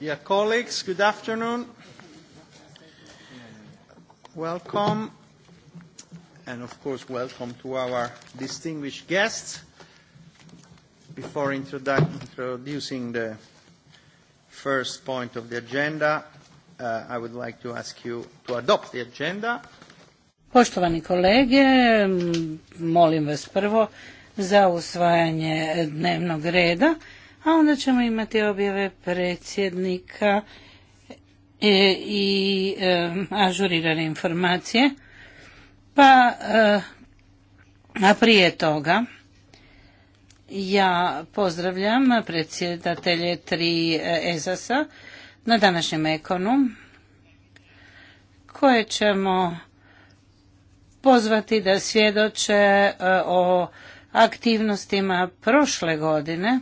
Dear colleagues, good afternoon. Welcome, and of course, welcome to our distinguished guests. Before introducing the first point of the agenda, uh, I would like to ask you to adopt the agenda. Poštovani kolege, molim vas prvo za usvajanje dnevnog reda a onda ćemo imati objave predsjednika e, i e, ažurirane informacije. Pa, e, a prije toga, ja pozdravljam predsjedatelje tri ezas na današnjem ekonu koje ćemo pozvati da svjedoče o aktivnostima prošle godine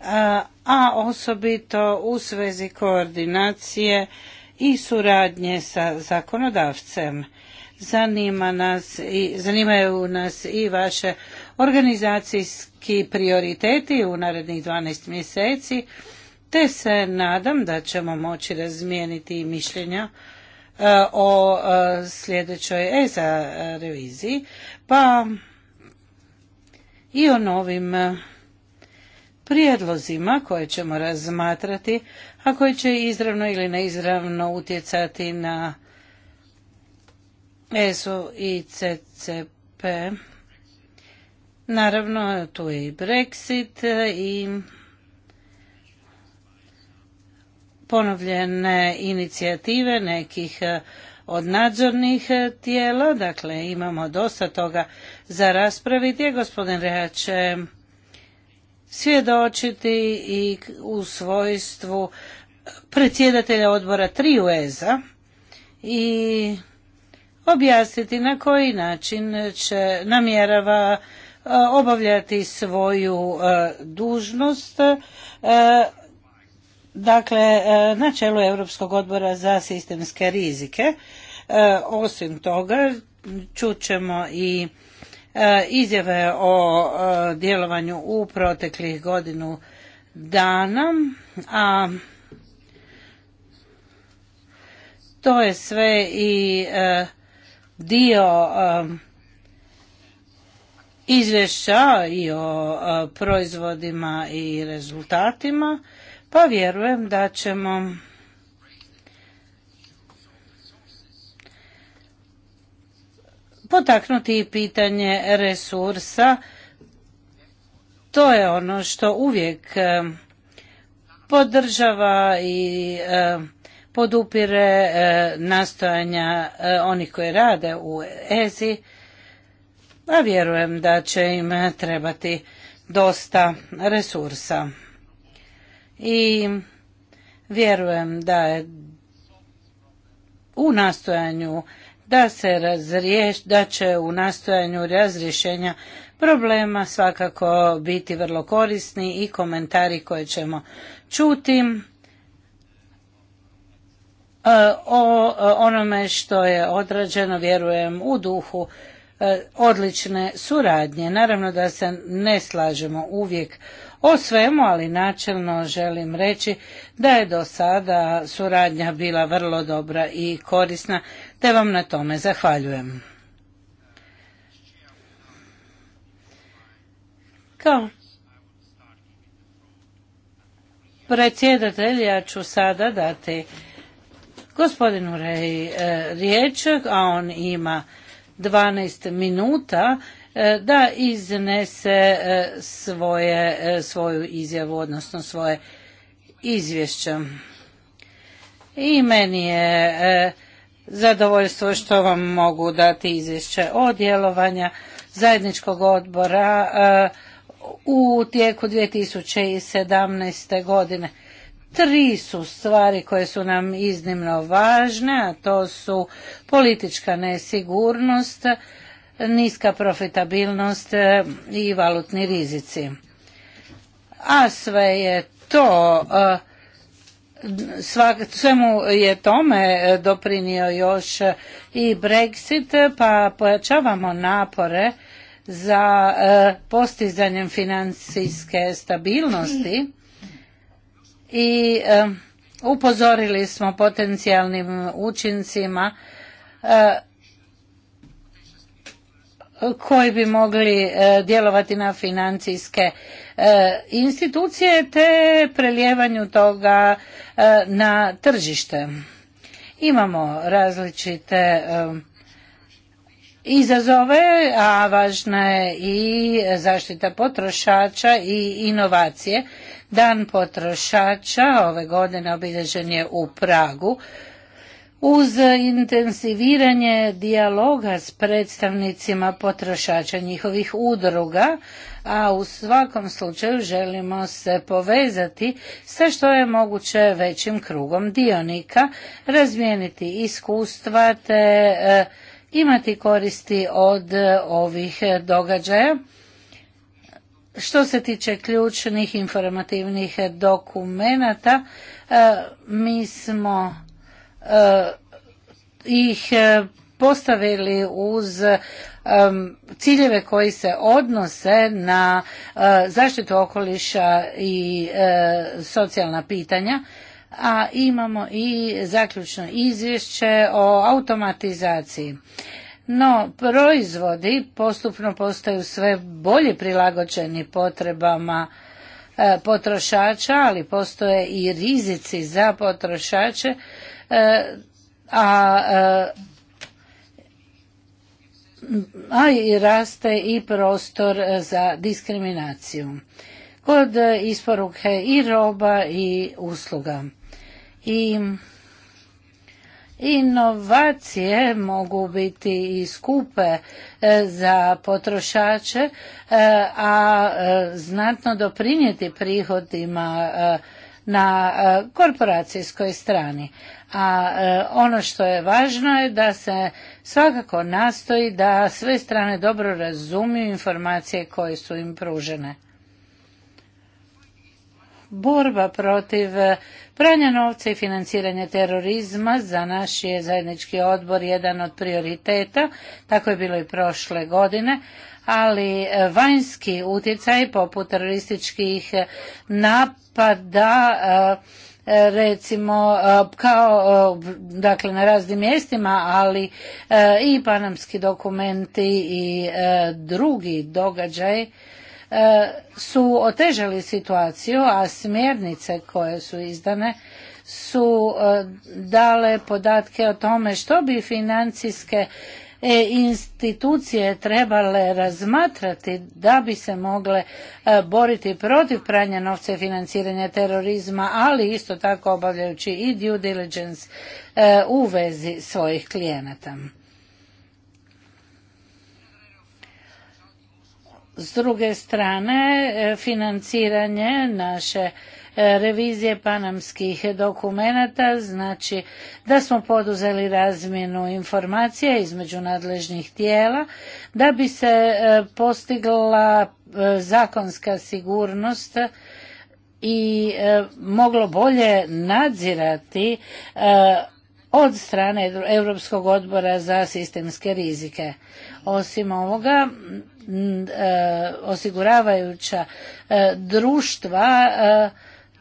a osobito u svezi koordinacije i suradnje sa zakonodavcem. Zanima nas i, zanimaju nas i vaše organizacijski prioriteti u narednih 12 mjeseci, te se nadam da ćemo moći razmijeniti mišljenja e, o e, sljedećoj ESA reviziji, pa i o novim prijedlozima koje ćemo razmatrati, a koji će izravno ili neizravno utjecati na ESO i CCP. Naravno, tu je i Brexit i ponovljene inicijative nekih od nadzornih tijela. Dakle, imamo dosta toga za raspraviti. Gospodin Reha će svjedočiti i u svojstvu predsjedatelja odbora UEZA i objasniti na koji način će namjerava e, obavljati svoju e, dužnost e, dakle na čelu Europskog odbora za sistemske rizike. Osim toga čućemo i E, izjave o e, djelovanju u proteklih godinu dana, a to je sve i e, dio izvješća i o proizvodima i rezultatima, pa vjerujem da ćemo potaknuti i pitanje resursa. To je ono što uvijek e, podržava i e, podupire e, nastojanja onih koji rade u EZI, a vjerujem da će im trebati dosta resursa. I vjerujem da je u nastojanju da se razriješ, da će u nastojanju razrješenja problema svakako biti vrlo korisni i komentari koje ćemo čuti e, o e, onome što je odrađeno, vjerujem, u duhu e, odlične suradnje. Naravno da se ne slažemo uvijek o svemu, ali načelno želim reći da je do sada suradnja bila vrlo dobra i korisna te vam na tome zahvaljujem. Kao predsjedatelj ja ću sada dati gospodinu Rej e, riječ, a on ima 12 minuta e, da iznese e, svoje, svoju izjavu, odnosno svoje izvješće. I meni je zadovoljstvo što vam mogu dati izvješće o djelovanja zajedničkog odbora e, u tijeku 2017. godine. Tri su stvari koje su nam iznimno važne, a to su politička nesigurnost, niska profitabilnost e, i valutni rizici. A sve je to e, svemu je tome e, doprinio još i Brexit, pa pojačavamo napore za e, postizanjem financijske stabilnosti i e, upozorili smo potencijalnim učincima koji bi mogli e, djelovati na financijske e, institucije te prelijevanju toga e, na tržište. Imamo različite izazove, a važna je i zaštita potrošača i inovacije. Dan potrošača ove godine obilježen je u Pragu uz intensiviranje dijaloga s predstavnicima potrošača njihovih udruga, a u svakom slučaju želimo se povezati sa što je moguće većim krugom dionika, razmijeniti iskustva te e, imati koristi od e, ovih događaja. Što se tiče ključnih informativnih dokumenata, e, mi smo Eh, ih eh, postavili uz ciljeve koji se odnose na eh, zaštitu okoliša i socijalna pitanja a imamo i zaključno izvješće o automatizaciji no proizvodi postupno postaju sve bolje prilagođeni potrebama potrošača ali postoje i rizici za potrošače E, a e, a i raste i prostor za diskriminaciju kod isporuke i roba i usluga. I Inovacije mogu biti i skupe e, za potrošače, a znatno doprinijeti prihodima na korporacijskoj strani a e, ono što je važno je da se svakako nastoji da sve strane dobro razumiju informacije koje su im pružene borba protiv e, pranja novca i financiranja terorizma za naš je zajednički odbor jedan od prioriteta, tako je bilo i prošle godine, ali e, vanjski utjecaj poput terorističkih napada E, recimo e, kao e, dakle na raznim mjestima, ali i panamski dokumenti i drugi događaj su otežali situaciju, a smjernice koje su izdane su dale podatke o tome što bi financijske E, institucije trebale razmatrati da bi se mogle e, boriti protiv pranja novca i financiranja terorizma, ali isto tako obavljajući i due diligence e, u vezi svojih klijenata. S druge strane, financiranje naše E, revizije panamskih dokumenata, znači da smo poduzeli razmjenu informacija između nadležnih tijela da bi se e, postigla e, zakonska sigurnost i moglo bolje nadzirati od strane Europskog odbora za sistemske rizike. Osim ovoga, osiguravajuća društva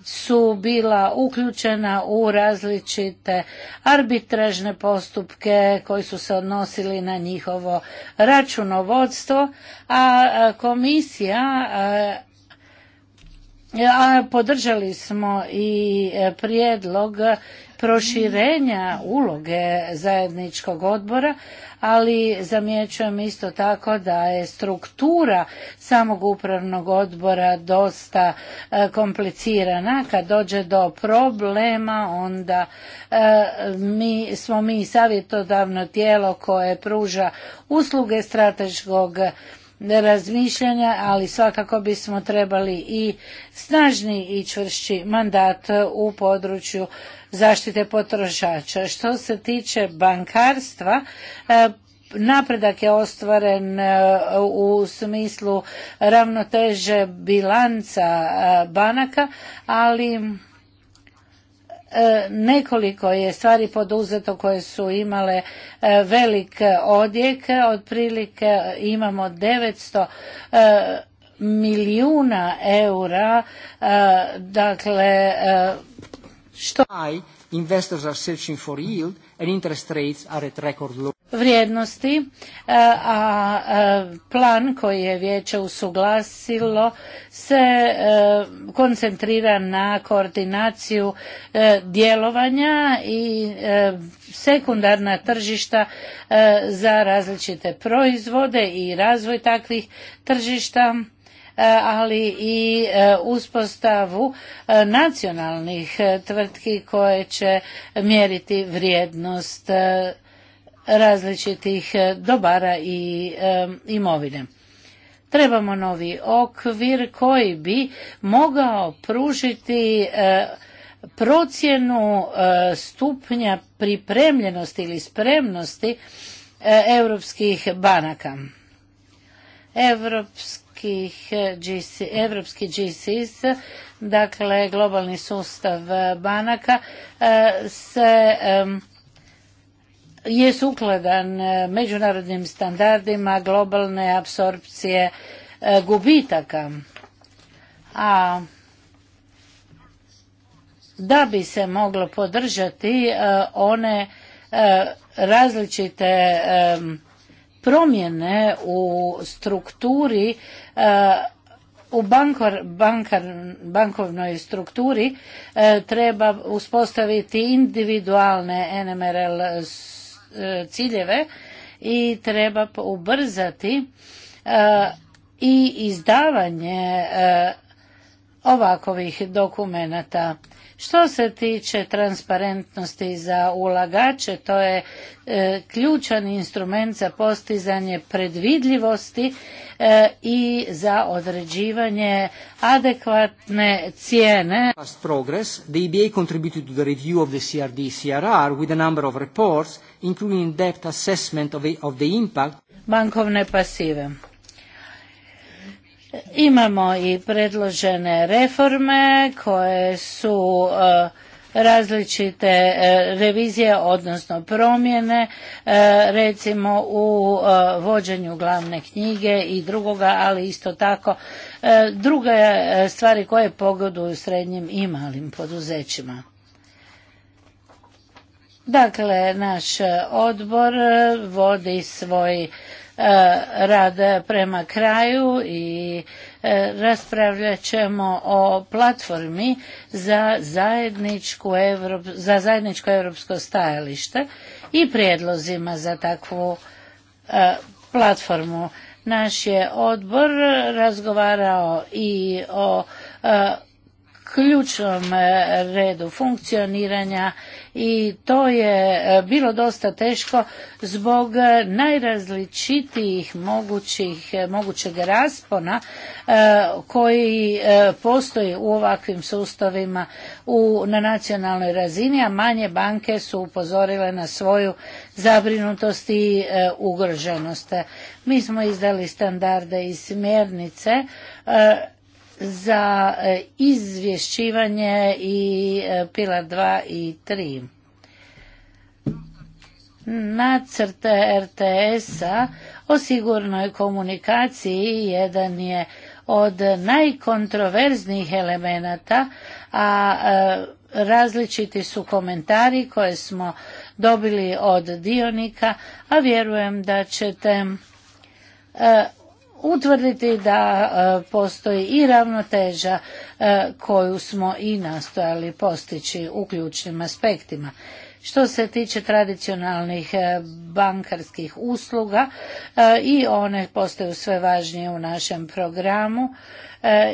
su bila uključena u različite arbitražne postupke koji su se odnosili na njihovo računovodstvo, a komisija podržali smo i prijedlog proširenja uloge zajedničkog odbora, ali zamjećujem isto tako da je struktura samog upravnog odbora dosta e, komplicirana. Kad dođe do problema, onda e, mi smo mi savjetodavno tijelo koje pruža usluge strateškog razmišljanja, ali svakako bismo trebali i snažni i čvršći mandat u području zaštite potrošača. Što se tiče bankarstva, e, napredak je ostvaren e, u smislu ravnoteže bilanca e, banaka, ali nekoliko je stvari poduzeto koje su imale velik odjek, otprilike imamo 900 milijuna eura, dakle investors are searching for vrijednosti, a plan koji je vijeće usuglasilo se e, koncentrira na koordinaciju e, djelovanja i e, sekundarna tržišta za različite proizvode i razvoj takvih tržišta E, ali i e, uspostavu e, nacionalnih tvrtki koje će mjeriti vrijednost različitih dobara i imovine. Trebamo novi okvir koji bi mogao pružiti procjenu stupnja pripremljenosti ili spremnosti europskih banaka. Evropski europskih eh, evropski GCs, dakle globalni sustav eh, banaka, eh, se je sukladan međunarodnim standardima globalne apsorpcije gubitaka. A da bi se moglo podržati one različite promjene u strukturi e, u bankor, bankar, bankovnoj strukturi e, treba uspostaviti individualne NMRL e, ciljeve i treba ubrzati i izdavanje ovakovih dokumenata što se tiče transparentnosti za ulagače, to je e, ključan instrument za postizanje predvidljivosti e, i za određivanje adekvatne cijene. Bankovne pasive. Imamo i predložene reforme koje su e, različite e, revizije, odnosno promjene, e, recimo u vođenju glavne knjige i drugoga, ali isto tako druge stvari koje pogoduju srednjim i malim poduzećima. Dakle, naš odbor vodi svoj E, rad prema kraju i e, raspravljat ćemo o platformi za zajedničko, Evrop, za zajedničko evropsko stajalište i prijedlozima za takvu e, platformu. Naš je odbor razgovarao i o ključnom redu funkcioniranja i to je e, bilo dosta teško zbog e, najrazličitijih mogućih, e, mogućeg raspona koji postoji u ovakvim sustavima u, na nacionalnoj razini, a manje banke su upozorile na svoju zabrinutost i ugroženost. Mi smo izdali standarde i smjernice za e, izvješćivanje i e, pilar 2 i 3. Nacrt RTS-a o sigurnoj komunikaciji jedan je od najkontroverznijih elemenata, a e, različiti su komentari koje smo dobili od dionika, a vjerujem da ćete utvrditi da e, postoji i ravnoteža e, koju smo i nastojali postići u ključnim aspektima. Što se tiče tradicionalnih e, bankarskih usluga i one postaju sve važnije u našem programu.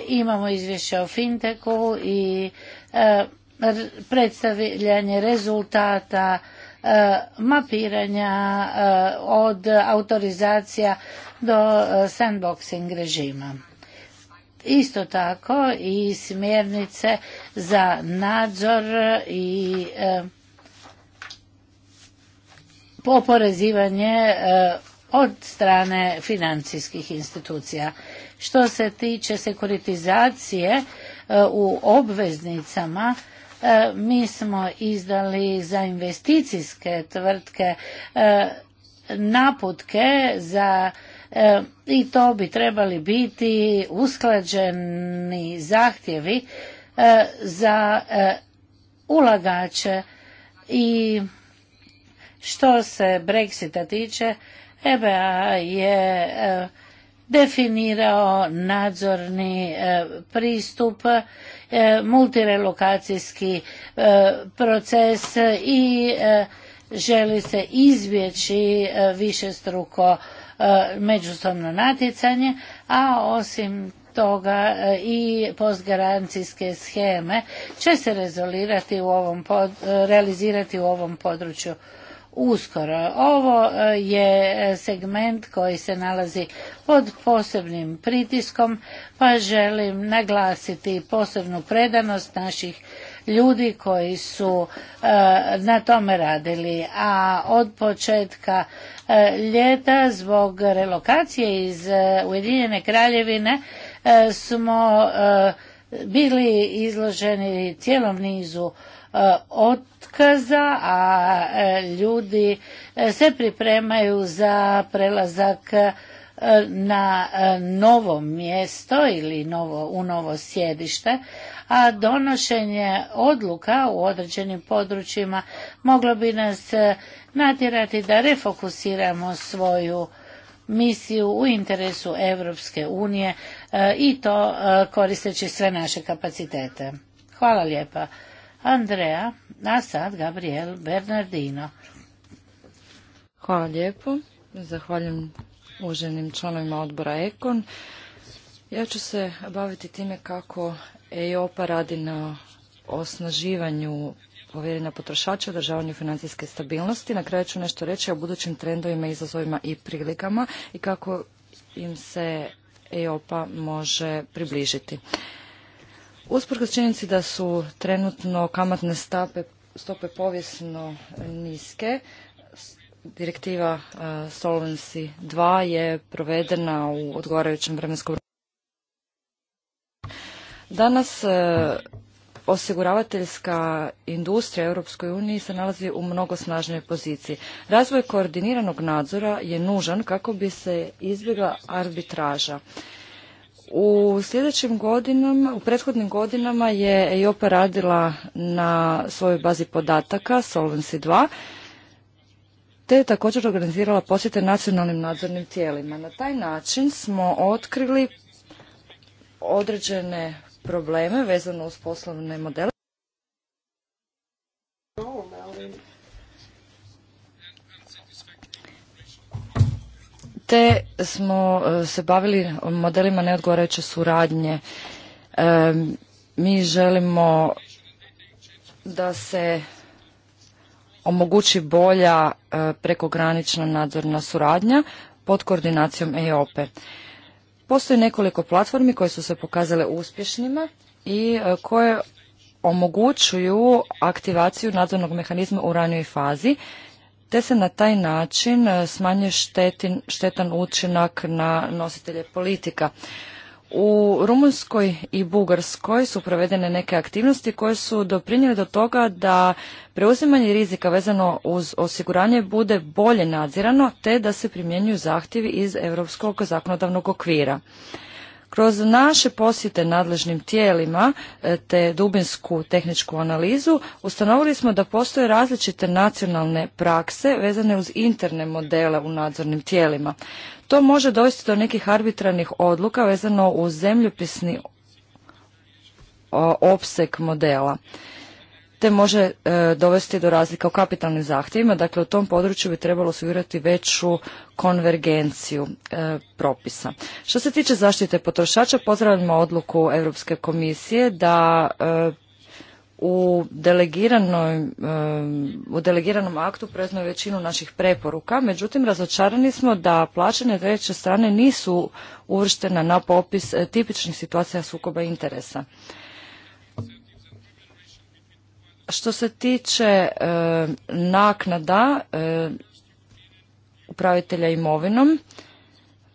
Imamo izvješće o finteku i predstavljanje rezultata mapiranja od autorizacija do e, sandboxing režima. Isto tako i smjernice za nadzor i e, oporezivanje e, od strane financijskih institucija. Što se tiče sekuritizacije u obveznicama, mi smo izdali za investicijske tvrtke naputke za E, i to bi trebali biti usklađeni zahtjevi e, za e, ulagače i što se Brexita tiče, EBA je definirao nadzorni pristup, multirelokacijski proces i želi se izbjeći višestruko E, međusobno natjecanje, a osim toga e, i postgarancijske scheme će se rezolirati e, realizirati u ovom području uskoro. Ovo je segment koji se nalazi pod posebnim pritiskom, pa želim naglasiti posebnu predanost naših ljudi koji su e, na tome radili, a od početka e, ljeta zbog relokacije iz e, Ujedinjene kraljevine smo bili izloženi cijelom nizu otkaza, a ljudi se pripremaju za prelazak na e, novo mjesto ili novo, u novo sjedište, a donošenje odluka u određenim područjima moglo bi nas e, natjerati da refokusiramo svoju misiju u interesu Europske unije e, i to koristeći sve naše kapacitete. Hvala lijepa. Andrea, a sad Gabriel Bernardino. Hvala lijepo. Zahvaljujem uvaženim članovima odbora Ekon. Ja ću se baviti time kako EIOPA radi na osnaživanju povjerenja potrošača, održavanju financijske stabilnosti. Na kraju ću nešto reći o budućim trendovima, izazovima i prilikama i kako im se EOPA može približiti. Usprkos činjenici da su trenutno kamatne stope povijesno niske, direktiva e, Solvency 2 je provedena u odgovarajućem vremenskom Danas e, osiguravateljska industrija Europskoj uniji se nalazi u mnogo snažnijoj poziciji. Razvoj koordiniranog nadzora je nužan kako bi se izbjegla arbitraža. U sljedećim godinama, u prethodnim godinama je EIOPA radila na svojoj bazi podataka Solvency 2 te je također organizirala posjete nacionalnim nadzornim tijelima. Na taj način smo otkrili određene probleme vezano uz poslovne modele. Te smo e, se bavili modelima neodgovarajuće suradnje. E, mi želimo da se omogući bolja e, prekogranična nadzorna suradnja pod koordinacijom EOPE. Postoji nekoliko platformi koje su se pokazale uspješnima i e, koje omogućuju aktivaciju nadzornog mehanizma u ranijoj fazi, te se na taj način e, smanjuje štetan učinak na nositelje politika. U Rumunjskoj i Bugarskoj su provedene neke aktivnosti koje su doprinijele do toga da preuzimanje rizika vezano uz osiguranje bude bolje nadzirano te da se primjenjuju zahtjevi iz Europskog zakonodavnog okvira. Kroz naše posjete nadležnim tijelima e, te dubinsku tehničku analizu ustanovili smo da postoje različite nacionalne prakse vezane uz interne modele u nadzornim tijelima. To može dovesti do nekih arbitranih odluka vezano uz zemljopisni opsek modela te može e, dovesti do razlika u kapitalnim zahtjevima. Dakle, u tom području bi trebalo osigurati veću konvergenciju e, propisa. Što se tiče zaštite potrošača, pozdravljamo odluku Europske komisije da e, u, delegiranom, u delegiranom aktu preznaju većinu naših preporuka, međutim razočarani smo da plaćene treće strane nisu uvrštene na popis tipičnih situacija sukoba interesa. Što se tiče e, naknada e, upravitelja imovinom,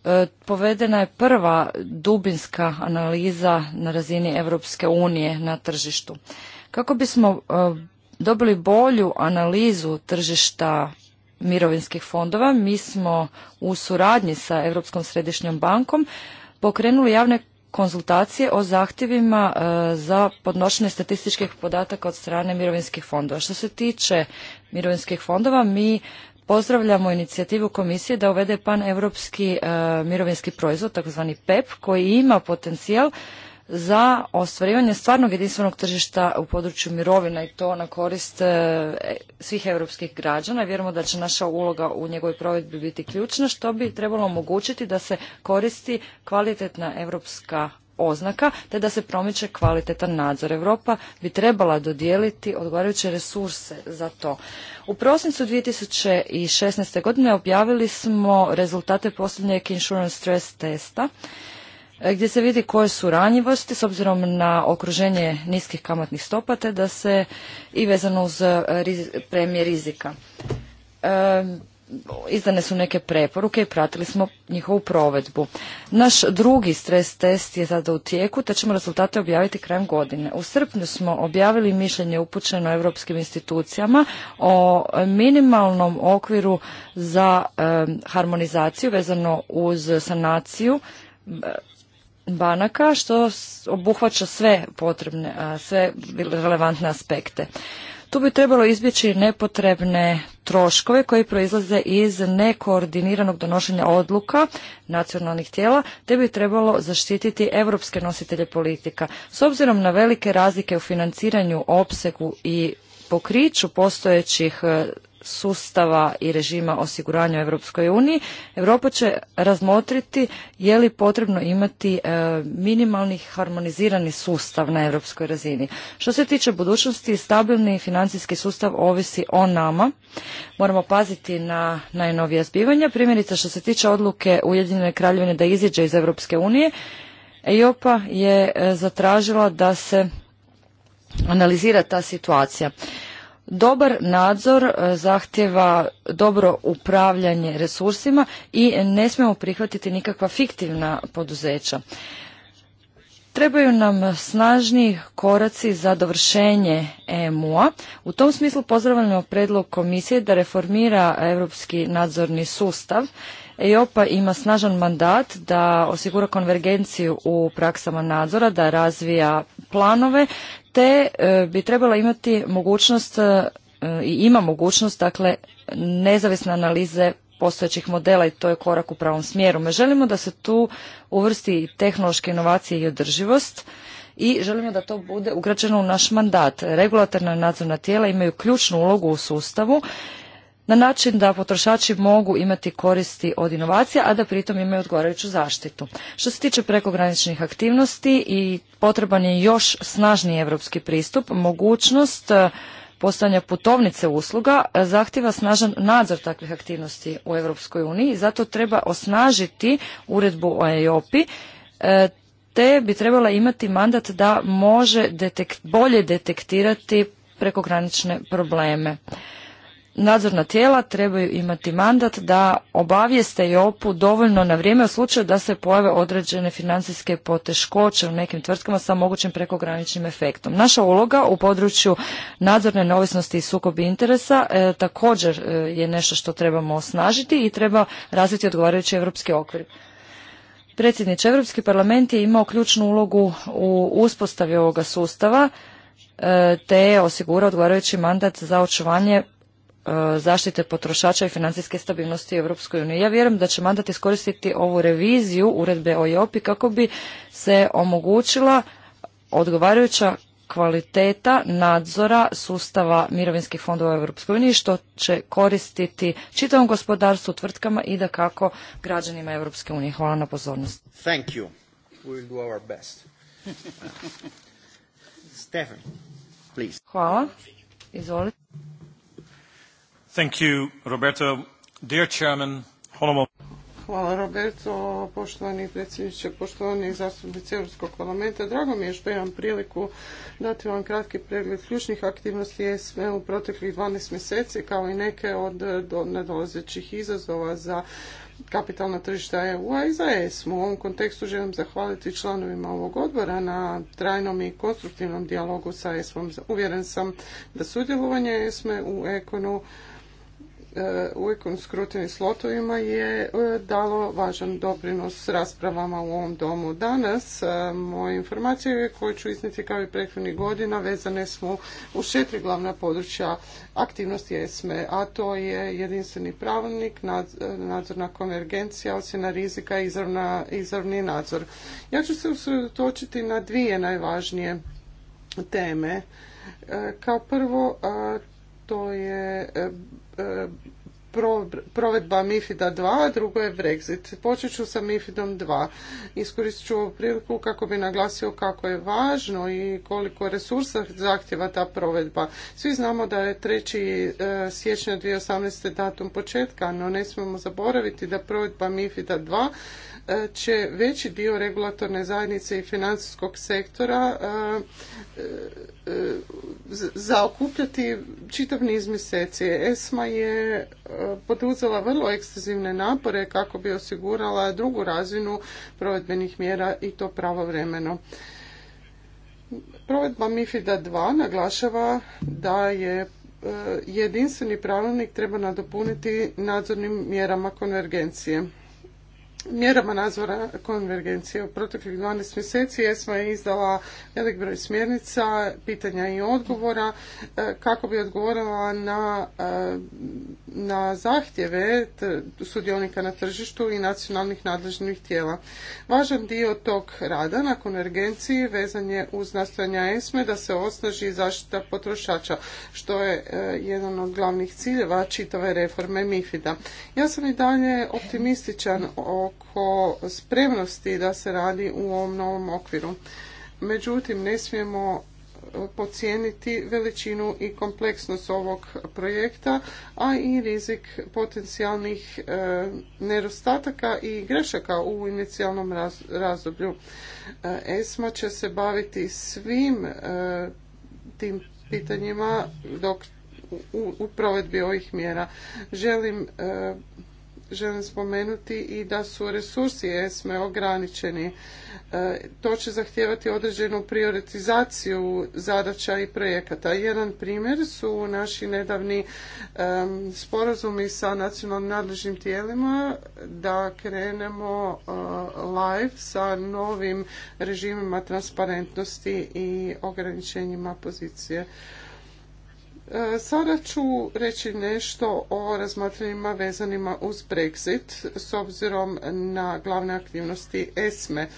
e, povedena je prva dubinska analiza na razini Europske unije na tržištu. Kako bismo dobili bolju analizu tržišta mirovinskih fondova, mi smo u suradnji sa Europskom središnjom bankom pokrenuli javne konzultacije o zahtjevima e, za podnošenje statističkih podataka od strane mirovinskih fondova. Što se tiče mirovinskih fondova, mi pozdravljamo inicijativu komisije da uvede pan europski e, mirovinski proizvod, takozvani PEP, e koji ima potencijal za ostvarivanje stvarnog jedinstvenog tržišta u području mirovina i to na korist e, svih europskih građana. Vjerujemo da će naša uloga u njegovoj provedbi biti ključna, što bi trebalo omogućiti da se koristi kvalitetna europska oznaka, te da se promiče kvalitetan nadzor. Europa bi trebala dodijeliti odgovarajuće resurse za to. U prosincu 2016. godine objavili smo rezultate posljednjeg insurance stress testa E, gdje se vidi koje su ranjivosti s obzirom na okruženje niskih kamatnih stopa te da se i vezano uz e, premije rizika. E, izdane su neke preporuke i pratili smo njihovu provedbu. Naš drugi stres test je sada u tijeku te ćemo rezultate objaviti krajem godine. U srpnju smo objavili mišljenje upućeno europskim institucijama o minimalnom okviru za harmonizaciju vezano uz sanaciju banaka što obuhvaća sve potrebne, sve relevantne aspekte. Tu bi trebalo izbjeći nepotrebne troškove koji proizlaze iz nekoordiniranog donošenja odluka nacionalnih tijela, te bi trebalo zaštititi europske nositelje politika. S obzirom na velike razlike u financiranju, opsegu i pokriću postojećih e, sustava i režima osiguranja u Europskoj uniji, Europa će razmotriti je li potrebno imati e, minimalni harmonizirani sustav na europskoj razini. Što se tiče budućnosti, stabilni financijski sustav ovisi o nama. Moramo paziti na najnovija zbivanja. Primjerice što se tiče odluke Ujedinjene kraljevine da iziđe iz Europske unije, EIOPA je e, zatražila da se analizira ta situacija. Dobar nadzor e, zahtjeva dobro upravljanje resursima i ne smijemo prihvatiti nikakva fiktivna poduzeća. Trebaju nam snažni koraci za dovršenje EMU-a. U tom smislu pozdravljamo predlog komisije da reformira europski nadzorni sustav. eopa ima snažan mandat da osigura konvergenciju u praksama nadzora, da razvija planove, te e, bi trebala imati mogućnost e, i ima mogućnost dakle nezavisne analize postojećih modela i to je korak u pravom smjeru. Me želimo da se tu uvrsti tehnološke inovacije i održivost i želimo da to bude ugrađeno u naš mandat. Regulatorna nadzorna tijela imaju ključnu ulogu u sustavu na način da potrošači mogu imati koristi od inovacija, a da pritom imaju odgovarajuću zaštitu. Što se tiče prekograničnih aktivnosti i potreban je još snažniji europski pristup, mogućnost e, postanja putovnice usluga e, zahtjeva snažan nadzor takvih aktivnosti u Europskoj uniji, zato treba osnažiti uredbu o EOP-i, e, te bi trebala imati mandat da može bolje detektirati prekogranične probleme nadzorna tijela trebaju imati mandat da obavijeste i opu dovoljno na vrijeme u slučaju da se pojave određene financijske poteškoće u nekim tvrtkama sa mogućim prekograničnim efektom. Naša uloga u području nadzorne neovisnosti i sukobi interesa e, također e, je nešto što trebamo osnažiti i treba razviti odgovarajući europski okvir. Predsjedniče, Europski parlament je imao ključnu ulogu u uspostavi ovoga sustava e, te je osigurao odgovarajući mandat za očuvanje E, zaštite potrošača i financijske stabilnosti u Europskoj uniji. Ja vjerujem da će mandat iskoristiti ovu reviziju uredbe o IOPI e kako bi se omogućila odgovarajuća kvaliteta nadzora sustava mirovinskih fondova u Europskoj uniji što će koristiti čitavom gospodarstvu, tvrtkama i da kako građanima Europske unije. Hvala na pozornost. Thank you. do our best. Stefan, please. Hvala. Thank Roberto. Hvala poštovani predsjedniče, poštovani zastupnici Europskog parlamenta. Drago mi je što imam priliku dati vam kratki pregled ključnih aktivnosti SME u proteklih 12 mjeseci, kao i neke od nedolazećih izazova za kapitalna tržišta EU-a i za ESM. U ovom kontekstu želim zahvaliti članovima ovog odbora na trajnom i konstruktivnom dijalogu sa ESM-om. Uvjeren sam da sudjelovanje sme u ekonu e E, u skrutnim slotovima je e, dalo važan doprinos raspravama u ovom domu. Danas e, moje informacije koje ću izniti kao i prethodnih godina vezane smo u četiri glavna područja aktivnosti ESME, a to je jedinstveni pravilnik, nadzorna konvergencija, ocjena rizika i izravni nadzor. Ja ću se usredotočiti na dvije najvažnije teme. Kao prvo, to je E, provedba MIFID-a 2, drugo je Brexit. Počet ću sa MIFID-om 2. Iskoristit ću ovu priliku kako bi naglasio kako je važno i koliko resursa zahtjeva ta provedba. Svi znamo da je 3. E, siječnja 2018. datum početka, no ne smijemo zaboraviti da provedba MIFID-a 2 će veći dio regulatorne zajednice i financijskog sektora e, e, zaokupljati čitav niz mjeseci. ESMA je e, poduzela vrlo ekstenzivne napore kako bi osigurala drugu razinu provedbenih mjera i to pravovremeno. Provedba MIFIDA 2 naglašava da je jedinstveni pravilnik treba nadopuniti nadzornim mjerama konvergencije mjerama nadzora konvergencije. U proteklih 12 mjeseci ESMA je izdala velik broj smjernica, pitanja i odgovora e, kako bi odgovorila na, e, na zahtjeve sudionika na tržištu i nacionalnih nadležnih tijela. Važan dio tog rada na konvergenciji vezan je uz nastojanja ESME da se osnaži zaštita potrošača, što je e, jedan od glavnih ciljeva čitave reforme mifida Ja sam i dalje optimističan o oko spremnosti da se radi u ovom novom okviru. Međutim, ne smijemo pocijeniti veličinu i kompleksnost ovog projekta, a i rizik potencijalnih e, nerostataka i grešaka u inicijalnom razdoblju. E, ESMA će se baviti svim e, tim pitanjima dok u provedbi ovih mjera. Želim želim spomenuti i da su resursi ESME ograničeni. E, to će zahtijevati određenu prioritizaciju zadaća i projekata. Jedan primjer su naši nedavni e, sporazumi sa nacionalnim nadležnim tijelima da krenemo e, live sa novim režimima transparentnosti i ograničenjima pozicije E, sada ću reći nešto o razmatranjima vezanima uz Brexit s obzirom na glavne aktivnosti ESME.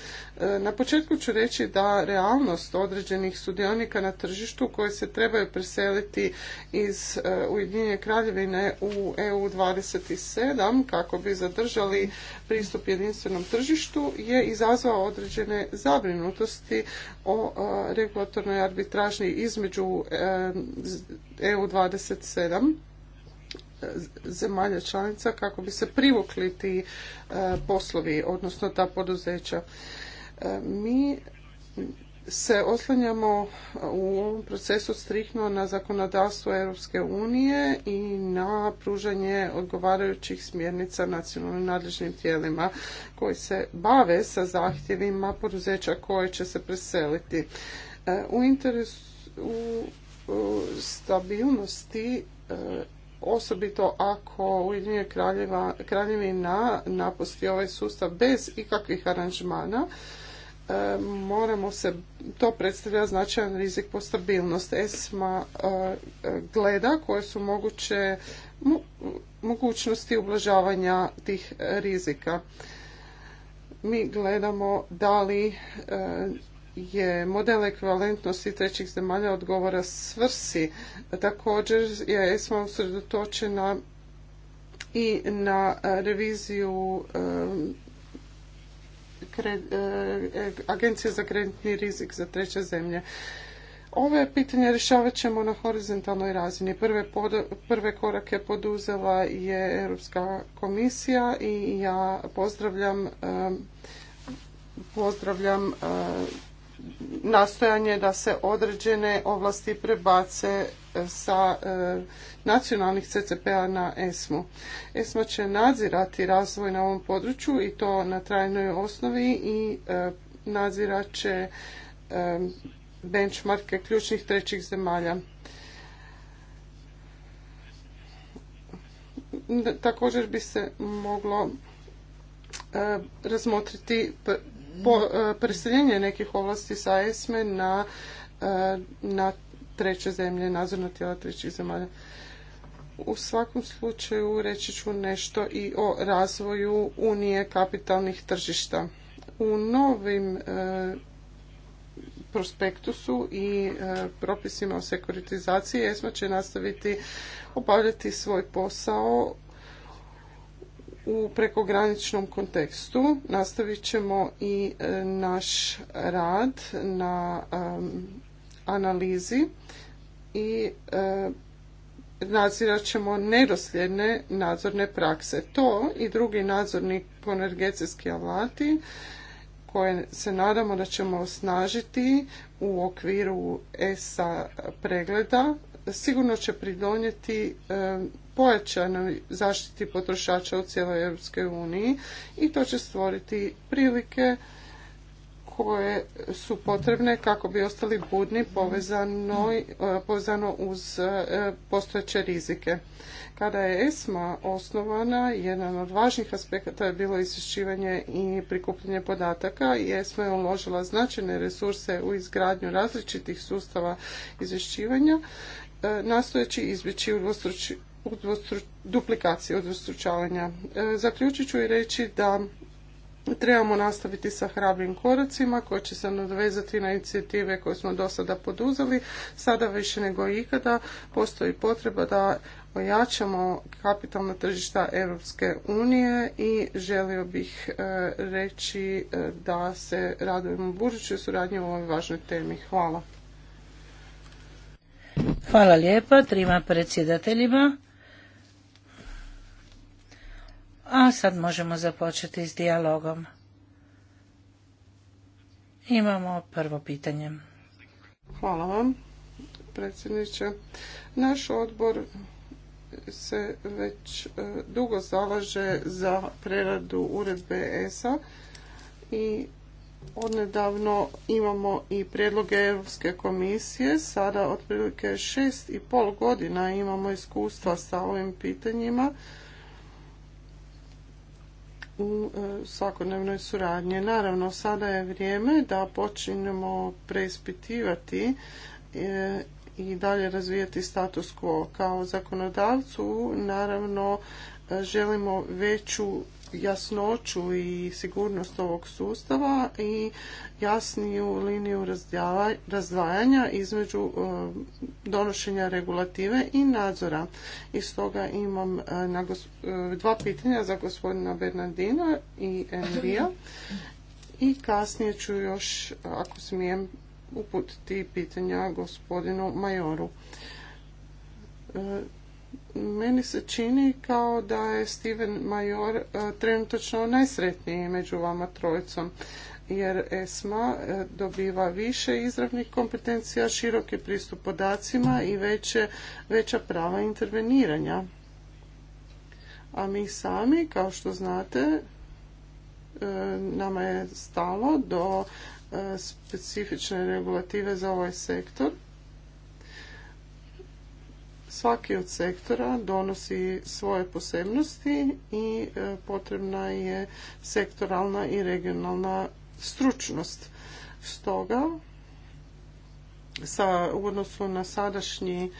E, na početku ću reći da realnost određenih sudionika na tržištu koje se trebaju preseliti iz e, Ujedinjene kraljevine u EU 27 kako bi zadržali pristup jedinstvenom tržištu je izazvao određene zabrinutosti o e, regulatornoj arbitražni između EU 27 zemalja članica kako bi se privukli ti poslovi, odnosno ta poduzeća. Mi se oslanjamo u ovom procesu strihno na zakonodavstvo Europske unije i na pružanje odgovarajućih smjernica nacionalnim nadležnim tijelima koji se bave sa zahtjevima poduzeća koje će se preseliti. E, u interesu u stabilnosti e, osobito ako Ujedinje kraljevina napusti ovaj sustav bez ikakvih aranžmana, E, moramo se, to predstavlja značajan rizik po stabilnost. ESMA e, gleda koje su moguće mogućnosti ublažavanja tih rizika. Mi gledamo da li e, je model ekvivalentnosti trećih zemalja odgovora svrsi. Također je ESMA usredotočena i na reviziju E, e, agencije za kreditni rizik za treće zemlje. Ove pitanje rješavat ćemo na horizontalnoj razini. Prve, pod, korake poduzela je Europska komisija i ja pozdravljam e, pozdravljam nastojanje da se određene ovlasti prebace sa e, nacionalnih CCP-a na ESMU. ESMA će nadzirati razvoj na ovom području i to na trajnoj osnovi i e, nadzirat će e, benchmarke ključnih trećih zemalja. Također bi se moglo razmotriti preseljenje nekih ovlasti sa ESME na, na treće zemlje, nadzorna tijela trećih zemalja. U svakom slučaju reći ću nešto i o razvoju Unije kapitalnih tržišta. U novim e, prospektusu i e, propisima o sekuritizaciji ESMA će nastaviti obavljati svoj posao u prekograničnom kontekstu. Nastavit ćemo i e, naš rad na analizi i e, nadzirat ćemo nedosljedne nadzorne prakse. To i drugi nadzorni ponergetski alati koje se nadamo da ćemo osnažiti u okviru ESA pregleda sigurno će pridonijeti e, pojačanoj zaštiti potrošača u cijeloj EU uniji i to će stvoriti prilike koje su potrebne kako bi ostali budni e, povezano, uz e, postojeće rizike. Kada je ESMA osnovana, jedan od važnih aspekata je bilo izvješćivanje i prikupljanje podataka i ESMA je uložila značajne resurse u izgradnju različitih sustava izvješćivanja, e, nastojeći izbjeći duplikacije, udvostručavanja. Zaključit ću i reći da Trebamo nastaviti sa hrabrim koracima koji će se nadvezati na inicijative koje smo do sada poduzeli. Sada više nego ikada postoji potreba da ojačamo kapitalna tržišta Europske unije i želio bih e, reći e, da se radujemo budućoj suradnji u ovoj važnoj temi. Hvala. Hvala lijepa trima predsjedateljima. A sad možemo započeti s dijalogom. Imamo prvo pitanje. Hvala vam, predsjedniče. Naš odbor se već e, dugo zalaže za preradu uredbe ESA i odnedavno imamo i prijedloge Europske komisije. Sada otprilike šest i pol godina imamo iskustva sa ovim pitanjima u e, svakodnevnoj suradnji. Naravno, sada je vrijeme da počinjemo preispitivati e, i dalje razvijati status quo. Kao zakonodavcu, naravno, e, želimo veću jasnoću i sigurnost ovog sustava i jasniju liniju razdvajanja između e, donošenja regulative i nadzora. I stoga imam e, e, dva pitanja za gospodina Bernardina i Enrija i kasnije ću još, ako smijem, uputiti pitanja gospodinu Majoru meni se čini kao da je Steven Major e, trenutačno najsretniji među vama trojicom jer ESMA e, dobiva više izravnih kompetencija, široki pristup podacima i veće, veća prava interveniranja. A mi sami, kao što znate, e, nama je stalo do specifične regulative za ovaj sektor Svaki od sektora donosi svoje posebnosti i e, potrebna je sektoralna i regionalna stručnost. Stoga, sa, u odnosu na sadašnji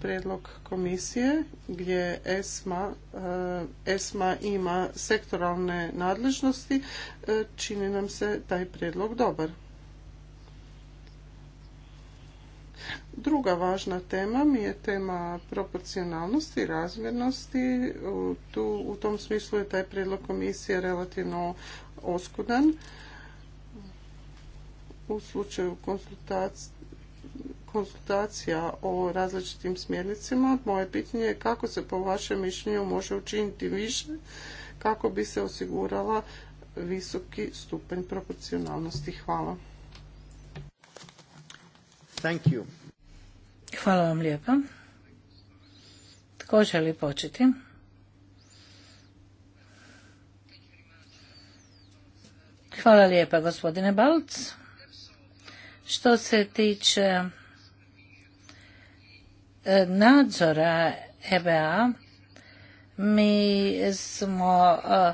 predlog komisije gdje ESMA, e, ESMA ima sektoralne nadležnosti, e, čini nam se taj predlog dobar. Druga važna tema mi je tema proporcionalnosti i razmjernosti. u tom smislu je taj predlog komisije relativno oskudan. U slučaju konsultacije konsultacija o različitim smjernicima. Moje pitanje je kako se po vašem mišljenju može učiniti više kako bi se osigurala visoki stupanj proporcionalnosti. Hvala. Hvala vam lijepa. Tko želi početi? Hvala lijepa gospodine Balc. Što se tiče e, nadzora EBA, mi smo e,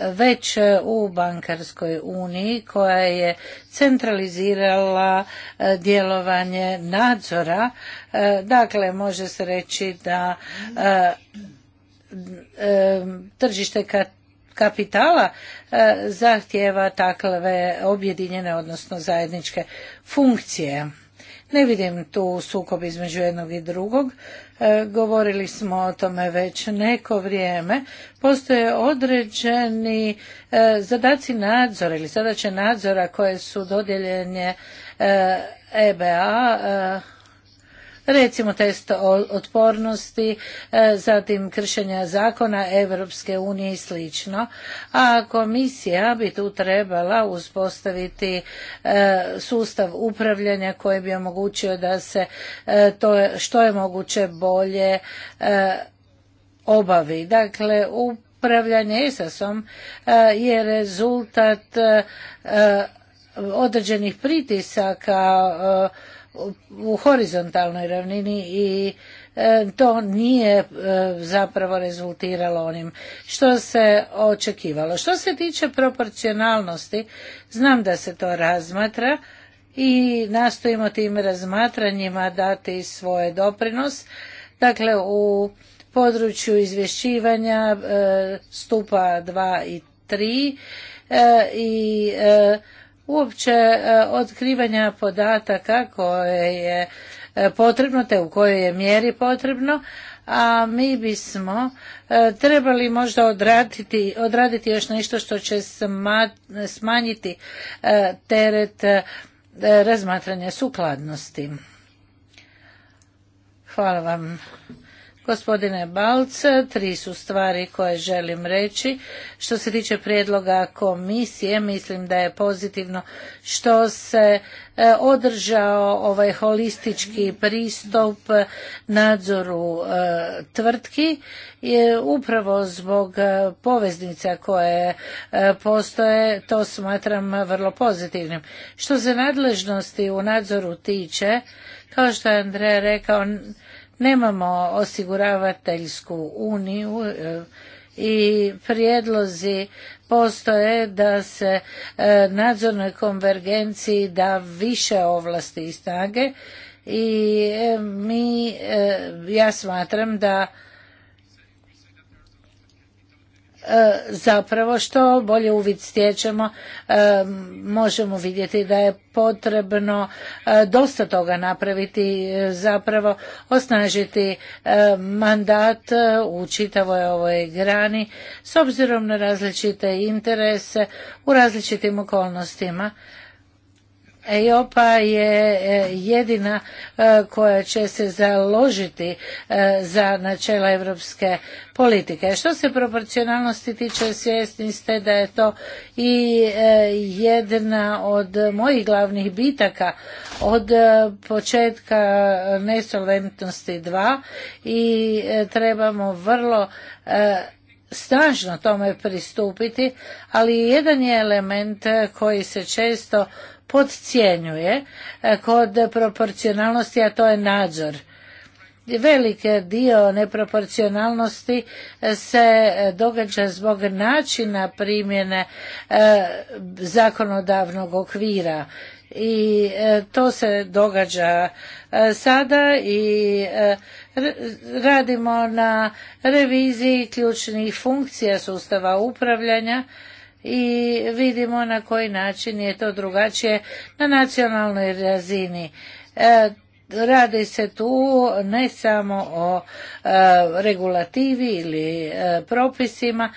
već e, u bankarskoj uniji koja je centralizirala e, djelovanje nadzora. E, dakle, može se reći da tržište kapitala zahtjeva takve objedinjene, odnosno zajedničke funkcije. Ne vidim tu sukob između jednog i drugog. E, govorili smo o tome već neko vrijeme. Postoje određeni e, zadaci nadzora ili zadaće nadzora koje su dodijeljene EBA e recimo test otpornosti, e, zatim kršenja zakona Europske unije i slično. A komisija bi tu trebala uspostaviti e, sustav upravljanja koji bi omogućio da se e, to što je moguće bolje obavi. Dakle, upravljanje ESAS-om je rezultat određenih pritisaka u horizontalnoj ravnini i e, to nije e, zapravo rezultiralo onim što se očekivalo. Što se tiče proporcionalnosti, znam da se to razmatra i nastojimo tim razmatranjima dati svoje doprinos. Dakle, u području izvješćivanja e, stupa 2 i 3 i uopće e, otkrivanja podataka koje je e, potrebno te u kojoj je mjeri potrebno a mi bismo e, trebali možda odraditi, odraditi još nešto što će smanjiti teret razmatranja sukladnosti. Hvala vam Gospodine Balc, tri su stvari koje želim reći. Što se tiče prijedloga komisije, mislim da je pozitivno što se e, održao ovaj holistički pristup nadzoru e, tvrtki e, upravo zbog poveznica koje postoje, to smatram vrlo pozitivnim. Što se nadležnosti u nadzoru tiče, kao što je Andreja rekao, nemamo osiguravateljsku uniju e, i prijedlozi postoje da se e, nadzornoj konvergenciji da više ovlasti i snage i e, mi ja smatram da E, zapravo što bolje uvid stječemo e, možemo vidjeti da je potrebno e, dosta toga napraviti zapravo osnažiti mandat u čitavoj ovoj grani s obzirom na različite interese u različitim okolnostima EOPA je e, jedina e, koja će se založiti e, za načela europske politike. Što se proporcionalnosti tiče, svjesni ste da je to i jedna od mojih glavnih bitaka od početka nesolventnosti 2 i trebamo vrlo snažno tome pristupiti, ali jedan je element koji se često podcjenjuje e, kod proporcionalnosti, a to je nadzor. Velik dio neproporcionalnosti e, se e, događa zbog načina primjene zakonodavnog okvira i to se događa sada i radimo na reviziji ključnih funkcija sustava upravljanja i vidimo na koji način je to drugačije na nacionalnoj razini. E, radi se tu ne samo o e, regulativi ili e, propisima,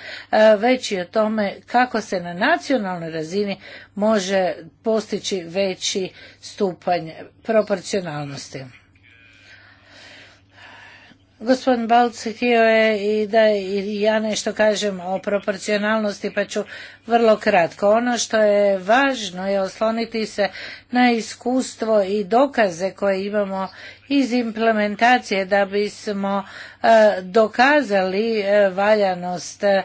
već i o tome kako se na nacionalnoj razini može postići veći stupanj proporcionalnosti. Gospodin Balc htio je i da i ja nešto kažem o proporcionalnosti, pa ću vrlo kratko. Ono što je važno je osloniti se na iskustvo i dokaze koje imamo iz implementacije da bismo e, dokazali e, valjanost e,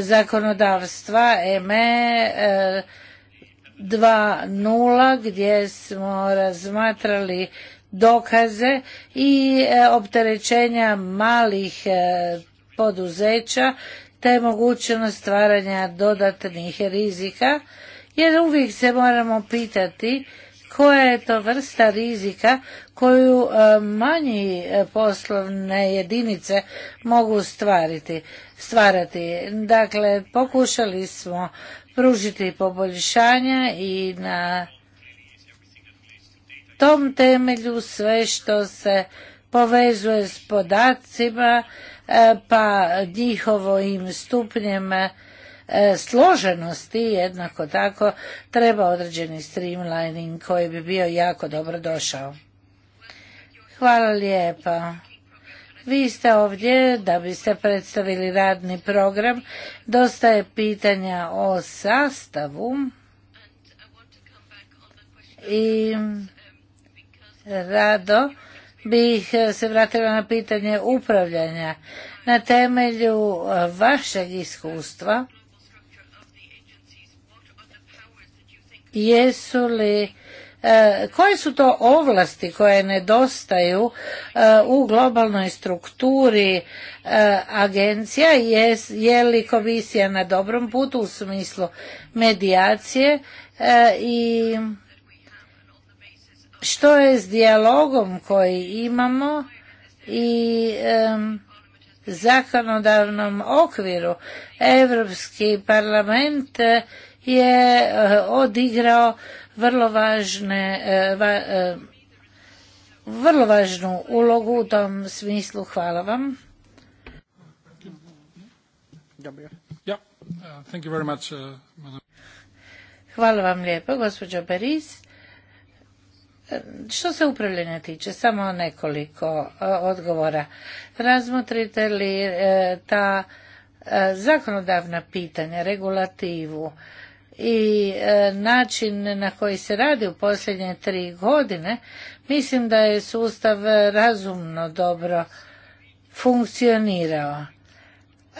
zakonodavstva ME 2.0 gdje smo razmatrali dokaze i e, opterećenja malih e, poduzeća te mogućnost stvaranja dodatnih rizika, jer uvijek se moramo pitati koja je to vrsta rizika koju e, manji poslovne jedinice mogu stvariti, stvarati. Dakle, pokušali smo pružiti poboljšanja i na tom temelju sve što se povezuje s podacima, e, pa njihovim stupnjem e, složenosti jednako tako treba određeni streamlining koji bi bio jako dobro došao. Hvala lijepa. Vi ste ovdje da biste predstavili radni program. Dosta je pitanja o sastavu i rado bih eh, se vratila na pitanje upravljanja. Na temelju eh, vašeg iskustva, jesu li eh, koje su to ovlasti koje nedostaju u globalnoj strukturi agencija je, li komisija na dobrom putu u smislu medijacije i što je s dijalogom koji imamo i zakonodavnom okviru. Europski parlament eh, je eh, odigrao vrlo važne eh, vrlo važnu ulogu u tom smislu. Hvala vam. Hvala vam lijepo, gospođo Beris. Što se upravljanja tiče, samo nekoliko e, odgovora. Razmotrite li e, ta e, zakonodavna pitanja, regulativu i način na koji se radi u posljednje tri godine, mislim da je sustav razumno dobro funkcionirao.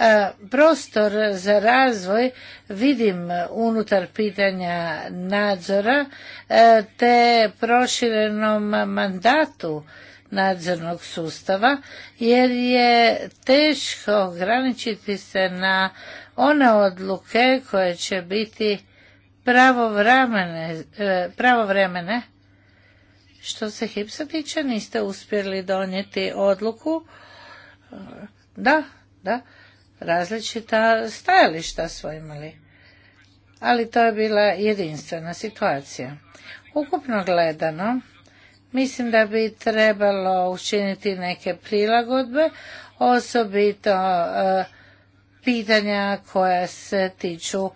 E, prostor za razvoj vidim unutar pitanja nadzora e, te proširenom mandatu nadzornog sustava jer je teško ograničiti se na one odluke koje će biti pravovremene, e, pravovremene. Što se Hipsa tiče, niste uspjeli donijeti odluku. Da, da različita stajališta smo imali. Ali to je bila jedinstvena situacija. Ukupno gledano, mislim da bi trebalo učiniti neke prilagodbe, osobito e, pitanja koja se tiču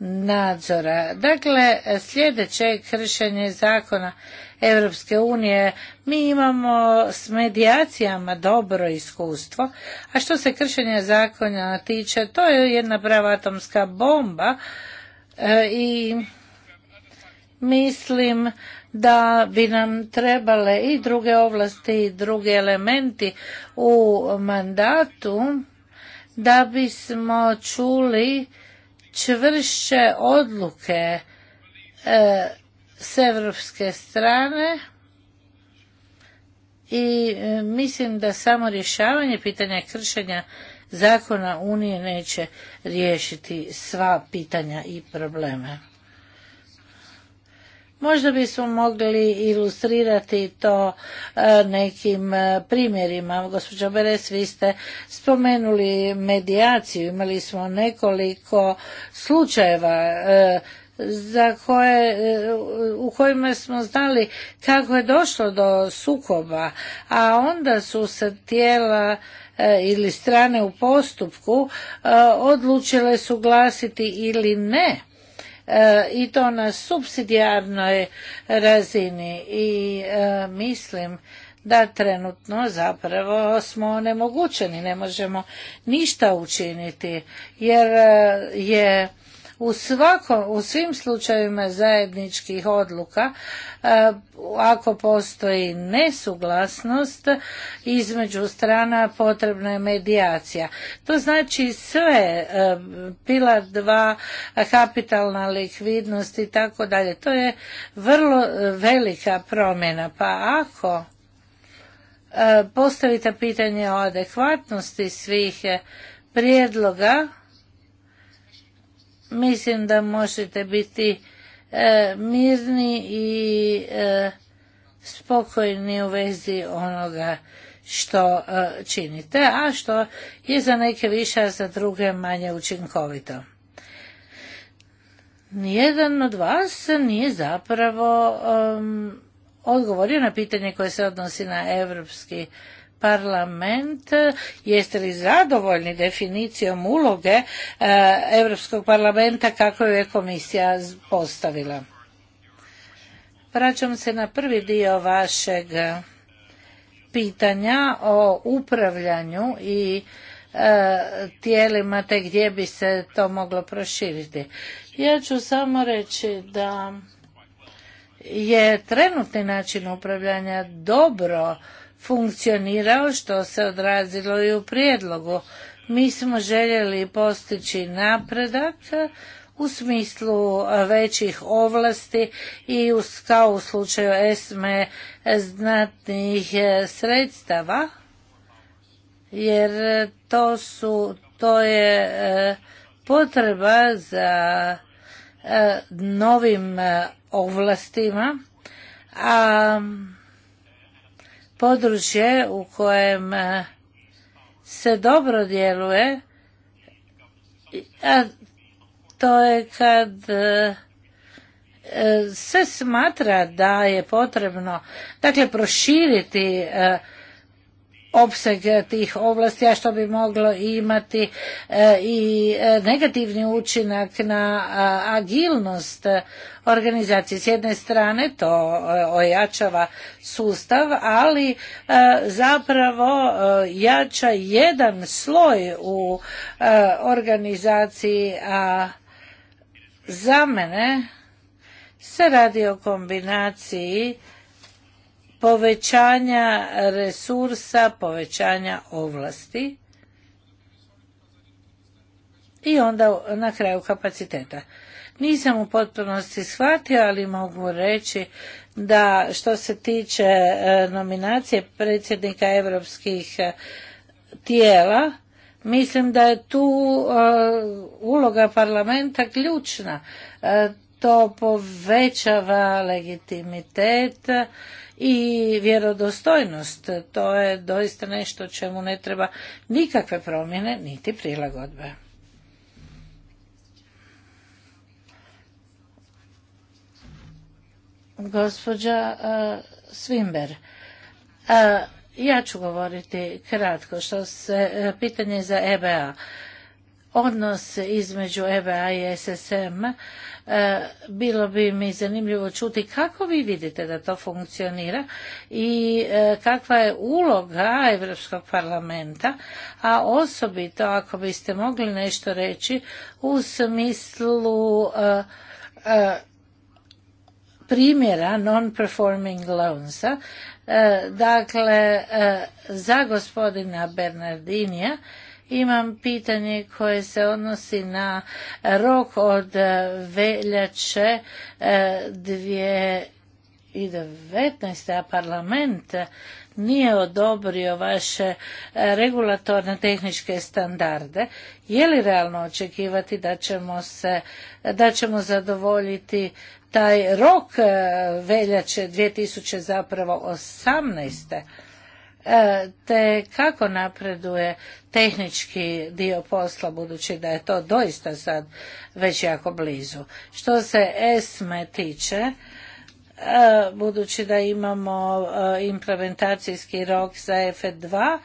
nadzora. Dakle, sljedeće kršenje zakona Europske unije, mi imamo s medijacijama dobro iskustvo, a što se kršenje zakona tiče, to je jedna prava atomska bomba e, i mislim da bi nam trebale i druge ovlasti i drugi elementi u mandatu da bismo čuli čvršće odluke e, s evropske strane i e, mislim da samo rješavanje pitanja kršenja zakona Unije neće riješiti sva pitanja i probleme. Možda bismo mogli ilustrirati to e, nekim e, primjerima. Gospođo Beres, vi ste spomenuli medijaciju. Imali smo nekoliko slučajeva e, za koje, u kojima smo znali kako je došlo do sukoba, a onda su se tijela ili strane u postupku odlučile suglasiti ili ne E, i to na subsidijarnoj razini i e, mislim da trenutno zapravo smo onemogućeni, ne možemo ništa učiniti jer e, je u, u svim slučajevima zajedničkih odluka e, ako postoji nesuglasnost između strana potrebna je medijacija. To znači sve e, pila dva kapitalna likvidnost i tako dalje. To je vrlo e, velika promjena. Pa ako postavite pitanje o adekvatnosti svih prijedloga mislim da možete biti e, mirni i e, spokojni u vezi onoga što e, činite, a što je za neke više, a za druge manje učinkovito. Nijedan od vas nije zapravo um, odgovorio na pitanje koje se odnosi na evropski parlament, jeste li zadovoljni definicijom uloge e, Europskog parlamenta kako je komisija postavila? Vraćam se na prvi dio vašeg pitanja o upravljanju i e, tijelima te gdje bi se to moglo proširiti. Ja ću samo reći da je trenutni način upravljanja dobro funkcionirao, što se odrazilo i u prijedlogu. Mi smo željeli postići napredak u smislu većih ovlasti i kao u slučaju ESME znatnih sredstava, jer to, su, to je e, potreba za e, novim e, ovlastima, a područje u kojem e, se dobro djeluje, a to je kad e, e, se smatra da je potrebno dakle proširiti opseg eh, tih ovlasti, a što bi moglo imati eh, i eh, negativni učinak na agilnost organizacije. S jedne strane to ojačava sustav, ali zapravo jača jedan sloj u organizaciji, a za mene se radi o kombinaciji povećanja resursa, povećanja ovlasti i onda na kraju kapaciteta. Nisam u potpunosti shvatio, ali mogu reći da što se tiče e, nominacije predsjednika europskih e, tijela, mislim da je tu e, uloga parlamenta ključna to povećava legitimitet i vjerodostojnost. To je doista nešto čemu ne treba nikakve promjene niti prilagodbe. Gospođa e, Svimber, e, ja ću govoriti kratko što se e, pitanje za EBA odnos između EBA i SSM, e, bilo bi mi zanimljivo čuti kako vi vidite da to funkcionira i e, kakva je uloga Europskog parlamenta, a osobito ako biste mogli nešto reći u smislu e, primjera non-performing loansa, dakle za gospodina Bernardinija imam pitanje koje se odnosi na rok od e, veljače 2019. E, a parlament nije odobrio vaše e, regulatorne tehničke standarde, je li realno očekivati da ćemo, se, zadovoljiti taj rok veljače 2018. zapravo E, te kako napreduje tehnički dio posla budući da je to doista sad već jako blizu. Što se ESME tiče, e, budući da imamo e, implementacijski rok za F2,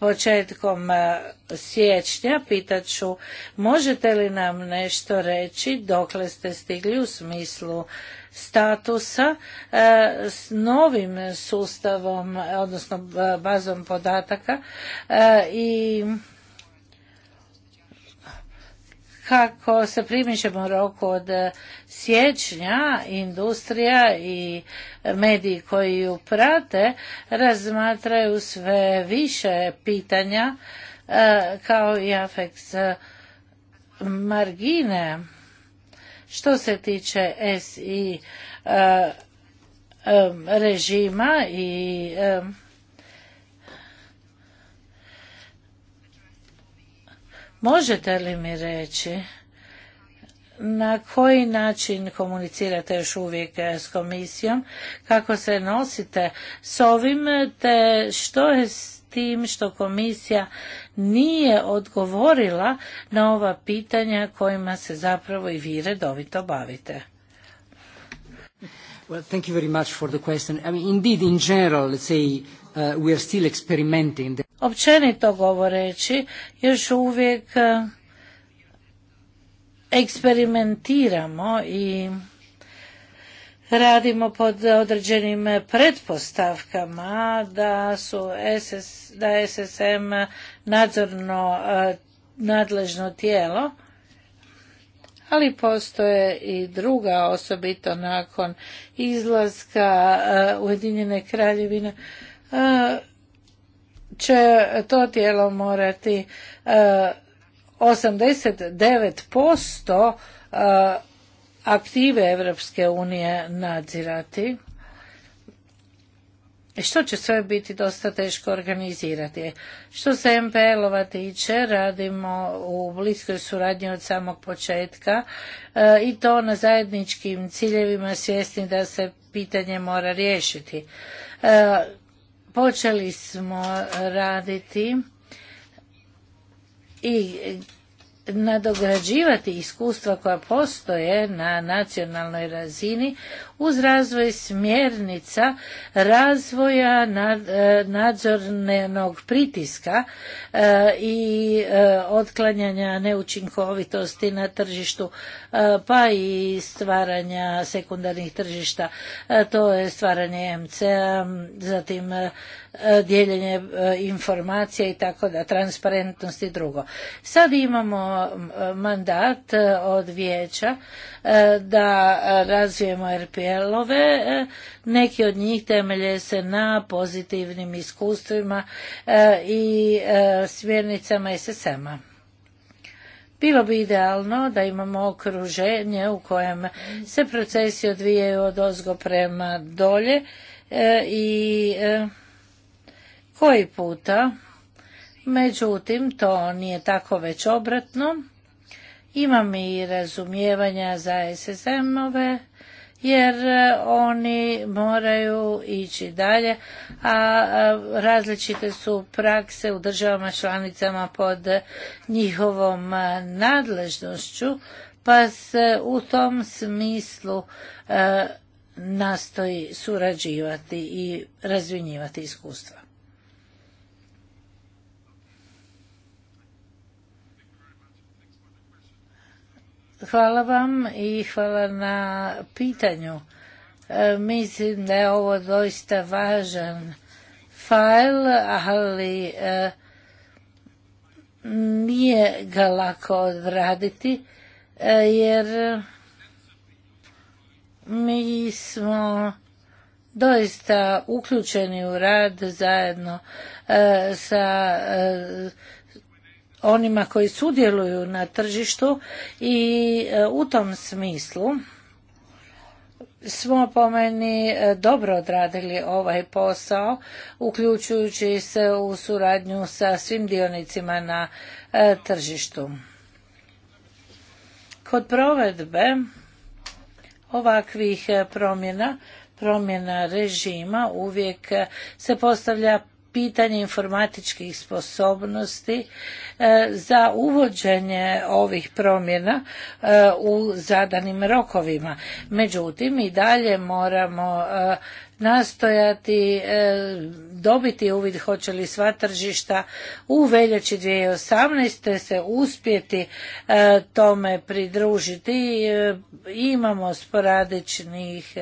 početkom e, siječnja pitat ću možete li nam nešto reći dokle ste stigli u smislu statusa e, s novim sustavom odnosno e, bazom podataka i kako se primičemo roku od eh, siječnja, industrija i mediji koji ju prate razmatraju sve više pitanja eh, kao i afeks eh, margine. Što se tiče SI režima i Možete li mi reći na koji način komunicirate još uvijek e, s komisijom, kako se nosite s ovim, te što je s tim što komisija nije odgovorila na ova pitanja kojima se zapravo i vi redovito bavite? Well, thank you very much for the in Uh, we are still Općenito govoreći, još uvijek uh, eksperimentiramo i radimo pod određenim pretpostavkama da su SSM nadzorno uh, nadležno tijelo, ali postoje i druga osobito nakon izlaska Ujedinjene kraljevine E, će to tijelo morati 89% e, e, aktive Europske unije nadzirati. Što će sve biti dosta teško organizirati. Što se MPL-ova tiče, radimo u bliskoj suradnji od samog početka i to na zajedničkim ciljevima svjesni da se pitanje mora riješiti. Počeli smo raditi i nadograđivati iskustva koja postoje na nacionalnoj razini uz razvoj smjernica razvoja e, nadzornog pritiska e, i e, otklanjanja neučinkovitosti na tržištu pa i stvaranja sekundarnih tržišta to je stvaranje mc zatim dijeljenje informacija i tako da transparentnost i drugo. Sad imamo mandat od vijeća da razvijemo RPA dijelove. E, neki od njih temelje se na pozitivnim iskustvima e, i e, smjernicama SSM-a. Bilo bi idealno da imamo okruženje u kojem se procesi odvijaju od ozgo prema dolje i koji puta, međutim to nije tako već obratno, imam i razumijevanja za SSM-ove jer e, oni moraju ići dalje, a različite su prakse u državama članicama pod njihovom e, nadležnošću, pa se u tom smislu e, nastoji surađivati i razvinjivati iskustva. Hvala vam i hvala na pitanju. E, mislim da je ovo doista važan fail, ali e, nije ga lako odraditi, e, jer mi smo doista uključeni u rad zajedno sa onima koji sudjeluju na tržištu i e, u tom smislu smo po meni e, dobro odradili ovaj posao, uključujući se u suradnju sa svim dionicima na e, tržištu. Kod provedbe ovakvih promjena, promjena režima, uvijek se postavlja pitanje informatičkih sposobnosti e, za uvođenje ovih promjena e, u zadanim rokovima. Međutim, i dalje moramo e, nastojati dobiti uvid hoće li sva tržišta u veljači 2018. se uspjeti tome pridružiti. Imamo sporadičnih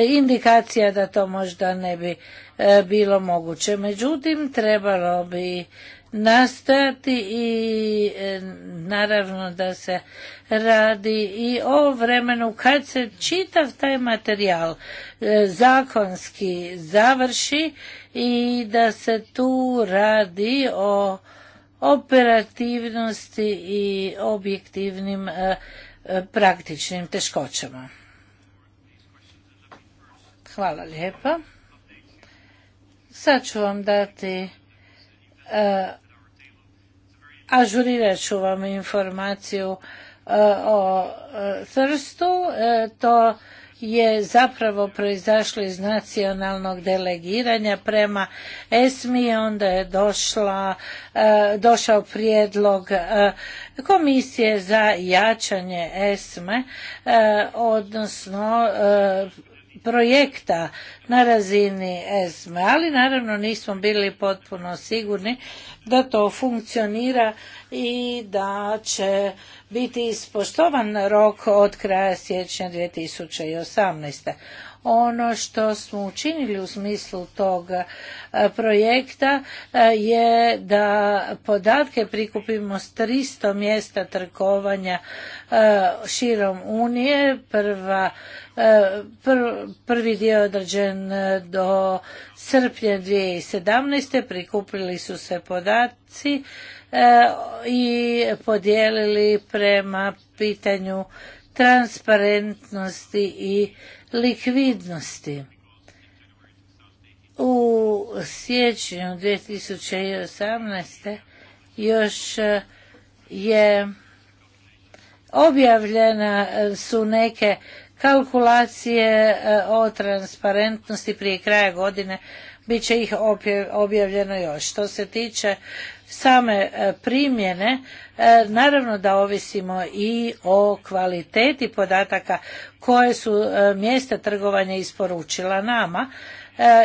indikacija da to možda ne bi e, bilo moguće. Međutim, trebalo bi nastati i e, naravno da se radi i o vremenu kad se čitav taj materijal e, zakonski završi i da se tu radi o operativnosti i objektivnim praktičnim teškoćama. Hvala lijepa. Sad ću vam dati, e, ažurirat ću vam informaciju e, o Srstu. E, to je zapravo proizašlo iz nacionalnog delegiranja prema ESMI, onda je došla, došao prijedlog komisije za jačanje ESME, odnosno projekta na razini ESME, ali naravno nismo bili potpuno sigurni da to funkcionira i da će biti ispoštovan rok od kraja siječnja 2018 ono što smo učinili u smislu tog e, projekta e, je da podatke prikupimo s 300 mjesta trgovanja e, širom Unije. Prva, prvi dio je određen do srpnja 2017. Prikupili su se podaci i podijelili prema pitanju transparentnosti i likvidnosti. U siječnju 2018. još e, je objavljena e, su neke kalkulacije e, o transparentnosti prije kraja godine bit će ih objavljeno još. Što se tiče same e, primjene e, naravno da ovisimo i o kvaliteti podataka koje su e, mjesta trgovanja isporučila nama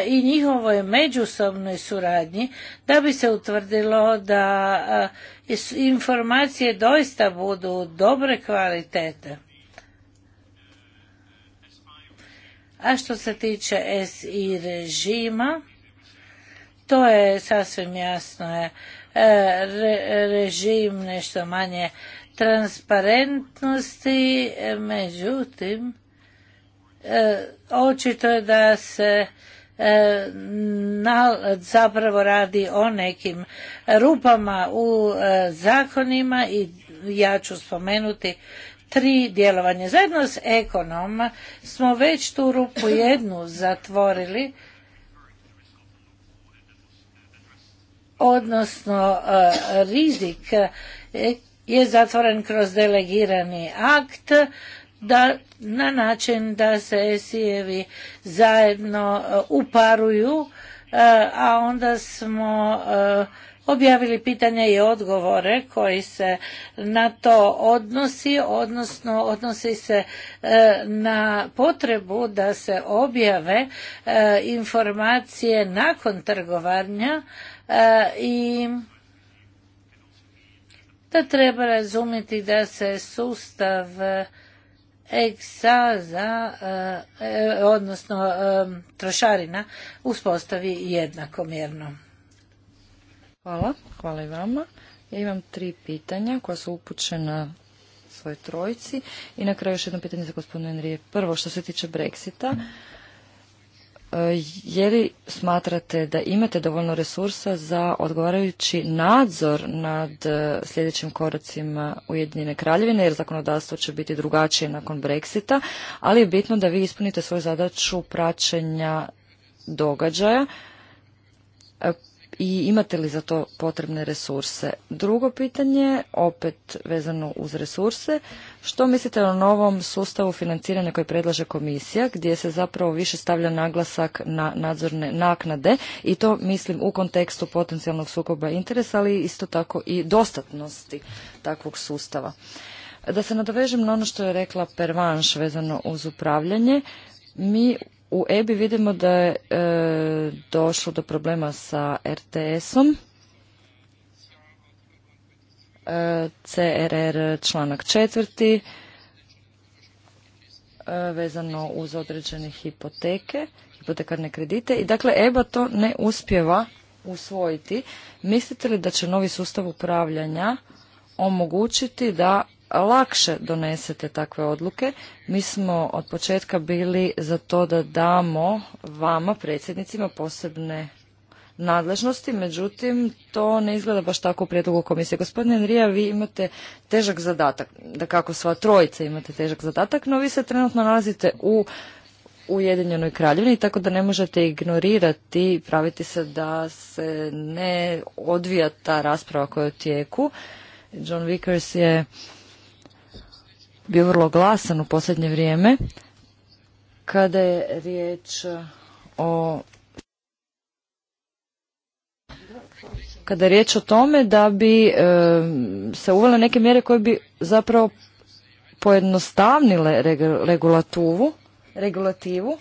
i njihovoj međusobnoj suradnji da bi se utvrdilo da informacije doista budu dobre kvalitete. A što se tiče SI režima, to je sasvim jasno je E, režim nešto manje transparentnosti, e, međutim, e, očito je da se zapravo radi o nekim rupama u zakonima i ja ću spomenuti tri djelovanja. Zajedno s ekonom smo već tu rupu jednu zatvorili odnosno e, rizik e, je zatvoren kroz delegirani akt da na način da se sijevi zajedno e, uparuju a onda smo objavili pitanja i odgovore koji se na to odnosi odnosno odnosi se na potrebu da se objave informacije nakon trgovanja E, i da treba razumjeti da se sustav eksaza, e, e, odnosno trošarina, uspostavi jednakomjerno. Hvala, hvala i vama. Ja imam tri pitanja koja su upućena svoj trojci i na kraju još jedno pitanje za gospodinu Enrije. Prvo, što se tiče Brexita, je li smatrate da imate dovoljno resursa za odgovarajući nadzor nad e, sljedećim koracima Ujedinjene kraljevine, jer zakonodavstvo će biti drugačije nakon Brexita, ali je bitno da vi ispunite svoju zadaću praćenja događaja e, i imate li za to potrebne resurse? Drugo pitanje, opet vezano uz resurse, što mislite o novom sustavu financiranja koji predlaže komisija, gdje se zapravo više stavlja naglasak na nadzorne naknade i to mislim u kontekstu potencijalnog sukoba interesa, ali isto tako i dostatnosti takvog sustava. Da se nadovežem na ono što je rekla Pervanš vezano uz upravljanje, mi u EBI vidimo da je e, došlo do problema sa RTS-om. E, CRR članak četvrti e, vezano uz određene hipoteke, hipotekarne kredite i dakle EBA to ne uspjeva usvojiti. Mislite li da će novi sustav upravljanja omogućiti da lakše donesete takve odluke. Mi smo od početka bili za to da damo vama, predsjednicima, posebne nadležnosti, međutim to ne izgleda baš tako u prijedlogu komisije. Gospodine Enrija, vi imate težak zadatak, da kako sva trojica imate težak zadatak, no vi se trenutno nalazite u Ujedinjenoj kraljevini, tako da ne možete ignorirati i praviti se da se ne odvija ta rasprava koja je u tijeku. John Vickers je bio vrlo glasan u posljednje vrijeme kada je riječ o kada je riječ o tome da bi se uvele neke mjere koje bi zapravo pojednostavnile regulativu, regulativu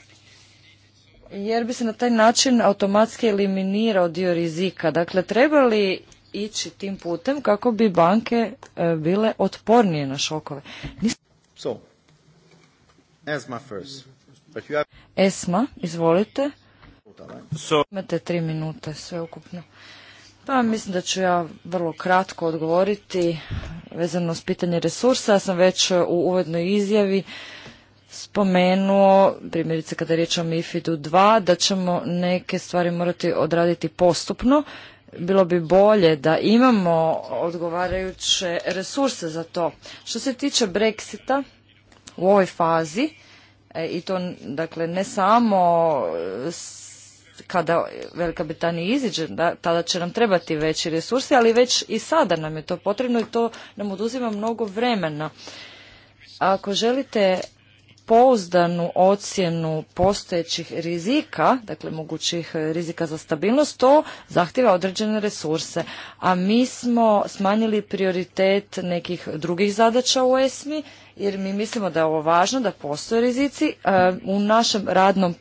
jer bi se na taj način automatski eliminirao dio rizika. Dakle, treba li ići tim putem kako bi banke e, bile otpornije na šokove. Esma, izvolite. Imate tri minute sve ukupno. Pa mislim da ću ja vrlo kratko odgovoriti vezano s pitanje resursa. Ja sam već e, u uvodnoj izjavi spomenuo, primjerice kada je riječ o MIFID-u 2, da ćemo neke stvari morati odraditi postupno bilo bi bolje da imamo odgovarajuće resurse za to. Što se tiče Brexita u ovoj fazi, e, i to dakle ne samo e, kada Velika Britanija iziđe, tada će nam trebati veći resursi, ali već i sada nam je to potrebno i to nam oduzima mnogo vremena. Ako želite pouzdanu ocjenu postojećih rizika, dakle mogućih rizika za stabilnost, to zahtjeva određene resurse. A mi smo smanjili prioritet nekih drugih zadaća u ESMI, jer mi mislimo da je ovo važno, da postoje rizici. E, u našem radnom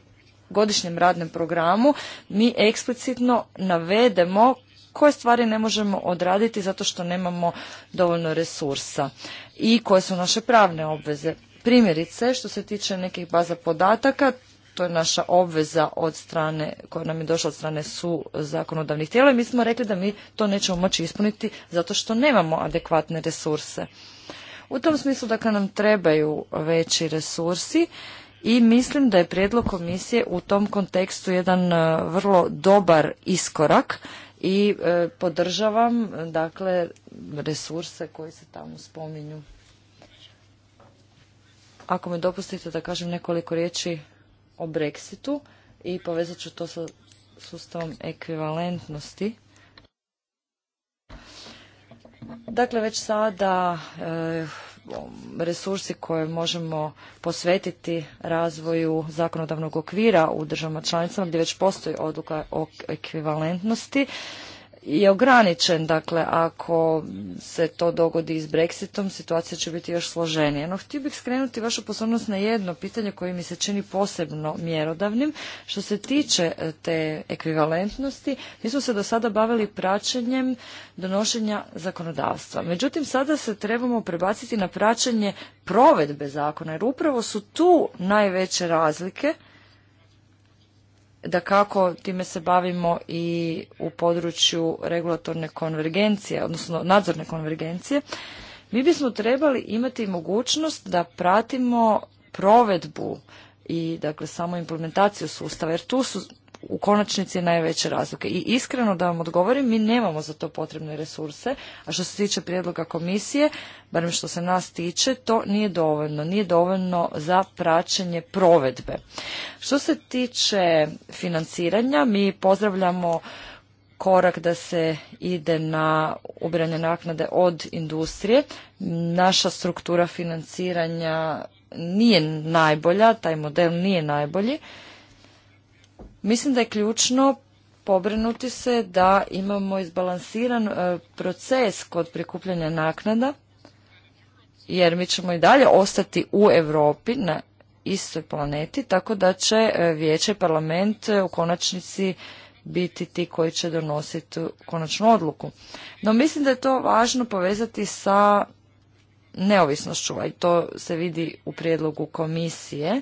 godišnjem radnom programu mi eksplicitno navedemo koje stvari ne možemo odraditi zato što nemamo dovoljno resursa i koje su naše pravne obveze. Primjerice, što se tiče nekih baza podataka, to je naša obveza od strane, koja nam je došla od strane su zakonodavnih tijela i mi smo rekli da mi to nećemo moći ispuniti zato što nemamo adekvatne resurse. U tom smislu da dakle, nam trebaju veći resursi i mislim da je prijedlog komisije u tom kontekstu jedan e, vrlo dobar iskorak i e, podržavam dakle resurse koji se tamo spominju. Ako mi dopustite da kažem nekoliko riječi o Brexitu i povezat ću to sa sustavom ekvivalentnosti. Dakle, već sada eh, resursi koje možemo posvetiti razvoju zakonodavnog okvira u državama članicama gdje već postoji odluka o ekvivalentnosti je ograničen, dakle ako se to dogodi s Brexitom, situacija će biti još složenija. No, htio bih skrenuti vašu pozornost na jedno pitanje koje mi se čini posebno mjerodavnim. Što se tiče e, te ekvivalentnosti, mi smo se do sada bavili praćenjem donošenja zakonodavstva. Međutim, sada se trebamo prebaciti na praćenje provedbe zakona, jer upravo su tu najveće razlike da kako time se bavimo i u području regulatorne konvergencije, odnosno nadzorne konvergencije, mi bismo trebali imati mogućnost da pratimo provedbu i dakle samo implementaciju sustava, jer tu su u konačnici najveće razlike. I iskreno da vam odgovorim, mi nemamo za to potrebne resurse, a što se tiče prijedloga komisije, barem što se nas tiče, to nije dovoljno. Nije dovoljno za praćenje provedbe. Što se tiče financiranja, mi pozdravljamo korak da se ide na ubiranje naknade od industrije. Naša struktura financiranja nije najbolja, taj model nije najbolji Mislim da je ključno pobrinuti se da imamo izbalansiran e, proces kod prikupljanja naknada, jer mi ćemo i dalje ostati u Europi na istoj planeti, tako da će e, vijeće parlament e, u konačnici biti ti koji će donositi konačnu odluku. No mislim da je to važno povezati sa neovisnošću, a i to se vidi u prijedlogu komisije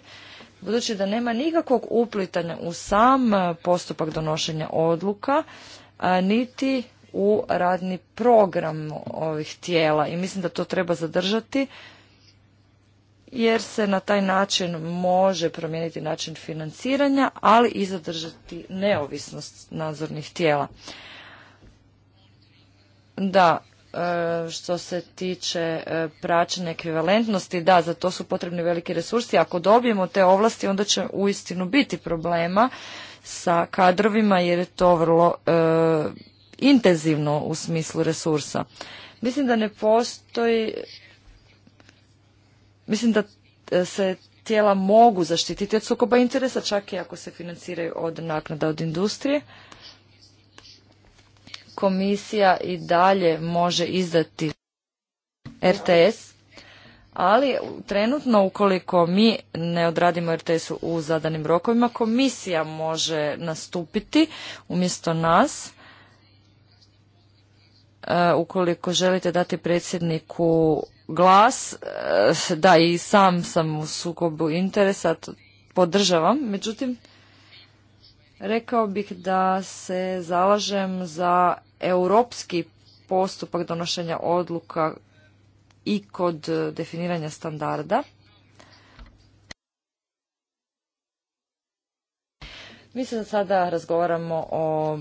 budući da nema nikakvog uplitanja u sam e, postupak donošenja odluka, e, niti u radni program ovih tijela i mislim da to treba zadržati jer se na taj način može promijeniti način financiranja, ali i zadržati neovisnost nadzornih tijela. Da, E, što se tiče e, praćenja ekvivalentnosti, da, za to su potrebni veliki resursi. Ako dobijemo te ovlasti, onda će uistinu biti problema sa kadrovima jer je to vrlo e, intenzivno u smislu resursa. Mislim da ne postoji, mislim da se tijela mogu zaštititi od sukoba interesa, čak i ako se financiraju od naknada od industrije komisija i dalje može izdati RTS, ali trenutno ukoliko mi ne odradimo RTS -u, u zadanim rokovima, komisija može nastupiti umjesto nas. E, ukoliko želite dati predsjedniku glas, e, da i sam sam u sukobu interesa, podržavam, međutim Rekao bih da se zalažem za europski postupak donošenja odluka i kod definiranja standarda. Mi se sada razgovaramo o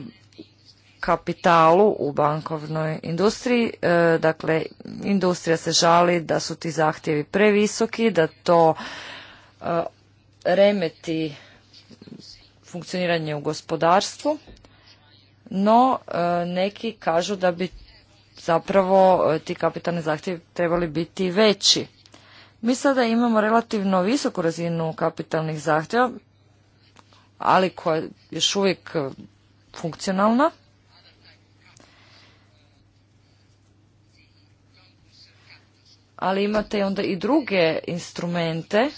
kapitalu u bankovnoj industriji. E, dakle, industrija se žali da su ti zahtjevi previsoki, da to e, remeti funkcioniranje u gospodarstvu, no e, neki kažu da bi zapravo e, ti kapitalni zahtjevi trebali biti veći. Mi sada imamo relativno visoku razinu kapitalnih zahtjeva, ali koja je još uvijek e, funkcionalna. Ali imate onda i druge instrumente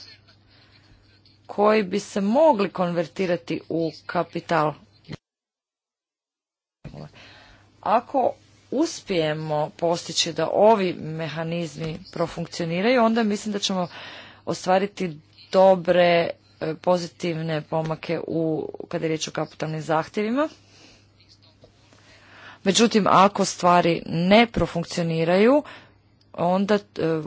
koji bi se mogli konvertirati u kapital. Ako uspijemo postići da ovi mehanizmi profunkcioniraju, onda mislim da ćemo ostvariti dobre e, pozitivne pomake u, kada je riječ o kapitalnim zahtjevima. Međutim, ako stvari ne profunkcioniraju, onda e,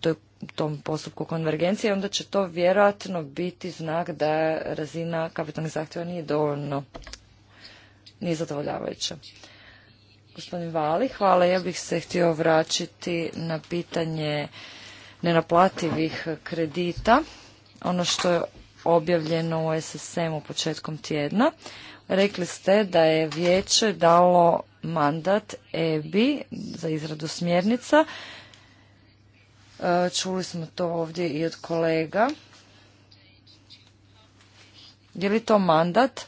to je tom postupku konvergencije, onda će to vjerojatno biti znak da razina kapitalnih zahtjeva nije dovoljno, nije zadovoljavajuća. Gospodin Vali, hvala. Ja bih se htio vraćati na pitanje nenaplativih kredita. Ono što je objavljeno u SSM-u početkom tjedna. Rekli ste da je vijeće dalo mandat EBI za izradu smjernica E, čuli smo to ovdje i od kolega. Je li to mandat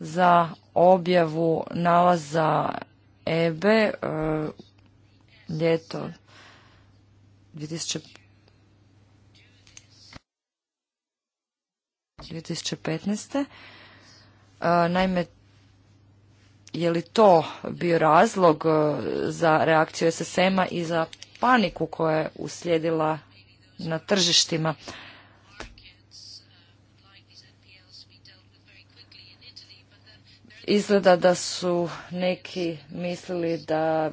za objavu nalaza EBE e, ljeto 2015. E, naime, je li to bio razlog za reakciju SSM-a i za paniku koja je uslijedila na tržištima. Izgleda da su neki mislili da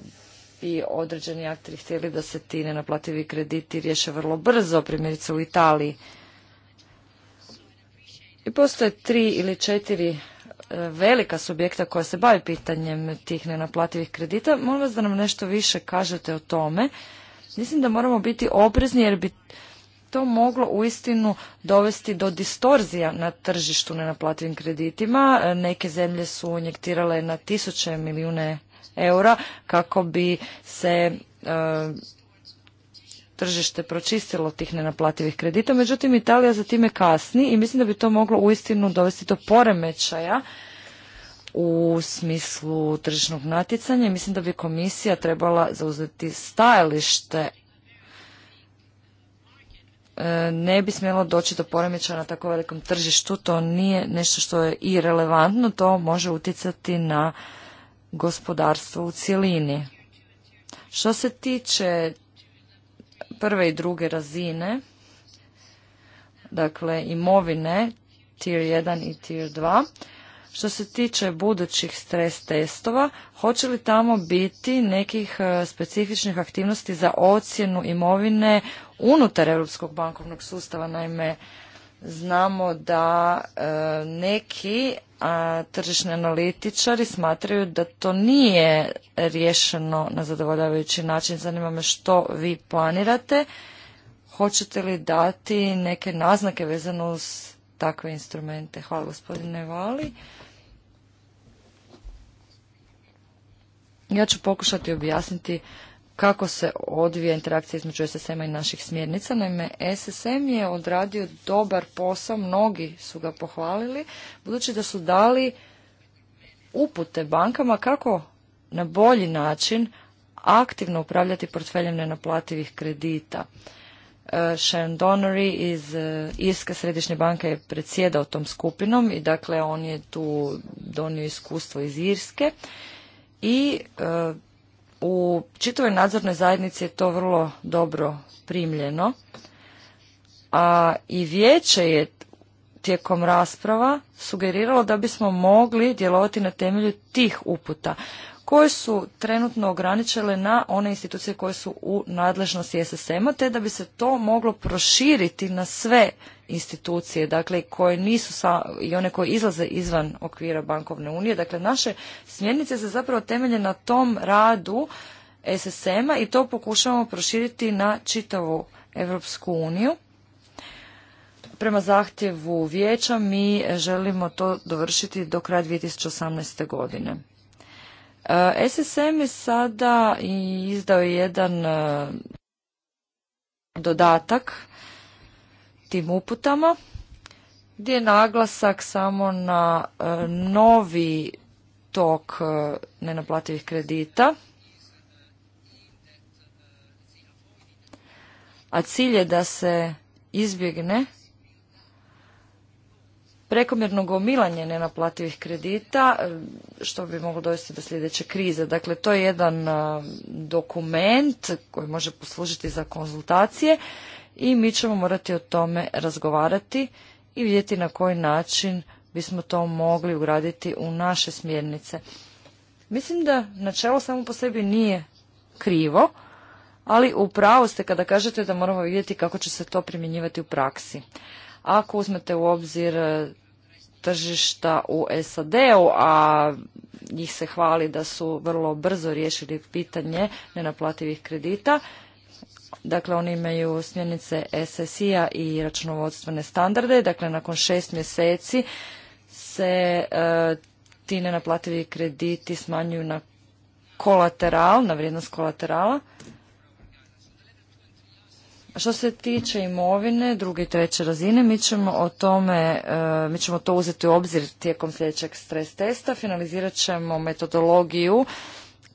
bi određeni aktori htjeli da se ti nenaplativi krediti riješe vrlo brzo, primjerice u Italiji. I postoje tri ili četiri e, velika subjekta koja se bavi pitanjem tih nenaplativih kredita. Molim vas da nam nešto više kažete o tome. Mislim da moramo biti oprezni jer bi to moglo uistinu dovesti do distorzija na tržištu nenaplativim kreditima. E, neke zemlje su injektirale na tisuće milijune eura kako bi se e, tržište pročistilo tih nenaplativih kredita. Međutim, Italija za time kasni i mislim da bi to moglo uistinu dovesti do poremećaja u smislu tržišnog natjecanja i mislim da bi komisija trebala zauzeti stajalište e, ne bi smjelo doći do poremećaja na tako velikom tržištu, to nije nešto što je i relevantno, to može utjecati na gospodarstvo u cjelini. Što se tiče prve i druge razine, dakle imovine tier 1 i tier 2, što se tiče budućih stres testova, hoće li tamo biti nekih e, specifičnih aktivnosti za ocjenu imovine unutar Europskog bankovnog sustava? Naime, znamo da e, neki tržišni analitičari smatraju da to nije riješeno na zadovoljavajući način. Zanima me što vi planirate. Hoćete li dati neke naznake vezano uz takve instrumente. Hvala gospodine Vali. Ja ću pokušati objasniti kako se odvija interakcija između SSM-a i naših smjernica. Naime, SSM je odradio dobar posao, mnogi su ga pohvalili, budući da su dali upute bankama kako na bolji način aktivno upravljati portfeljem nenaplativih kredita. E, Sean Donnery iz e, Irske središnje banke je predsjedao tom skupinom i dakle on je tu donio iskustvo iz Irske i e, u čitavoj nadzornoj zajednici je to vrlo dobro primljeno. A i vijeće je tijekom rasprava sugeriralo da bismo mogli djelovati na temelju tih uputa koje su trenutno ograničile na one institucije koje su u nadležnosti SSM-a, te da bi se to moglo proširiti na sve institucije, dakle koje nisu sa, i one koje izlaze izvan okvira bankovne unije. Dakle, naše smjernice se zapravo temelje na tom radu SSM-a i to pokušavamo proširiti na čitavu Europsku uniju. Prema zahtjevu vijeća mi želimo to dovršiti do kraja 2018. godine. E, SSM je sada izdao jedan e, dodatak tim uputama gdje je naglasak samo na e, novi tok nenaplativih kredita. A cilj je da se izbjegne prekomjerno gomilanje nenaplativih kredita, e, što bi moglo dovesti do sljedeće krize. Dakle, to je jedan e, dokument koji može poslužiti za konzultacije i mi ćemo morati o tome razgovarati i vidjeti na koji način bismo to mogli ugraditi u naše smjernice. Mislim da načelo samo po sebi nije krivo, ali upravo ste kada kažete da moramo vidjeti kako će se to primjenjivati u praksi. Ako uzmete u obzir e, tržišta u SAD-u, a njih se hvali da su vrlo brzo riješili pitanje nenaplativih kredita. Dakle, oni imaju smjernice SSI-a i računovodstvene standarde. Dakle, nakon šest mjeseci se e, ti nenaplativi krediti smanjuju na kolateral, na vrijednost kolaterala. Što se tiče imovine druge i treće razine, mi ćemo o tome, e, mi ćemo to uzeti u obzir tijekom sljedećeg stres testa, finalizirat ćemo metodologiju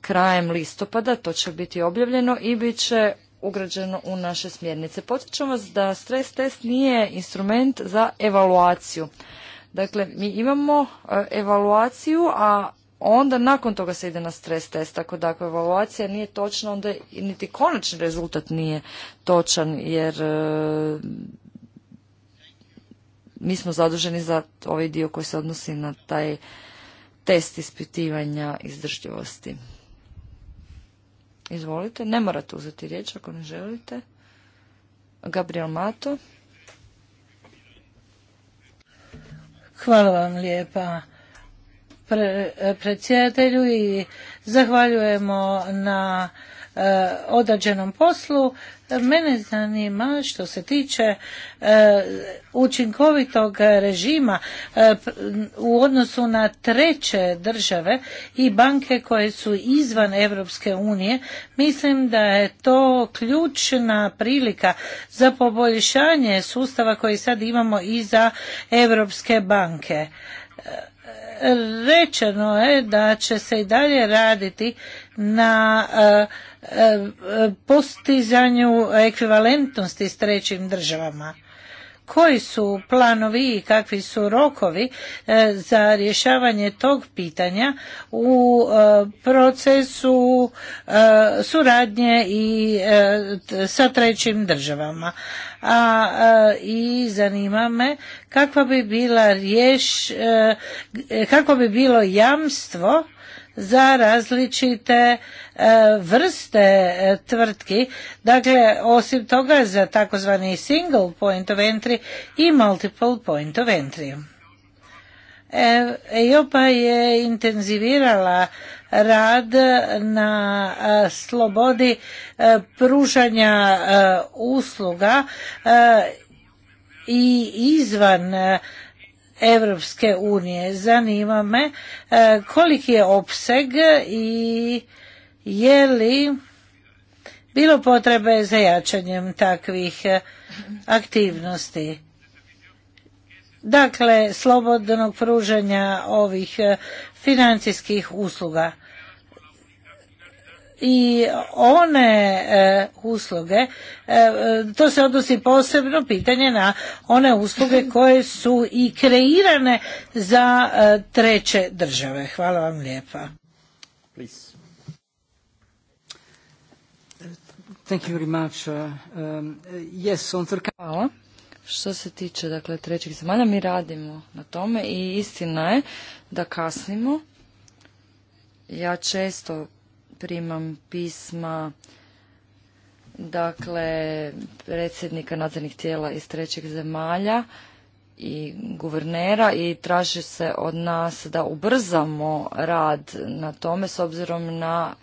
krajem listopada, to će biti objavljeno i bit će ugrađeno u naše smjernice. Podsjećam vas da stres test nije instrument za evaluaciju. Dakle, mi imamo e, evaluaciju, a onda nakon toga se ide na stres test. tako da Ako evaluacija nije točna, onda niti konačni rezultat nije točan, jer e, mi smo zaduženi za ovaj dio koji se odnosi na taj test ispitivanja izdržljivosti. Izvolite, ne morate uzeti riječ ako ne želite. Gabriel Mato. Hvala vam lijepa predsjedatelju i zahvaljujemo na e, odađenom poslu. Mene zanima što se tiče e, učinkovitog režima e, u odnosu na treće države i banke koje su izvan Europske unije. Mislim da je to ključna prilika za poboljšanje sustava koji sad imamo i za europske banke rečeno je da će se i dalje raditi na e, e, postizanju ekvivalentnosti s trećim državama koji su planovi i kakvi su rokovi e, za rješavanje tog pitanja u procesu suradnje i sa trećim državama a i zanima me kakva bi bila riješ, e, kako bi bilo jamstvo za različite e, vrste e, tvrtki. Dakle, osim toga za takozvani single point of entry i multiple point of entry. Pa je intenzivirala rad na e, slobodi e, pružanja e, usluga i izvan Evropske unije. Zanima me koliki je opseg i je li bilo potrebe za jačanjem takvih aktivnosti. Dakle, slobodnog pružanja ovih financijskih usluga i one e, usluge e, to se odnosi posebno pitanje na one usluge koje su i kreirane za e, treće države hvala vam lijepa uh, um, hvala što se tiče dakle trećih zemalja mi radimo na tome i istina je da kasnimo. Ja često primam pisma dakle predsjednika nadzornih tijela iz trećeg zemalja i guvernera i traži se od nas da ubrzamo rad na tome s obzirom na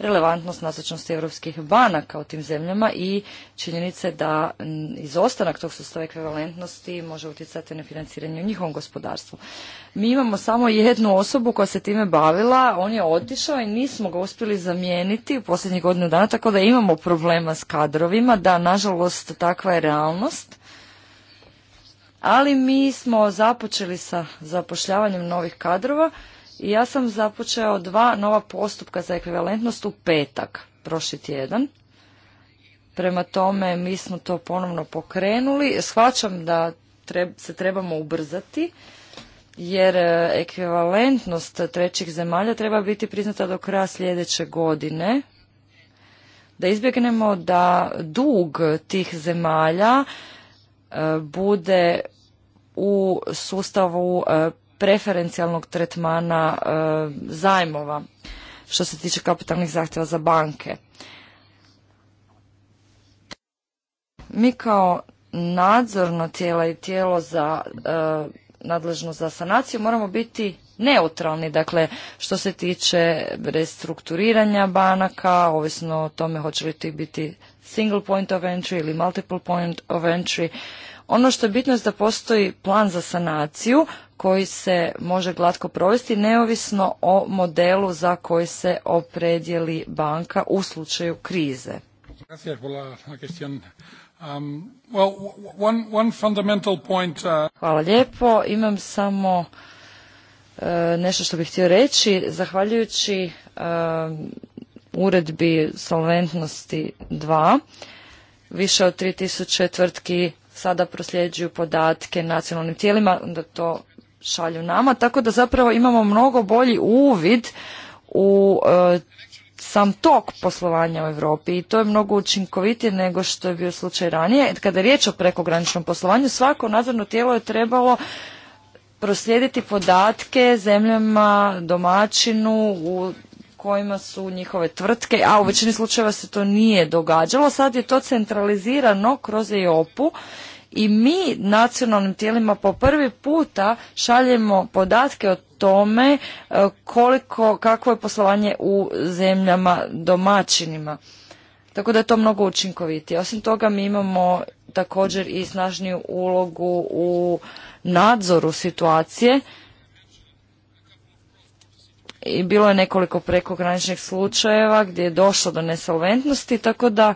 relevantnost nazočnosti europskih banaka u tim zemljama i činjenice da izostanak tog sustava ekvivalentnosti može utjecati na financiranje u njihovom gospodarstvu. Mi imamo samo jednu osobu koja se time bavila, on je otišao i nismo ga uspjeli zamijeniti u posljednjih godinu dana, tako da imamo problema s kadrovima, da nažalost takva je realnost. Ali mi smo započeli sa zapošljavanjem novih kadrova ja sam započeo dva nova postupka za ekvivalentnost u petak, prošli tjedan. Prema tome mi smo to ponovno pokrenuli. Shvaćam da se trebamo ubrzati jer e, ekvivalentnost trećih zemalja treba biti priznata do kraja sljedeće godine. Da izbjegnemo da dug tih zemalja e, bude u sustavu e, preferencijalnog tretmana e, zajmova što se tiče kapitalnih zahtjeva za banke. Mi kao nadzorno tijelo i tijelo za nadležnost nadležno za sanaciju moramo biti neutralni, dakle što se tiče restrukturiranja banaka, ovisno o tome hoće li ti biti single point of entry ili multiple point of entry, ono što je bitno je da postoji plan za sanaciju koji se može glatko provesti neovisno o modelu za koji se opredjeli banka u slučaju krize. Um, uh, Hvala lijepo. Imam samo uh, nešto što bih htio reći. Zahvaljujući um, uredbi solventnosti 2, više od 3000 tvrtki sada prosljeđuju podatke nacionalnim tijelima, da to šalju nama, tako da zapravo imamo mnogo bolji uvid u e, sam tok poslovanja u Europi i to je mnogo učinkovitije nego što je bio slučaj ranije. Kada je riječ o prekograničnom poslovanju, svako nadzorno tijelo je trebalo proslijediti podatke zemljama, domaćinu u kojima su njihove tvrtke, a u većini slučajeva se to nije događalo. Sad je to centralizirano kroz EOP-u i mi nacionalnim tijelima po prvi puta šaljemo podatke o tome e, koliko, kakvo je poslovanje u zemljama domaćinima. Tako da je to mnogo učinkovitije. Osim toga mi imamo također i snažniju ulogu u nadzoru situacije i bilo je nekoliko prekograničnih slučajeva gdje je došlo do nesolventnosti, tako da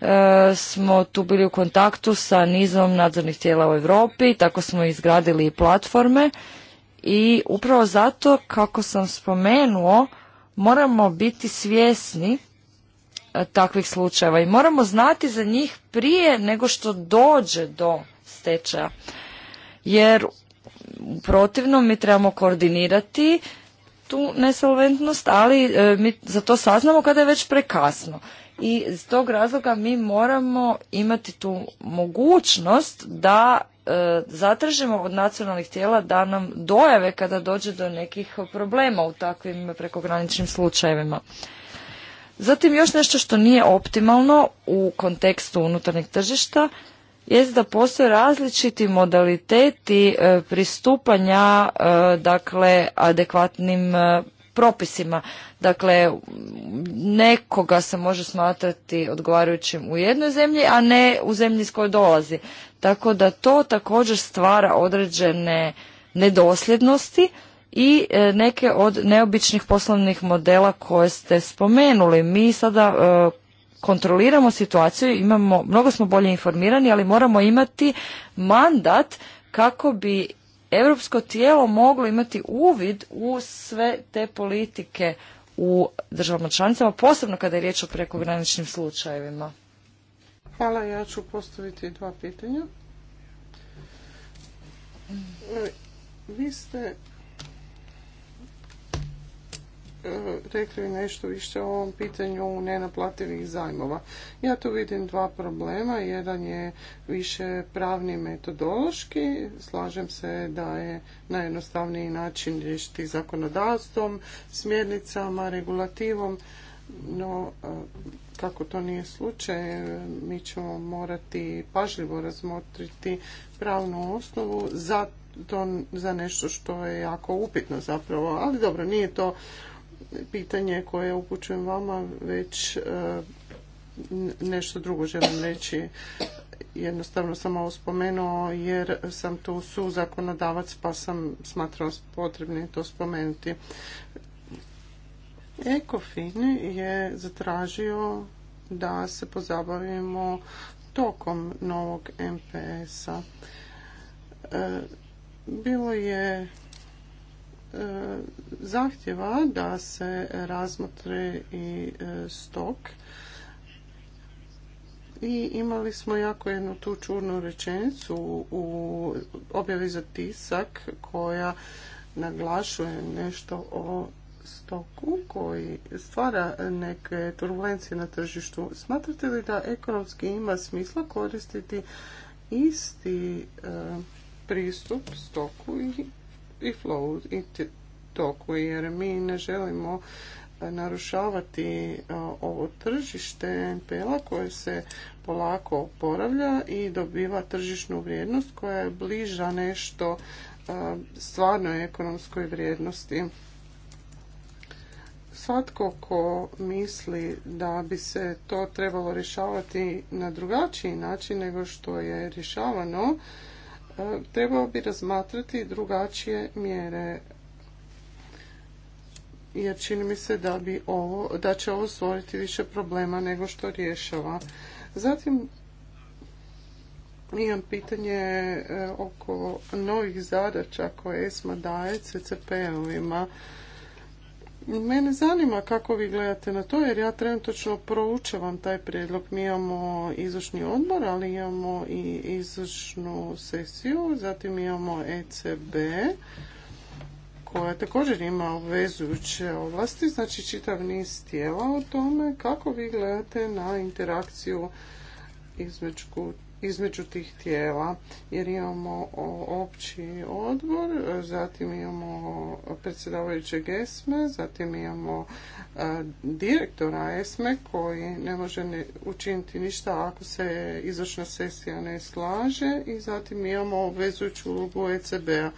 E, smo tu bili u kontaktu sa nizom nadzornih tijela u Europi, tako smo izgradili i platforme i upravo zato kako sam spomenuo moramo biti svjesni e, takvih slučajeva i moramo znati za njih prije nego što dođe do stečaja. Jer u protivnom mi trebamo koordinirati tu nesolventnost, ali e, mi za to saznamo kada je već prekasno. I iz tog razloga mi moramo imati tu mogućnost da e, zatražimo od nacionalnih tijela da nam dojave kada dođe do nekih problema u takvim prekograničnim slučajevima. Zatim još nešto što nije optimalno u kontekstu unutarnjeg tržišta jest da postoje različiti modaliteti e, pristupanja e, dakle adekvatnim e, propisima. Dakle, nekoga se može smatrati odgovarajućim u jednoj zemlji, a ne u zemlji s kojoj dolazi. Tako da to također stvara određene nedosljednosti i neke od neobičnih poslovnih modela koje ste spomenuli. Mi sada kontroliramo situaciju, imamo, mnogo smo bolje informirani, ali moramo imati mandat kako bi europsko tijelo moglo imati uvid u sve te politike u državama članicama, posebno kada je riječ o prekograničnim slučajevima. Hvala, ja ću postaviti dva pitanja. Vi ste E, rekli nešto više o ovom pitanju nenaplativih zajmova. Ja tu vidim dva problema. Jedan je više pravni metodološki. Slažem se da je najjednostavniji način riješiti zakonodavstvom, smjernicama, regulativom. No, e, kako to nije slučaj, e, mi ćemo morati pažljivo razmotriti pravnu osnovu za to za nešto što je jako upitno zapravo, ali dobro, nije to pitanje koje upućujem vama, već e, nešto drugo želim reći. Jednostavno sam ovo spomenuo jer sam tu su zakonodavac pa sam smatrao potrebnim to spomenuti. Ekofin je zatražio da se pozabavimo tokom novog MPS-a. E, bilo je E, zahtjeva da se razmotre i e, stok i imali smo jako jednu tu čurnu rečenicu u objavi za tisak koja naglašuje nešto o stoku koji stvara neke turbulencije na tržištu. Smatrate li da ekonomski ima smisla koristiti isti e, pristup stoku i i flow i jer mi ne želimo eh, narušavati eh, ovo tržište NPL-a koje se polako oporavlja i dobiva tržišnu vrijednost koja je bliža nešto eh, stvarnoj ekonomskoj vrijednosti. Svatko ko misli da bi se to trebalo rješavati na drugačiji način nego što je rješavano, E, trebao bi razmatrati drugačije mjere jer čini mi se da, bi ovo, da će ovo stvoriti više problema nego što rješava. Zatim imam pitanje e, oko novih zadaća koje ESMA daje CCP-ovima Mene zanima kako vi gledate na to, jer ja trenutno proučavam taj prijedlog. Mi imamo izvršni odbor, ali imamo i izvršnu sesiju, zatim imamo ECB, koja također ima obvezujuće ovlasti, znači čitav niz tijela o tome kako vi gledate na interakciju između između tih tijela jer imamo opći odbor, zatim imamo predsjedavajuće ESME, zatim imamo e, direktora ESME koji ne može učiniti ništa ako se izvršna sesija ne slaže i zatim imamo obvezujuću ulogu ECB-a.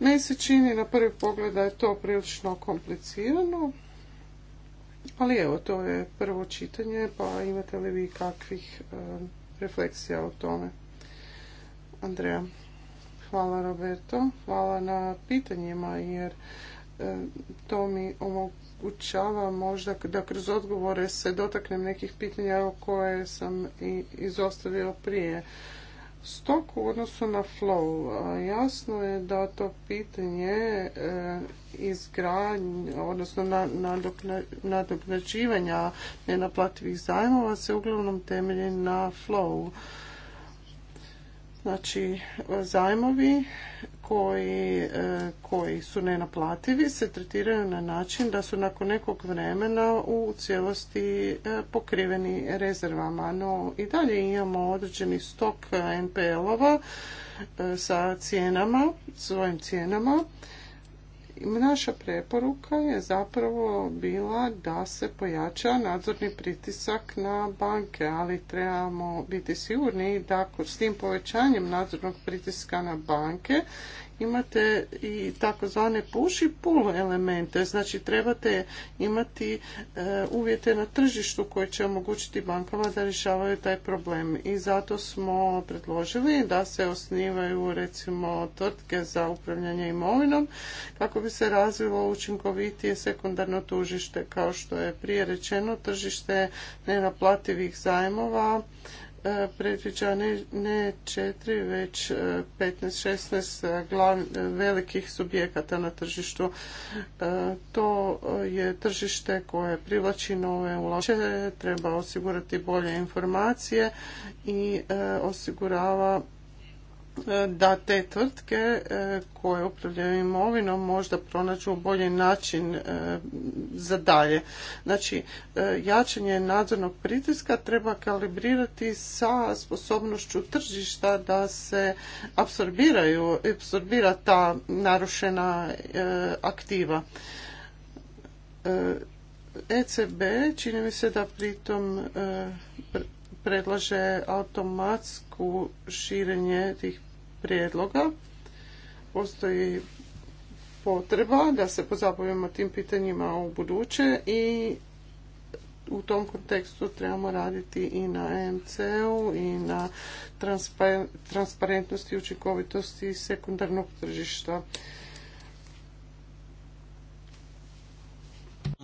Meni se čini na prvi pogled da je to prilično komplicirano, ali evo, to je prvo čitanje, pa imate li vi kakvih e, refleksija o tome. Andreja. Hvala Roberto, hvala na pitanjima jer e, to mi omogućava možda da kroz odgovore se dotaknem nekih pitanja koje sam i izostavio prije stoku u odnosu na flow. Jasno je da to pitanje e, izgradnje, odnosno nadoknađivanja nenaplativih zajmova se uglavnom temelji na flow. Znači, zajmovi koji, e, koji su nenaplativi se tretiraju na način da su nakon nekog vremena u cijelosti e, pokriveni rezervama. No i dalje imamo određeni stok NPL-ova e, sa cijenama, svojim cijenama Naša preporuka je zapravo bila da se pojača nadzorni pritisak na banke, ali trebamo biti sigurni da s tim povećanjem nadzornog pritiska na banke imate i takozvane push i pull elemente, znači trebate imati e, uvjete na tržištu koje će omogućiti bankama da rješavaju taj problem. I zato smo predložili da se osnivaju recimo tvrtke za upravljanje imovinom kako bi se razvilo učinkovitije sekundarno tužište kao što je prije rečeno tržište nenaplativih zajmova E, predviđa ne, četiri, već 15-16 e, e, glav, velikih subjekata na tržištu. To je tržište koje privlači nove ulače, treba osigurati bolje informacije i osigurava da te tvrtke e, koje upravljaju imovinom možda pronađu bolji način e, za dalje. Znači, e, jačanje nadzornog pritiska treba kalibrirati sa sposobnošću tržišta da se apsorbiraju, absorbira ta narušena aktiva. ECB čini mi se da pritom predlaže automatsku širenje tih prijedloga. Postoji potreba da se pozabavimo tim pitanjima u buduće i u tom kontekstu trebamo raditi i na EMC-u i na transparentnosti i učinkovitosti sekundarnog tržišta.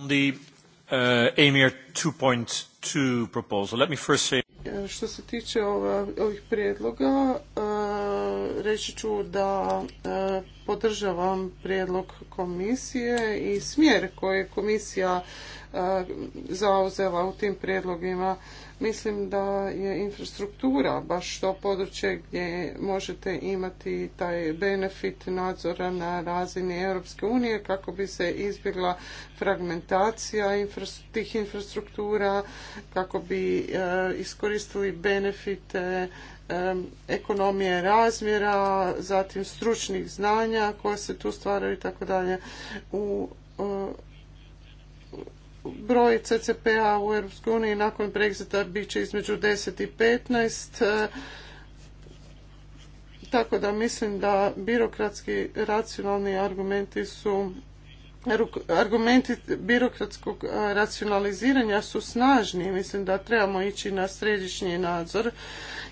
The 2.2 uh, što se tiče ovih prijedloga, e, reći ću da e, podržavam prijedlog komisije i smjer koji je komisija e, zauzela u tim prijedlogima. Mislim da je infrastruktura baš to područje gdje možete imati taj benefit nadzora na razini Europske unije kako bi se izbjegla fragmentacija tih infrastruktura, kako bi e, iskoristili benefite ekonomije razmjera, zatim stručnih znanja koja se tu stvaraju i tako dalje. U e, broj CCPA a u EU nakon Brexita bit će između 10 i 15 e, tako da mislim da birokratski racionalni argumenti su argumenti birokratskog racionaliziranja su snažni. Mislim da trebamo ići na središnji nadzor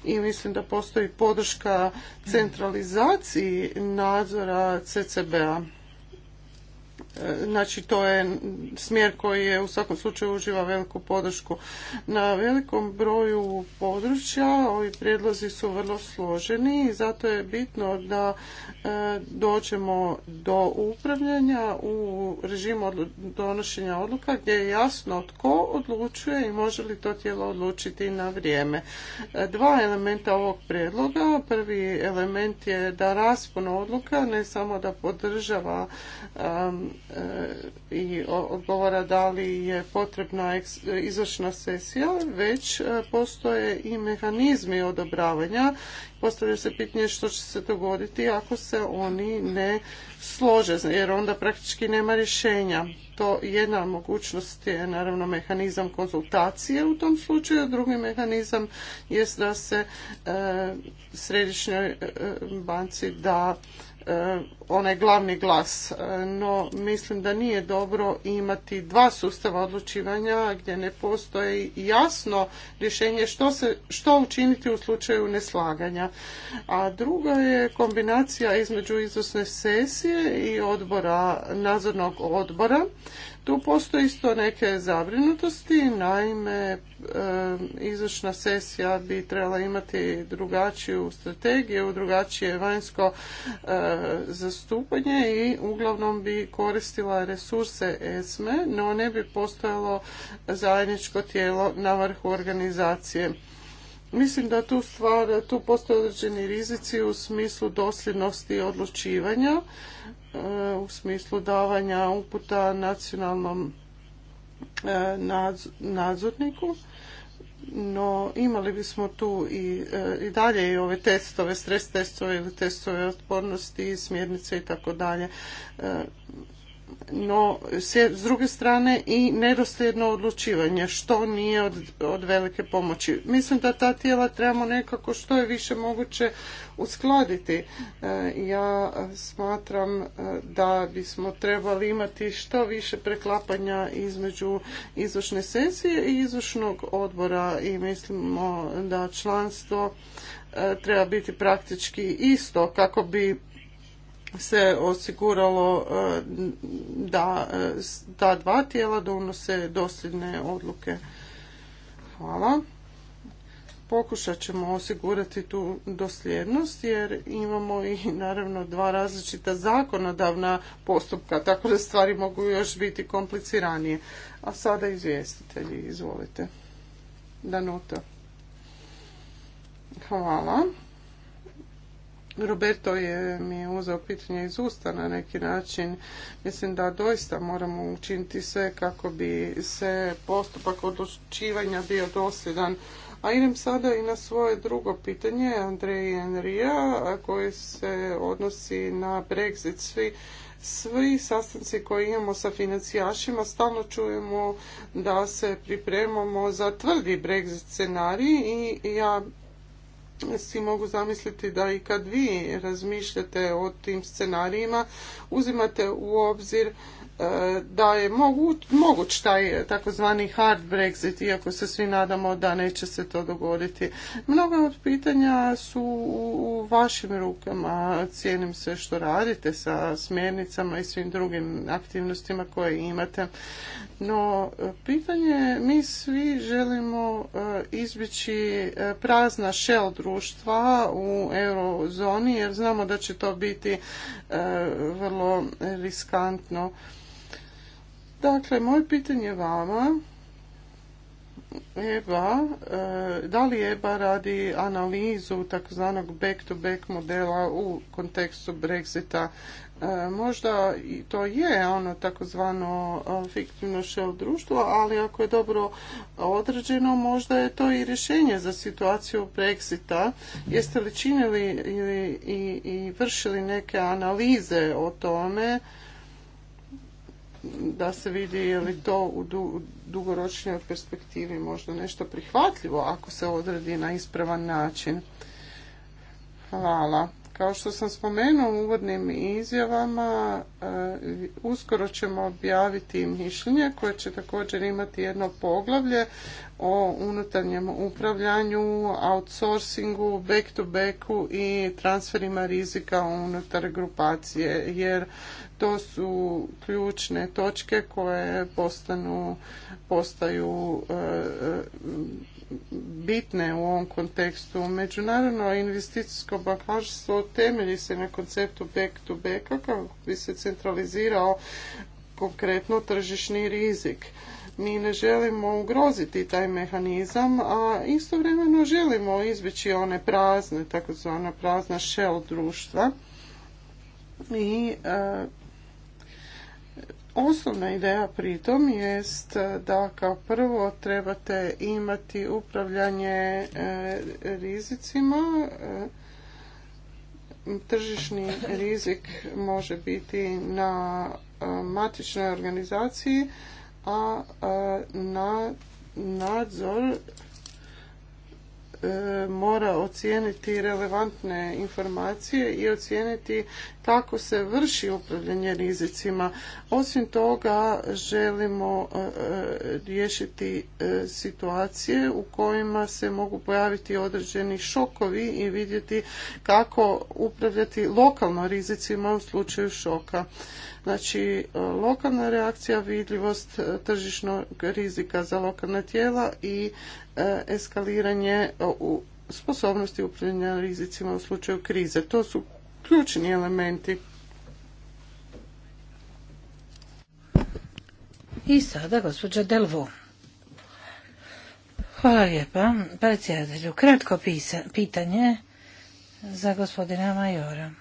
i mislim da postoji podrška centralizaciji nadzora CCB-a. Znači to je smjer koji je u svakom slučaju uživa veliku podršku. Na velikom broju područja ovi prijedlozi su vrlo složeni i zato je bitno da e, dođemo do upravljanja u režimu donošenja odluka gdje je jasno tko odlučuje i može li to tijelo odlučiti na vrijeme. E, dva elementa ovog prijedloga. Prvi element je da raspon odluka ne samo da podržava e, E, i odgovara da li je potrebna izvršna sesija, već e, postoje i mehanizmi odobravanja. Postavlja se pitanje što će se dogoditi ako se oni ne slože, jer onda praktički nema rješenja. To jedna mogućnost je naravno mehanizam konzultacije u tom slučaju, drugi mehanizam jest da se e, središnjoj banci da E, onaj glavni glas. E, no, mislim da nije dobro imati dva sustava odlučivanja gdje ne postoji jasno rješenje što, se, što učiniti u slučaju neslaganja. A druga je kombinacija između izvrsne sesije i odbora, nadzornog odbora tu postoje isto neke zabrinutosti, naime izvršna sesija bi trebala imati drugačiju strategiju, drugačije vanjsko eh, zastupanje i uglavnom bi koristila resurse ESME, no ne bi postojalo zajedničko tijelo na vrhu organizacije. Mislim da tu stvar, tu postoje određeni rizici u smislu dosljednosti odlučivanja u smislu davanja uputa nacionalnom e, nadzorniku, no imali bismo tu e, i, dalje i ove testove, stres testove ili testove otpornosti, smjernice i tako dalje. E, no s druge strane i nedostajedno odlučivanje što nije od, od velike pomoći. Mislim da ta tijela trebamo nekako što je više moguće uskladiti. E, ja smatram e, da bismo trebali imati što više preklapanja između izvršne sesije i izvršnog odbora i mislimo da članstvo e, treba biti praktički isto kako bi se osiguralo e, da e, ta dva tijela donose dosljedne odluke. Hvala. Pokušat ćemo osigurati tu dosljednost jer imamo i naravno dva različita zakonodavna postupka, tako da stvari mogu još biti kompliciranije. A sada izvjestitelji, izvolite. Danuta. Hvala. Roberto je mi uzao pitanje iz usta na neki način. Mislim da doista moramo učiniti sve kako bi se postupak odlučivanja bio dosljedan. A idem sada i na svoje drugo pitanje Andreje Enrija koje se odnosi na Brexit. Svi svi sastanci koje imamo sa financijašima stalno čujemo da se pripremamo za tvrdi Brexit scenarij i ja si mogu zamisliti da i kad vi razmišljate o tim scenarijima, uzimate u obzir E, da je moguć taj takozvani hard Brexit, iako se svi nadamo da neće se to dogoditi. Mnoga od pitanja su u vašim rukama. Cijenim se što radite sa smjernicama i svim drugim aktivnostima koje imate. No, pitanje, mi svi želimo e, izbjeći e, prazna šel društva u eurozoni, jer znamo da će to biti vrlo riskantno. Dakle, moje pitanje vama EBA, e, da li EBA radi analizu takozvanog back-to-back modela u kontekstu Brexita? E, možda i to je ono takozvano e, fiktivno shell društvo, ali ako je dobro određeno, možda je to i rješenje za situaciju Brexita. Jeste li činili i, i vršili neke analize o tome? da se vidi je li to u dugoročnjoj perspektivi možda nešto prihvatljivo ako se odredi na ispravan način. Hvala. Kao što sam spomenuo u uvodnim izjavama, e, uskoro ćemo objaviti mišljenje koje će također imati jedno poglavlje o unutarnjem upravljanju, outsourcingu, back to backu i transferima rizika unutar grupacije, jer to su ključne točke koje postanu, postaju e, e, bitne u ovom kontekstu. Međunarodno investicijsko bankarstvo temelji se na konceptu back to backa kako bi se centralizirao konkretno tržišni rizik. Mi ne želimo ugroziti taj mehanizam, a istovremeno želimo izbjeći one prazne, takozvana prazna shell društva i e, Osnovna ideja pritom jest eh, da kao prvo trebate imati upravljanje eh, rizicima. Eh, tržišni rizik može biti na matičnoj organizaciji, a na nadzor E, mora ocijeniti relevantne informacije i ocijeniti kako se vrši upravljanje rizicima. Osim toga želimo e, riješiti e, situacije u kojima se mogu pojaviti određeni šokovi i vidjeti kako upravljati lokalno rizicima u slučaju šoka. Znači, lokalna reakcija, vidljivost tržišnog rizika za lokalna tijela i E, eskaliranje e, u sposobnosti upravljanja rizicima u slučaju krize. To su ključni elementi. I sada gospođa Delvo. Hvala lijepa. Predsjedatelju, kratko pitanje za gospodina Majora.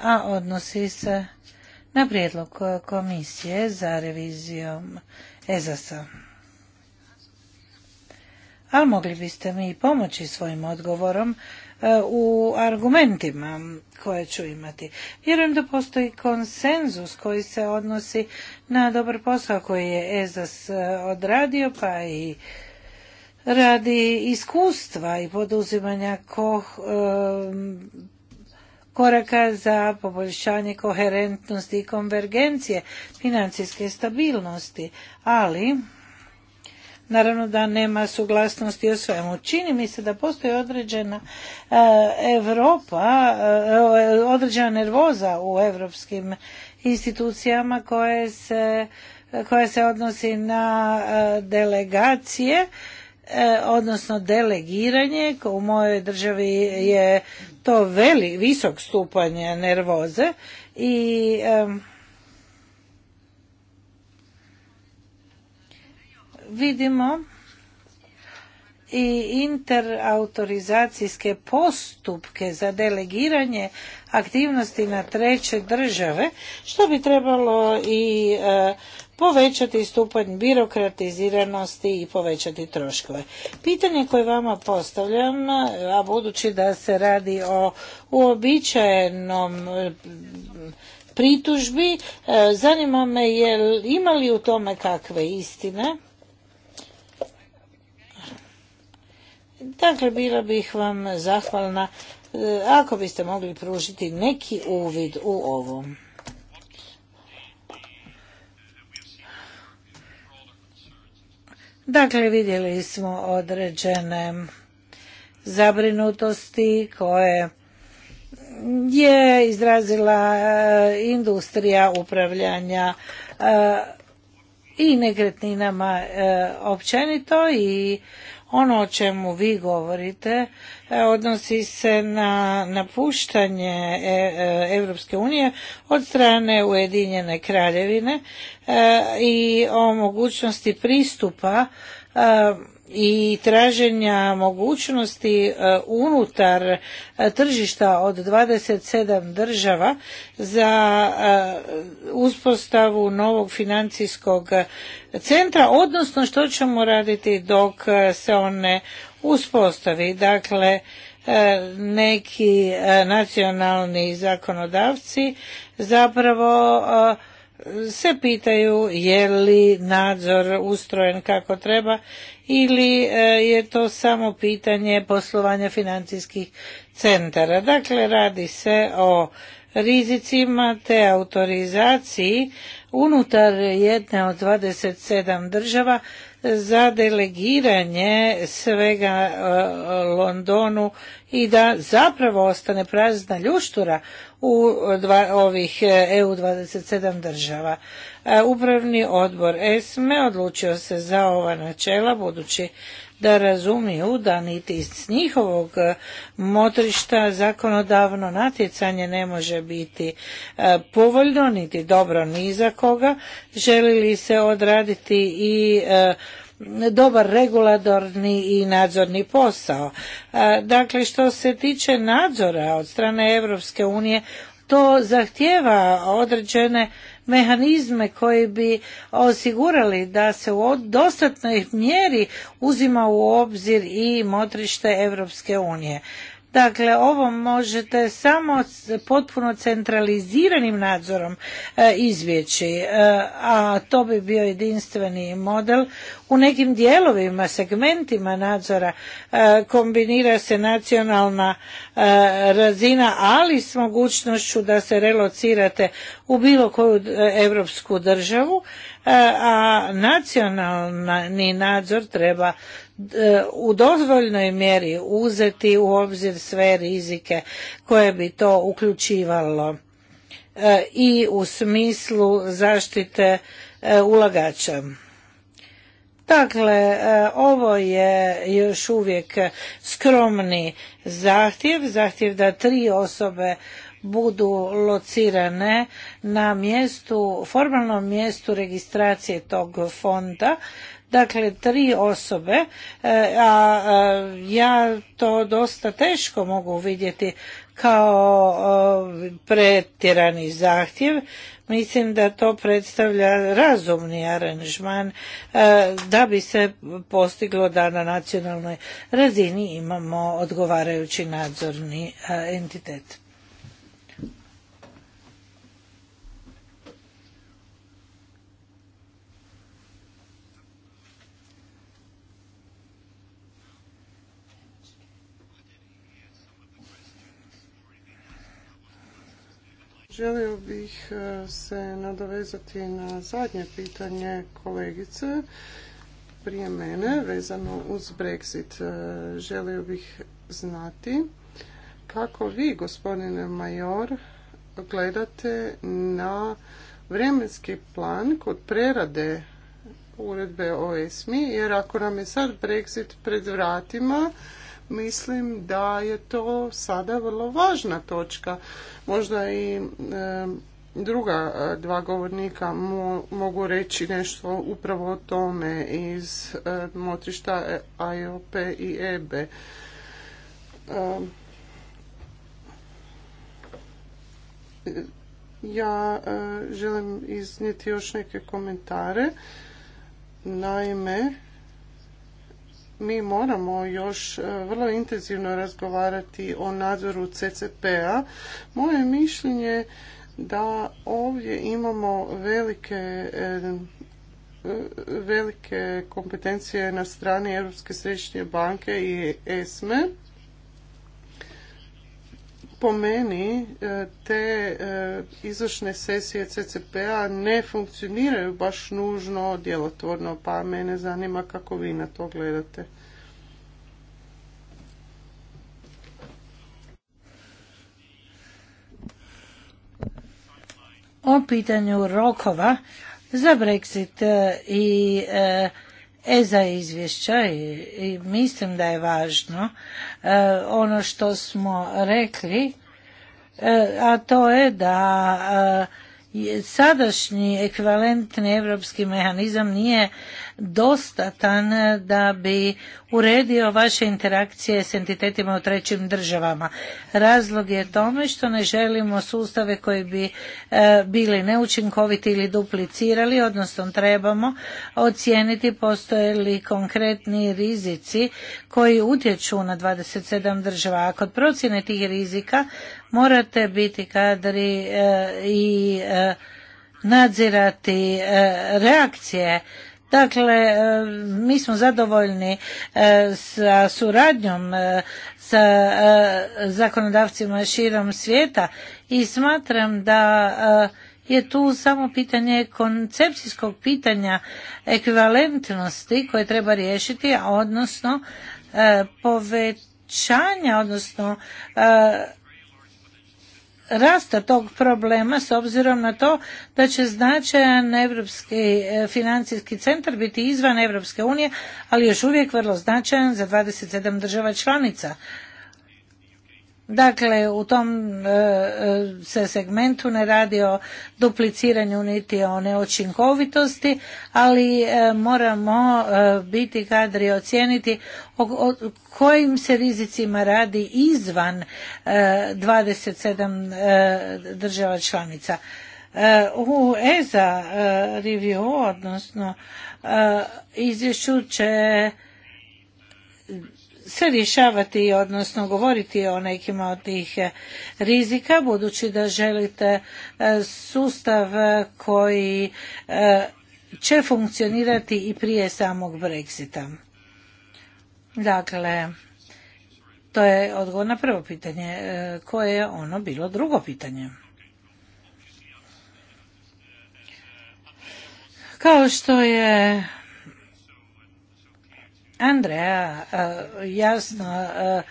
A odnosi se na prijedlog komisije za revizijom EZAS-a ali mogli biste mi pomoći svojim odgovorom e, u argumentima koje ću imati. Vjerujem da postoji konsenzus koji se odnosi na dobar posao koji je EZAS e, odradio, pa i radi iskustva i poduzimanja e, koraka za poboljšanje koherentnosti i konvergencije financijske stabilnosti, ali naravno da nema suglasnosti o svemu. Čini mi se da postoji određena Europa, e, određena nervoza u europskim institucijama koje se, koja se odnosi na e, delegacije e, odnosno delegiranje u mojoj državi je to veli, visok stupanj nervoze i vidimo i interautorizacijske postupke za delegiranje aktivnosti na treće države, što bi trebalo i e, povećati stupanj birokratiziranosti i povećati troškove. Pitanje koje vama postavljam, a budući da se radi o uobičajenom e, pritužbi, e, zanima me je, ima li u tome kakve istine? Dakle, bila bih vam zahvalna e, ako biste mogli pružiti neki uvid u ovo. Dakle, vidjeli smo određene zabrinutosti koje je izrazila e, industrija upravljanja e, i nekretninama općenito i ono o čemu vi govorite e, odnosi se na napuštanje Europske e, unije od strane Ujedinjene kraljevine e, i o mogućnosti pristupa i traženja mogućnosti e, unutar e, tržišta od 27 država za e, uspostavu novog financijskog centra, odnosno što ćemo raditi dok se on ne uspostavi. Dakle, neki nacionalni zakonodavci zapravo se pitaju je li nadzor ustrojen kako treba ili e, je to samo pitanje poslovanja financijskih centara. Dakle, radi se o rizicima te autorizaciji unutar jedne od 27 država za delegiranje svega e, Londonu i da zapravo ostane prazna ljuštura u ovih e, EU 27 država. E, upravni odbor ESME odlučio se za ova načela budući da razumiju da niti iz njihovog e, motrišta zakonodavno natjecanje ne može biti e, povoljno niti dobro ni za koga. Želi li se odraditi i e, dobar regulatorni i nadzorni posao. Dakle, što se tiče nadzora od strane Europske unije, to zahtjeva određene mehanizme koji bi osigurali da se u dostatnoj mjeri uzima u obzir i motrište Evropske unije. Dakle, ovo možete samo potpuno centraliziranim nadzorom e, izvjeći, e, a to bi bio jedinstveni model u nekim dijelovima, segmentima nadzora e, kombinira se nacionalna e, razina, ali s mogućnošću da se relocirate u bilo koju europsku državu, e, a nacionalni nadzor treba u dozvoljnoj mjeri uzeti u obzir sve rizike koje bi to uključivalo i u smislu zaštite ulagača. Dakle, e, ovo je još uvijek skromni zahtjev, zahtjev da tri osobe budu locirane na mjestu, formalnom mjestu registracije tog fonda, dakle tri osobe, e, a e, ja to dosta teško mogu vidjeti kao pretjerani zahtjev. Mislim da to predstavlja razumni aranžman e, da bi se postiglo da na nacionalnoj razini imamo odgovarajući nadzorni e, entitet. Želio bih e, se nadovezati na zadnje pitanje kolegice prije mene vezano uz Brexit. E, želio bih znati kako vi, gospodine Major, gledate na vremenski plan kod prerade uredbe o ESMI, jer ako nam je sad Brexit pred vratima, Mislim da je to sada vrlo važna točka. Možda i druga e, dva govornika mogu reći nešto upravo o tome iz e, motrišta IOP e, i EBE. Ja želim iznijeti još neke komentare. Naime, mi moramo još e, vrlo intenzivno razgovarati o nadzoru CCP-a. Moje mišljenje da ovdje imamo velike e, e, velike kompetencije na strani Europske središnje banke i ESME po meni e, te e, izvršne sesije CCP-a ne funkcioniraju baš nužno djelotvorno, pa mene zanima kako vi na to gledate. O pitanju rokova za Brexit e, i EZA izvješća i, i mislim da je važno e, ono što smo rekli, e, a to je da e, sadašnji ekvivalentni europski mehanizam nije dostatan da bi uredio vaše interakcije s entitetima u trećim državama. Razlog je tome što ne želimo sustave koji bi e, bili neučinkoviti ili duplicirali, odnosno trebamo ocijeniti postoje li konkretni rizici koji utječu na 27 država. A kod procjene tih rizika morate biti kadri e, i e, nadzirati reakcije Dakle, e, mi smo zadovoljni e, sa suradnjom e, sa zakonodavcima širom svijeta i smatram da je tu samo pitanje koncepcijskog pitanja ekvivalentnosti koje treba riješiti, odnosno povećanja, odnosno rasta tog problema s obzirom na to da će značajan europski e, financijski centar biti izvan Evropske unije, ali još uvijek vrlo značajan za 27 država članica. Dakle, u tom e, e, se segmentu ne radi o dupliciranju niti o neočinkovitosti, ali e, moramo biti kadri ocijeniti o kojim se rizicima radi izvan 27 država članica. U EZA review, odnosno izvješću će se rješavati, odnosno govoriti o nekim od tih e, rizika, budući da želite e, sustav e, koji će funkcionirati i prije samog Brexita. Dakle, to je odgovor na prvo pitanje. Koje je ono bilo drugo pitanje? Kao što je Andreja eh, jasno eh,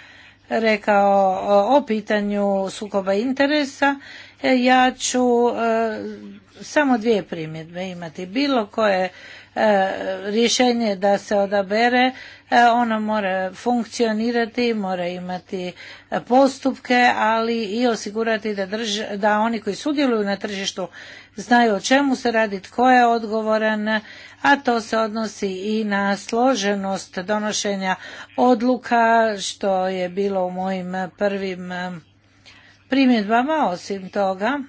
rekao o pitanju sukoba interesa, eh, ja ću samo dvije primjedbe imati. Bilo koje E, rješenje da se odabere, e, ono mora funkcionirati, mora imati postupke, ali i osigurati da, da oni koji sudjeluju na tržištu znaju o čemu se radi, tko je odgovoran, a to se odnosi i na složenost donošenja odluka, što je bilo u mojim prvim e, primjedbama, osim toga.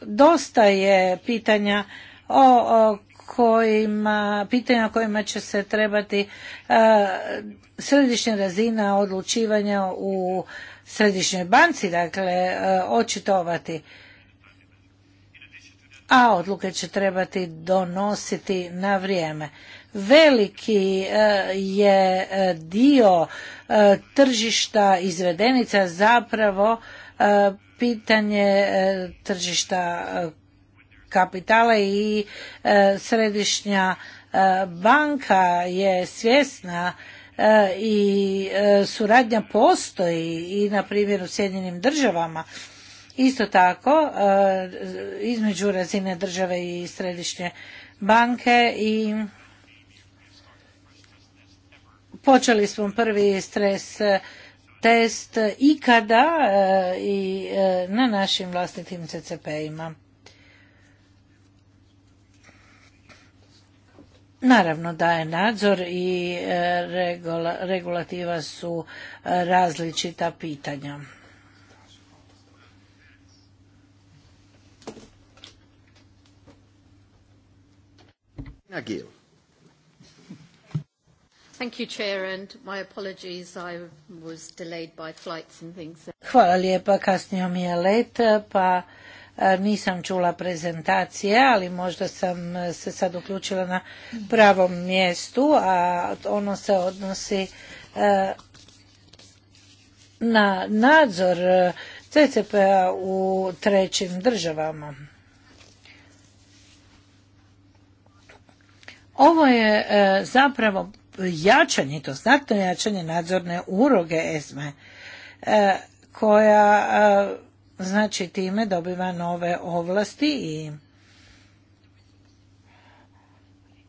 Dosta je pitanja o kojima, pitanja kojima će se trebati e, središnja razina odlučivanja u središnjoj banci, dakle, e, očitovati. A odluke će trebati donositi na vrijeme. Veliki e, je dio tržišta izvedenica zapravo pitanje tržišta kapitala i e, središnja e, banka je svjesna e, i suradnja postoji i na primjer u Sjedinim državama. Isto tako, između razine države i središnje banke i počeli smo prvi stres test ikada i na našim vlastitim CCP-ima. Naravno da je nadzor i e, regulativa su e, različita pitanja. Hvala lijepa, kasnio mi je let, pa E, nisam čula prezentacije, ali možda sam e, se sad uključila na pravom mjestu, a ono se odnosi e, na nadzor CCP-a u trećim državama. Ovo je zapravo jačanje, to znatno jačanje nadzorne uroge ESME, koja Znači time dobiva nove ovlasti i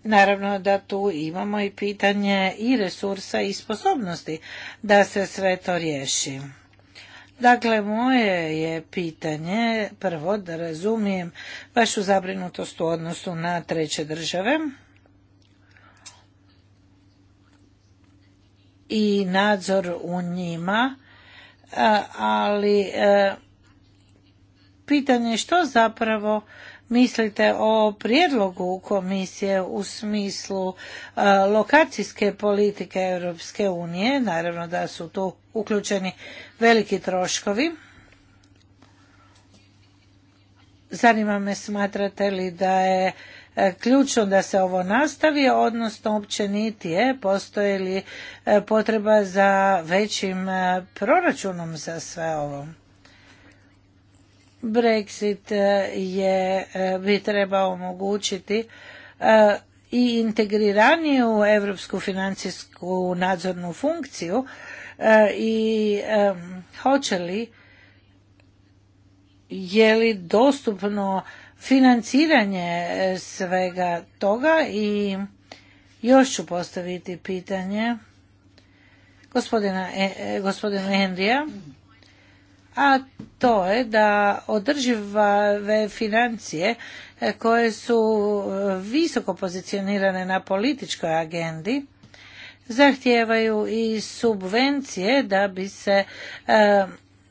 Naravno da tu imamo i pitanje i resursa i sposobnosti da se sve to riješi. Dakle, moje je pitanje, prvo da razumijem vašu zabrinutost u odnosu na treće države i nadzor u njima, ali e, pitanje što zapravo mislite o prijedlogu komisije u smislu e, lokacijske politike Europske unije, naravno da su tu uključeni veliki troškovi. Zanima me smatrate li da je e, ključno da se ovo nastavi, odnosno je postoji li e, potreba za većim proračunom za sve ovo. Brexit e, je, e, bi trebao omogućiti e, i integriraniju europsku financijsku nadzornu funkciju i hoće li je li dostupno financiranje svega toga i još ću postaviti pitanje gospodina, gospodina Henrija a to je da održive financije e, koje su e, visoko pozicionirane na političkoj agendi zahtijevaju i subvencije da bi se e,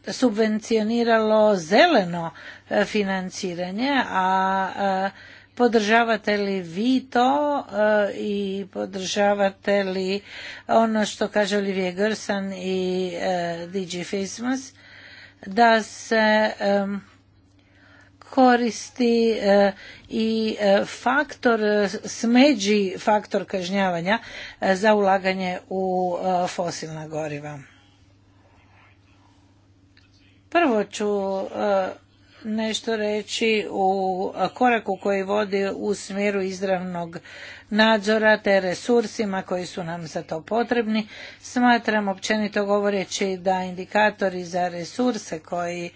subvencioniralo zeleno financiranje, a podržavate li vi to i podržavate li ono što kaže Olivier Gersan i DG Fismas da se koristi e, i e, faktor e, smeđi faktor kažnjavanja za ulaganje u fosilna goriva. Prvo ću nešto reći u koraku koji vodi u smjeru izravnog nadzora te resursima koji su nam za to potrebni. Smatram općenito govoreći da indikatori za resurse koji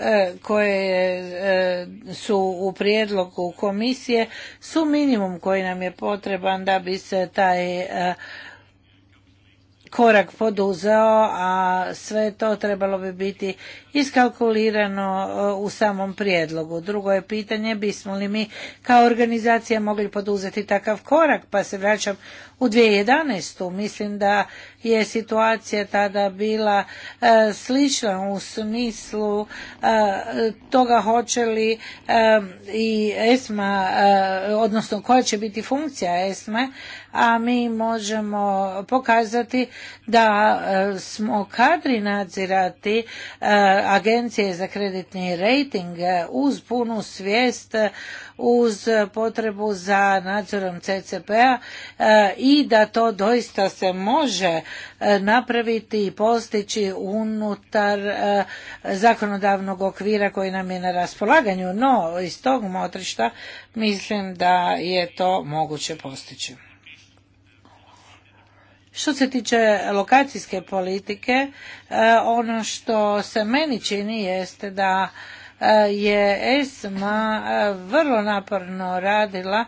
e, koje e, su u prijedlogu komisije su minimum koji nam je potreban da bi se taj e, korak poduzeo, a sve to trebalo bi biti iskalkulirano e, u samom prijedlogu. Drugo je pitanje, bismo li mi kao organizacija mogli poduzeti takav korak, pa se vraćam u 2011. Mislim da je situacija tada bila e, slična u smislu e, toga hoće li e, i ESMA, odnosno koja će biti funkcija ESMA, a mi možemo pokazati da smo kadri nadzirati agencije za kreditni rating uz punu svijest uz potrebu za nadzorom CCP-a e, i da to doista se može e, napraviti i postići unutar e, zakonodavnog okvira koji nam je na raspolaganju, no iz tog motrišta mislim da je to moguće postići. Što se tiče lokacijske politike, ono što se meni čini jeste da je ESMA e, vrlo naporno radila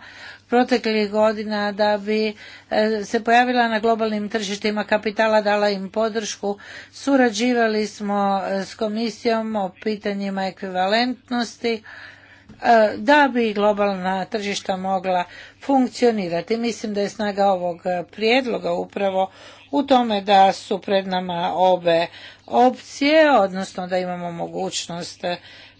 proteklih godina da bi e, se pojavila na globalnim tržištima kapitala, dala im podršku. Surađivali smo e, s komisijom o pitanjima ekvivalentnosti da bi globalna tržišta mogla funkcionirati. Mislim da je snaga ovog prijedloga upravo u tome da su pred nama obe opcije, odnosno da imamo mogućnost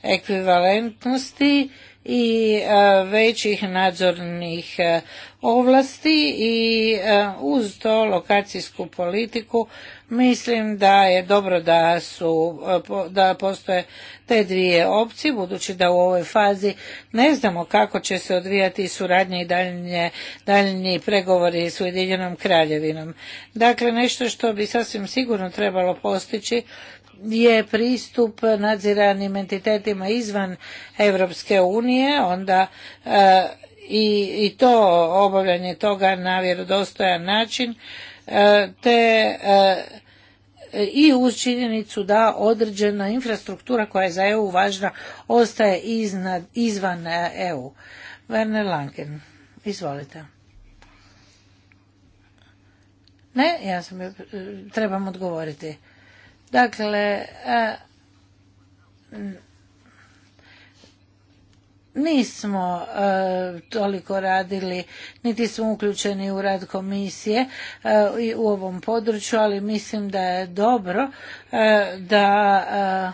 ekvivalentnosti i e, većih nadzornih e, ovlasti i e, uz to lokacijsku politiku Mislim da je dobro da, su, e, da postoje te dvije opcije, budući da u ovoj fazi ne znamo kako će se odvijati suradnje i daljnje, daljnji pregovori s Ujedinjenom kraljevinom. Dakle, nešto što bi sasvim sigurno trebalo postići je pristup nadziranim entitetima izvan Europske unije, onda e, i, i to obavljanje toga na vjerodostojan način, e, te E, i uz činjenicu da određena infrastruktura koja je za EU važna ostaje iznad, izvan EU. E Werner Lanken, izvolite. Ne, ja sam, e, trebam odgovoriti. Dakle, nismo e, toliko radili niti smo uključeni u rad komisije e, i u ovom području ali mislim da je dobro e, da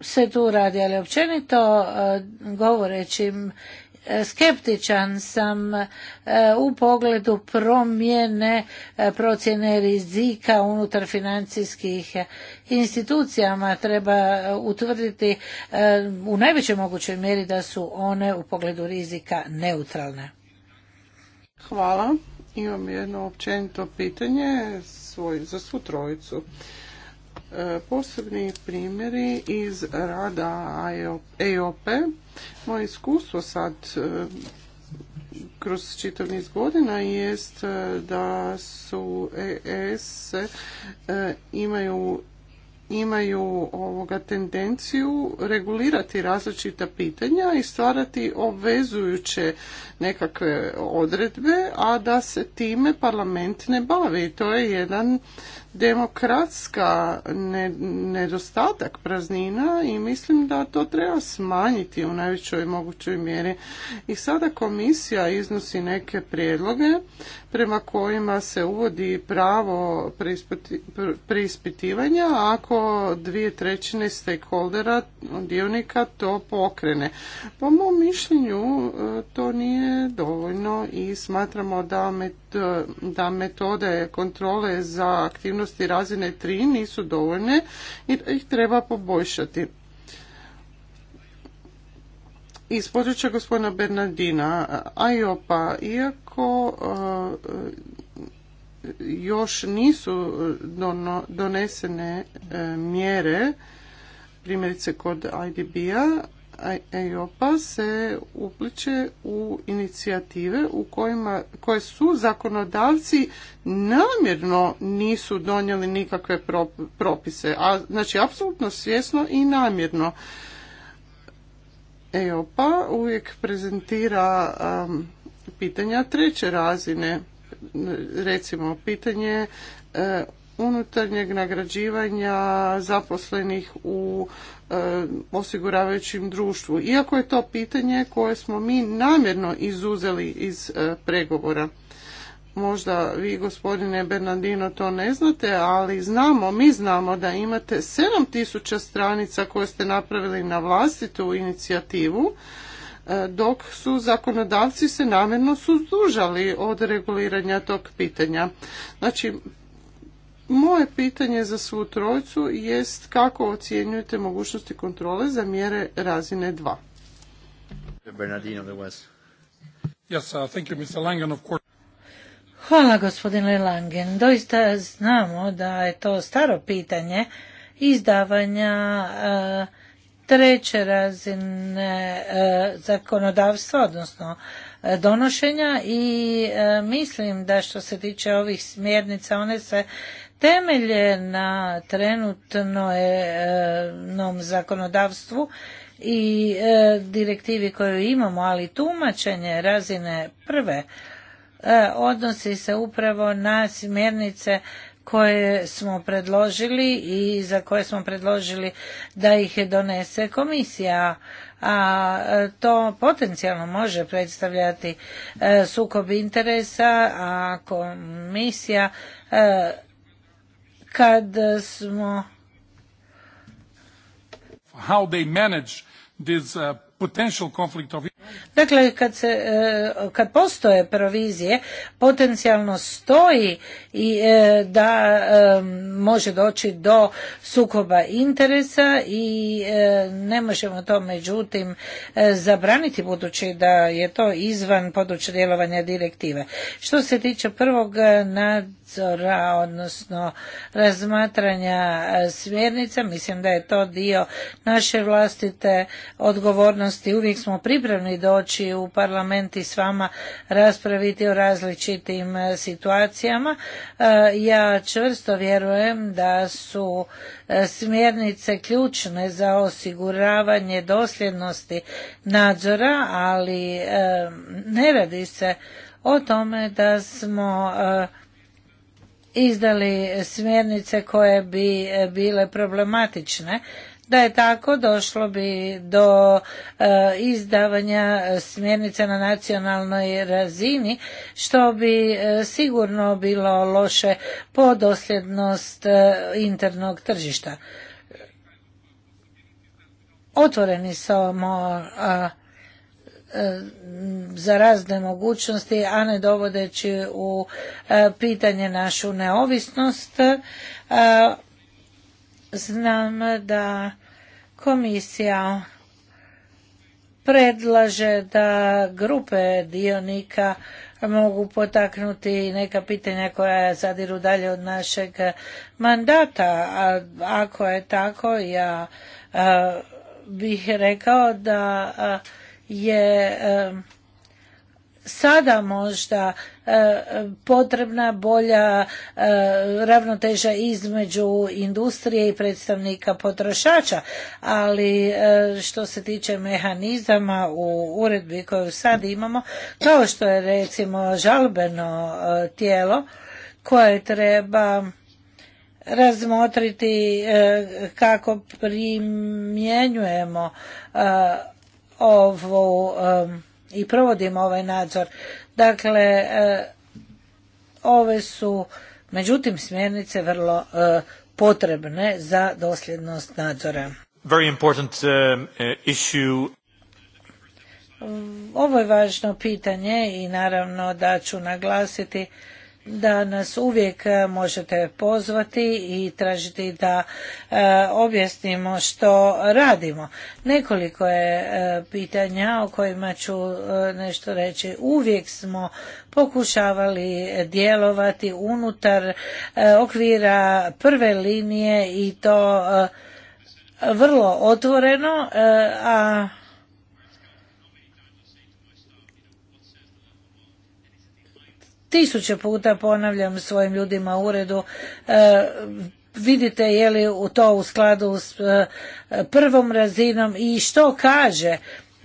se tu radi ali općenito govoreći E, skeptičan sam e, u pogledu promjene e, procjene rizika unutar financijskih institucijama treba utvrditi u najvećoj mogućoj mjeri da su one u pogledu rizika neutralne. Hvala. Imam jedno općenito pitanje za svu trojicu posebni primjeri iz rada EOP. Moje iskustvo sad e, kroz čitav niz godina jest e, da su ES e imaju imaju ovoga tendenciju regulirati različita pitanja i stvarati obvezujuće nekakve odredbe, a da se time parlament ne bavi. To je jedan demokratska nedostatak praznina i mislim da to treba smanjiti u najvećoj mogućoj mjeri. I sada komisija iznosi neke prijedloge prema kojima se uvodi pravo preispitivanja ako dvije trećine stakeholdera dionika to pokrene. Po mom mišljenju e, to nije dovoljno i smatramo da metode kontrole za aktivnost razine 3 nisu dovoljne i ih treba poboljšati. Iz područja gospodina Bernardina, ajopa iako e, još nisu donesene e, mjere, primjerice kod IDB-a, EIOPA se upliče u inicijative u kojima, koje su zakonodavci namjerno nisu donijeli nikakve propise, a znači apsolutno svjesno i namjerno. EOPA uvijek prezentira um, pitanja treće razine, recimo pitanje uh, unutarnjeg nagrađivanja zaposlenih u e, osiguravajućem društvu. Iako je to pitanje koje smo mi namjerno izuzeli iz e, pregovora. Možda vi, gospodine Bernardino, to ne znate, ali znamo, mi znamo da imate 7000 stranica koje ste napravili na vlastitu inicijativu, e, dok su zakonodavci se namjerno suzdužali od reguliranja tog pitanja. Znači, moje pitanje za svu trojcu jest kako ocjenjujete mogućnosti kontrole za mjere razine 2? Uh, Hvala gospodine Langen. Doista znamo da je to staro pitanje izdavanja uh, treće razine uh, zakonodavstva, odnosno donošenja i mislim da što se tiče ovih smjernica one se temelje na trenutnom e, e, zakonodavstvu i e, direktivi koju imamo, ali tumačenje razine prve odnosi se upravo na smjernice koje smo predložili i za koje smo predložili da ih donese komisija a to potencijalno može predstavljati sukob interesa a komisija kada e, smo how they manage this uh, potential conflict of Dakle, kad, se, e, kad postoje provizije, potencijalno stoji i e, da e, može doći do sukoba interesa i ne možemo to međutim zabraniti budući da je to izvan područja djelovanja direktive. Što se tiče prvog nadzora, odnosno razmatranja smjernica, mislim da je to dio naše vlastite odgovornosti. Uvijek smo pripravni doći u parlament i s vama raspraviti o različitim e, situacijama. E, ja čvrsto vjerujem da su e, smjernice ključne za osiguravanje dosljednosti nadzora, ali ne radi se o tome da smo izdali smjernice koje bi bile problematične da je tako, došlo bi do e, izdavanja smjernica na nacionalnoj razini, što bi e, sigurno bilo loše po dosljednost e, internog tržišta. Otvoreni smo za razne mogućnosti, a ne dovodeći u pitanje našu neovisnost. Znam da komisija predlaže da grupe dionika mogu potaknuti neka pitanja koja zadiru dalje od našeg mandata. A ako je tako, ja eh, bih rekao da eh, je... Eh, sada možda e, potrebna bolja e, ravnoteža između industrije i predstavnika potrošača, ali e, što se tiče mehanizama u uredbi koju sad imamo, kao što je recimo žalbeno tijelo koje treba razmotriti kako primjenjujemo ovu i provodimo ovaj nadzor. Dakle, e, ove su međutim smjernice vrlo e, potrebne za dosljednost nadzora. Um, e, Ovo je važno pitanje i naravno da ću naglasiti da nas uvijek e, možete pozvati i tražiti da e, objasnimo što radimo. Nekoliko je e, pitanja o kojima ću nešto reći. Uvijek smo pokušavali djelovati unutar okvira prve linije i to vrlo otvoreno, a tisuće puta ponavljam svojim ljudima u uredu e, vidite je li u to u skladu s e, prvom razinom i što kaže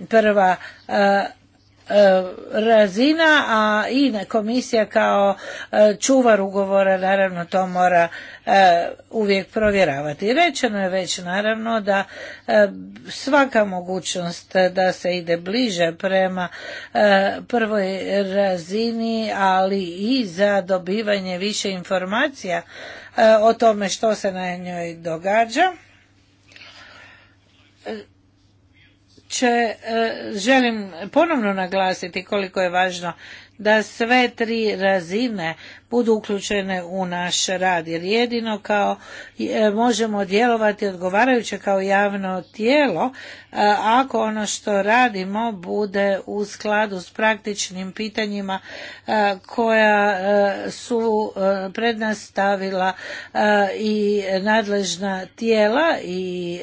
prva e, E, razina, a i komisija kao e, čuvar ugovora naravno to mora e, uvijek provjeravati. Rečeno je već naravno da svaka mogućnost da se ide bliže prema prvoj razini, ali i za dobivanje više informacija o tome što se na njoj događa će, e, želim ponovno naglasiti koliko je važno da sve tri razine budu uključene u naš rad jer jedino kao e, možemo djelovati odgovarajuće kao javno tijelo e, ako ono što radimo bude u skladu s praktičnim pitanjima koja su pred nas stavila i nadležna tijela i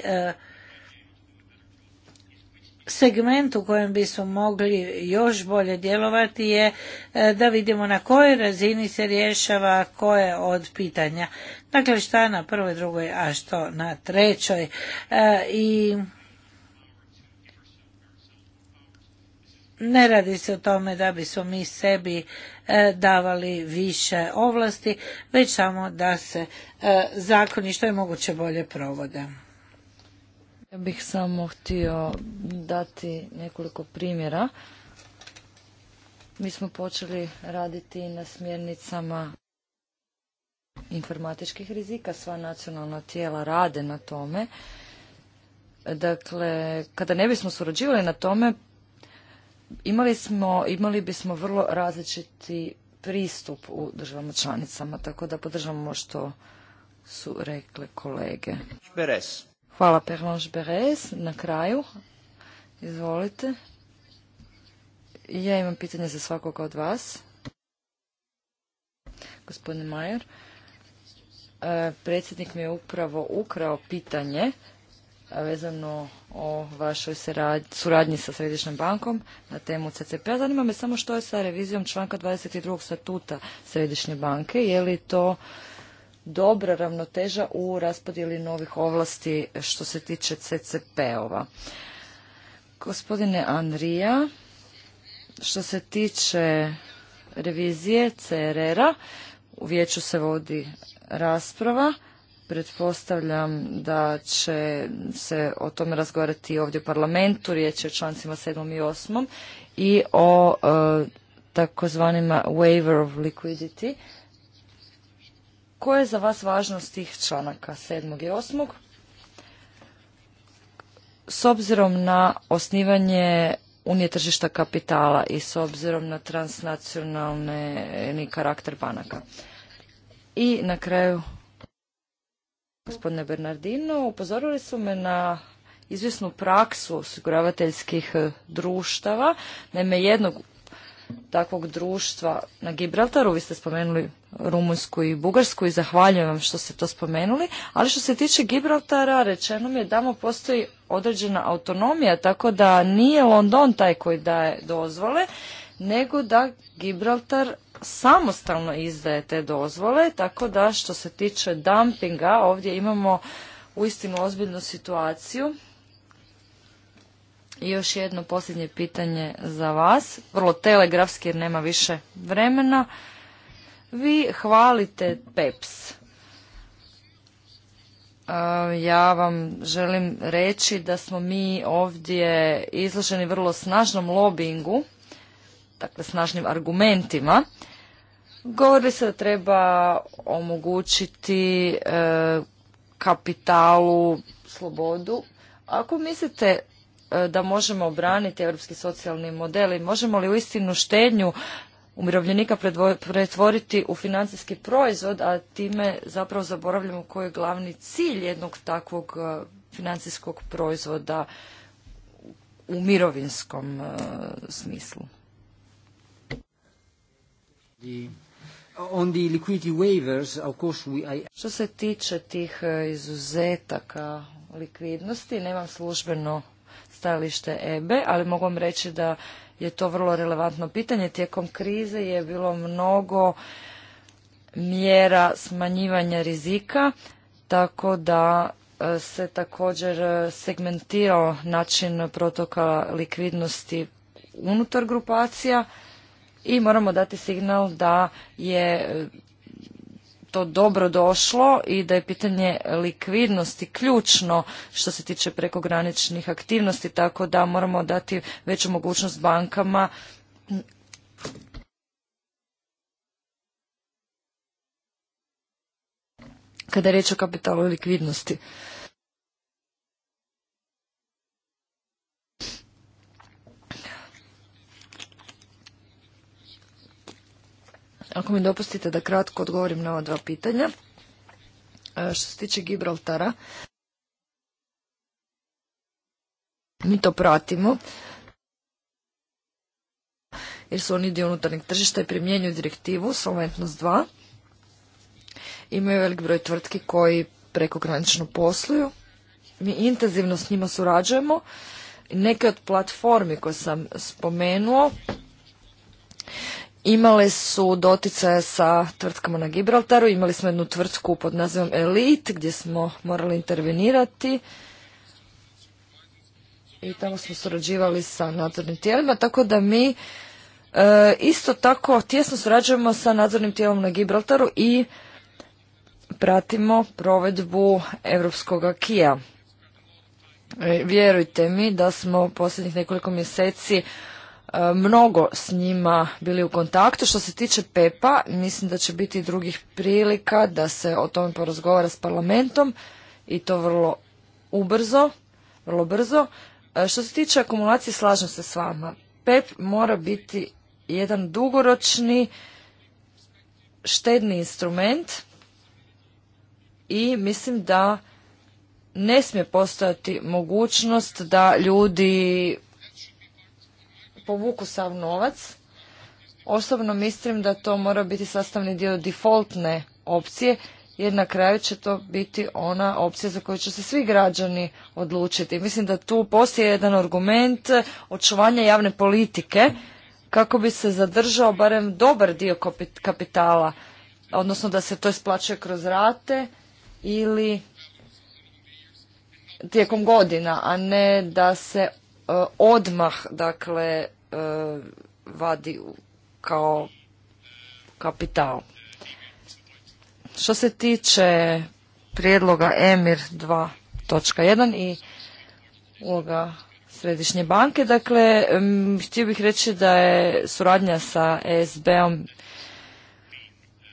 segment u kojem bismo mogli još bolje djelovati je e, da vidimo na kojoj razini se rješava koje od pitanja. Dakle, šta na prvoj, drugoj, a što na trećoj. E, I ne radi se o tome da bismo mi sebi e, davali više ovlasti, već samo da se zakoni što je moguće bolje provode. Ja bih samo htio dati nekoliko primjera. Mi smo počeli raditi na smjernicama informatičkih rizika. Sva nacionalna tijela rade na tome. Dakle, kada ne bismo surađivali na tome, imali, smo, imali bismo vrlo različiti pristup u državama članicama, tako da podržavamo što su rekle kolege. Beres. Hvala Perlanš Beres. Na kraju, izvolite. Ja imam pitanje za svakoga od vas. Gospodine Majer, e, predsjednik mi je upravo ukrao pitanje e, vezano o vašoj suradnji sa Središnjom bankom na temu ccp p-a. Zanima me samo što je sa revizijom članka 22. statuta Središnje banke. Je li to dobra ravnoteža u raspodjeli novih ovlasti što se tiče CCP-ova. Gospodine Andrija, što se tiče revizije CRR-a, u vijeću se vodi rasprava. Pretpostavljam da će se o tome razgovarati i ovdje u parlamentu, riječ je o člancima 7. i 8. i o e, takozvanima waiver of liquidity, koje je za vas važnost tih članaka 7. i 8. S obzirom na osnivanje unije tržišta kapitala i s obzirom na transnacionalni karakter banaka. I na kraju, gospodine Bernardino, upozorili su me na izvjesnu praksu osiguravateljskih društava. Naime, jednog takvog društva na Gibraltaru. Vi ste spomenuli Rumunjsku i Bugarsku i zahvaljujem vam što ste to spomenuli. Ali što se tiče Gibraltara, rečeno mi je da mu postoji određena autonomija, tako da nije London taj koji daje dozvole, nego da Gibraltar samostalno izdaje te dozvole, tako da što se tiče dumpinga, ovdje imamo uistinu ozbiljnu situaciju i još jedno posljednje pitanje za vas, vrlo telegrafski jer nema više vremena. Vi hvalite PEPS. E, ja vam želim reći da smo mi ovdje izloženi vrlo snažnom lobingu, dakle snažnim argumentima. Govori se da treba omogućiti e, kapitalu slobodu. Ako mislite E, da možemo obraniti europski socijalni model i možemo li uistinu štednju umirovljenika pretvoriti u financijski proizvod, a time zapravo zaboravljamo koji je glavni cilj jednog takvog e, financijskog proizvoda u mirovinskom e, smislu. Što se tiče tih izuzetaka likvidnosti, nemam službeno stajalište EBE, ali mogu vam reći da je to vrlo relevantno pitanje. Tijekom krize je bilo mnogo mjera smanjivanja rizika, tako da e, se također e, segmentirao način protoka likvidnosti unutar grupacija i moramo dati signal da je to dobro došlo i da je pitanje likvidnosti ključno što se tiče prekograničnih aktivnosti, tako da moramo dati veću mogućnost bankama kada je riječ o kapitalu i likvidnosti. Ako mi dopustite da kratko odgovorim na ova dva pitanja. E, što se tiče Gibraltara, mi to pratimo jer su oni dio unutarnjeg tržišta i primjenjuju direktivu Solventnost 2. Imaju velik broj tvrtki koji prekogranično posluju. Mi intenzivno s njima surađujemo. Neke od platformi koje sam spomenuo imale su doticaja sa tvrtkama na Gibraltaru. Imali smo jednu tvrtku pod nazivom Elite gdje smo morali intervenirati i tamo smo surađivali sa nadzornim tijelima, tako da mi e, isto tako tjesno surađujemo sa nadzornim tijelom na Gibraltaru i pratimo provedbu Europskog akija. E, vjerujte mi da smo posljednjih nekoliko mjeseci E, mnogo s njima bili u kontaktu. Što se tiče Pepa, mislim da će biti drugih prilika da se o tome porazgovara s parlamentom i to vrlo ubrzo, vrlo brzo. E, što se tiče akumulacije, slažem se s vama. PEP mora biti jedan dugoročni štedni instrument i mislim da ne smije postojati mogućnost da ljudi povuku sav novac. Osobno mislim da to mora biti sastavni dio defaultne opcije jer na kraju će to biti ona opcija za koju će se svi građani odlučiti. Mislim da tu postoji jedan argument očuvanja javne politike kako bi se zadržao barem dobar dio kapitala, odnosno da se to isplaćuje kroz rate ili tijekom godina, a ne da se e, odmah dakle E, vadi kao kapital. Što se tiče prijedloga EMIR 2.1 i uloga Središnje banke, dakle, htio bih reći da je suradnja sa ESB-om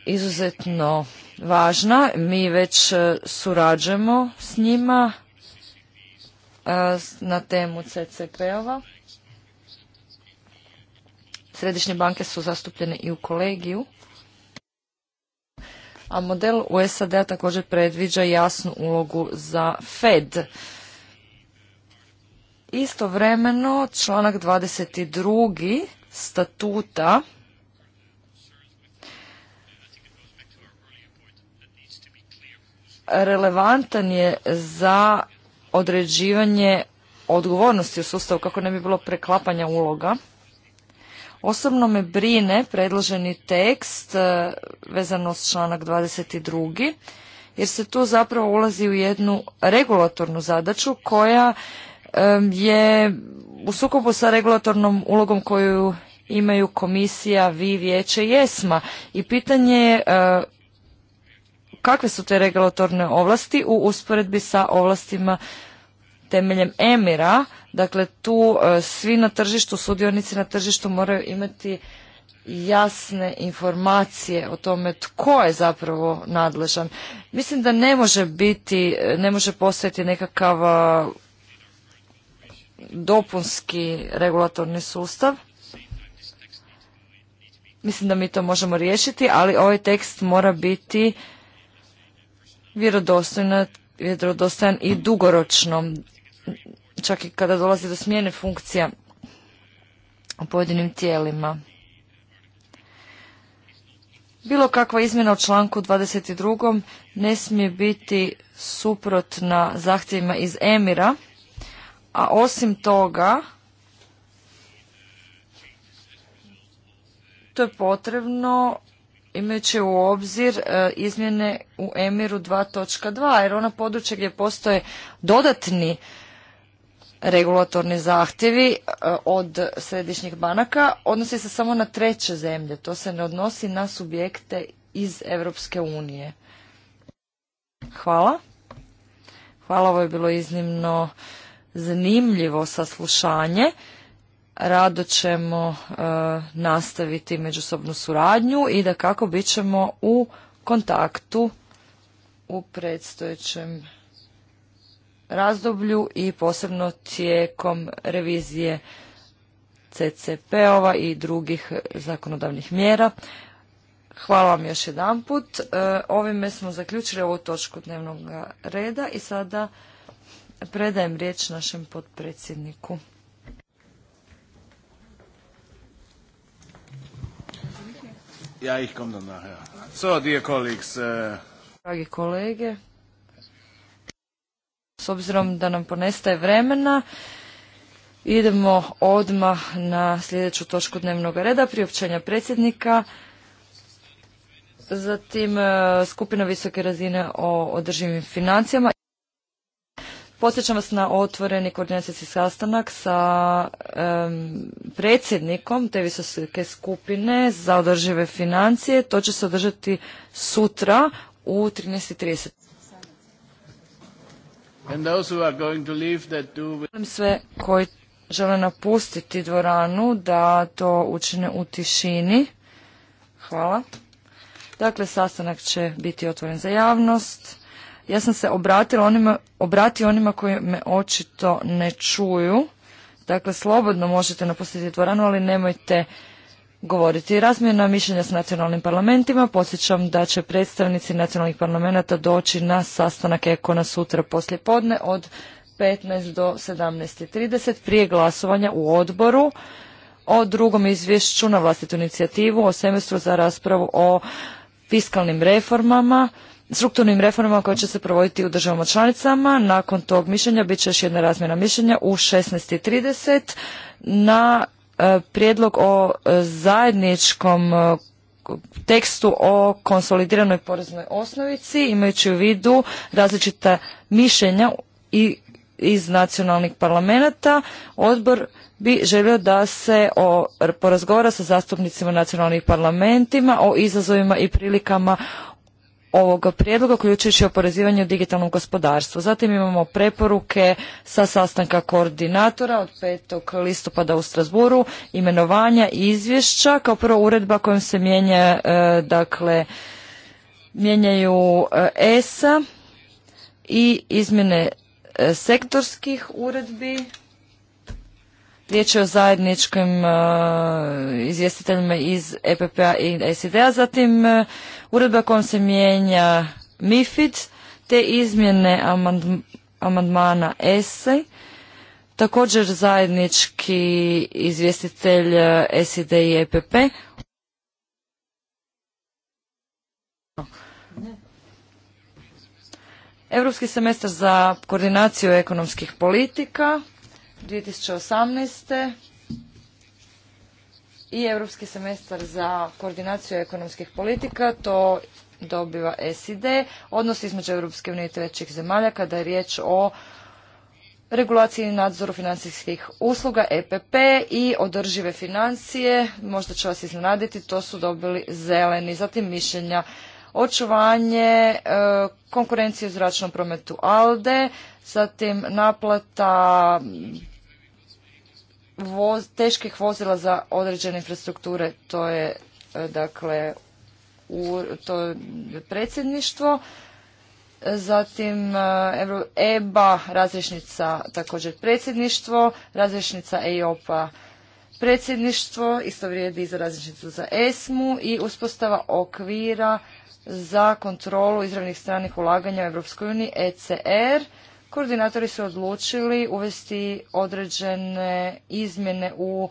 izuzetno važna. Mi već e, surađujemo s njima e, na temu CCP-ova središnje banke su zastupljene i u kolegiju. A model u SAD-a također predviđa jasnu ulogu za Fed. Istovremeno članak 22. statuta relevantan je za određivanje odgovornosti u sustavu kako ne bi bilo preklapanja uloga. Osobno me brine predloženi tekst e, vezano s članak 22. jer se tu zapravo ulazi u jednu regulatornu zadaću koja je u sukobu sa regulatornom ulogom koju imaju komisija, vi, vijeće i ESMA. I pitanje je e, kakve su te regulatorne ovlasti u usporedbi sa ovlastima temeljem Emira, Dakle, tu e, svi na tržištu, sudionici na tržištu moraju imati jasne informacije o tome tko je zapravo nadležan. Mislim da ne može biti, e, ne može postojati nekakav e, dopunski regulatorni sustav. Mislim da mi to možemo riješiti, ali ovaj tekst mora biti vjerodostojan i dugoročno čak i kada dolazi do smjene funkcija u pojedinim tijelima. Bilo kakva izmjena u članku 22. ne smije biti suprotna zahtjevima iz Emira, a osim toga to je potrebno imajući u obzir e, izmjene u Emiru 2.2, jer ona područja gdje postoje dodatni regulatorni zahtjevi e, od središnjih banaka odnosi se samo na treće zemlje. To se ne odnosi na subjekte iz Europske unije. Hvala. Hvala, ovo je bilo iznimno zanimljivo saslušanje. Rado ćemo e, nastaviti međusobnu suradnju i da kako bit ćemo u kontaktu u predstojećem razdoblju i posebno tijekom revizije CCP-ova i drugih zakonodavnih mjera. Hvala vam još jedanput. E, ovime smo zaključili ovu točku dnevnog reda i sada predajem riječ našem podpredsjedniku. Ja ih So, dear colleagues. Uh, Dragi kolege, s obzirom da nam ponestaje vremena, idemo odmah na sljedeću točku dnevnog reda, priopćenja predsjednika, zatim e, skupina visoke razine o održivim financijama. Podsjećam vas na otvoreni koordinacijski sastanak sa predsjednikom te visoke skupine za održive financije. To će se održati sutra u 13.30. And Sve koji žele napustiti dvoranu da to učine u tišini. Hvala. Dakle, sastanak će biti otvoren za javnost. Ja sam se obratila obratio onima koji me očito ne čuju. Dakle, slobodno možete napustiti dvoranu, ali nemojte govoriti. Razmjena mišljenja s nacionalnim parlamentima. Podsjećam da će predstavnici nacionalnih parlamenta doći na sastanak Ekona sutra poslje podne od 15 do 17.30 prije glasovanja u odboru o drugom izvješću na vlastitu inicijativu o semestru za raspravu o fiskalnim reformama strukturnim reformama koje će se provoditi u državama članicama. Nakon tog mišljenja bit će još jedna razmjena mišljenja u 16.30 na E, prijedlog o e, zajedničkom e, tekstu o konsolidiranoj poreznoj osnovici imajući u vidu različita mišljenja iz nacionalnih parlamenta odbor bi želio da se o, porazgovara sa zastupnicima nacionalnih parlamentima o izazovima i prilikama ovog prijedloga, uključujući oporezivanje u digitalnom gospodarstvu. Zatim imamo preporuke sa sastanka koordinatora od 5. listopada u Strasburu, imenovanja i izvješća, kao prvo uredba kojom se mijenja, e, dakle, mijenjaju e, ESA i izmjene e, sektorskih uredbi Riječ je o zajedničkim e, izvjestiteljima iz EPP-a i SID-a, zatim uh, uredba kojom se mijenja MIFID, te izmjene amandmana ESEJ. također zajednički izvjestitelj e, SID i EPP. Europski semestar za koordinaciju ekonomskih politika, 2018. i Europski semestar za koordinaciju ekonomskih politika, to dobiva SID, odnos između Europske unije i trećih zemalja kada je riječ o regulaciji i nadzoru financijskih usluga EPP i održive financije, možda će vas iznenaditi, to su dobili zeleni, zatim mišljenja očuvanje, e, konkurencije u zračnom prometu ALDE, zatim naplata voz, teških vozila za određene infrastrukture, to je e, dakle to je predsjedništvo. Zatim e, EBA razrišnica također predsjedništvo, razrišnica EIOPA predsjedništvo, isto vrijedi i za različnicu za ESMU i uspostava okvira za kontrolu izravnih stranih ulaganja u EU, ECR, koordinatori su odlučili uvesti određene izmjene u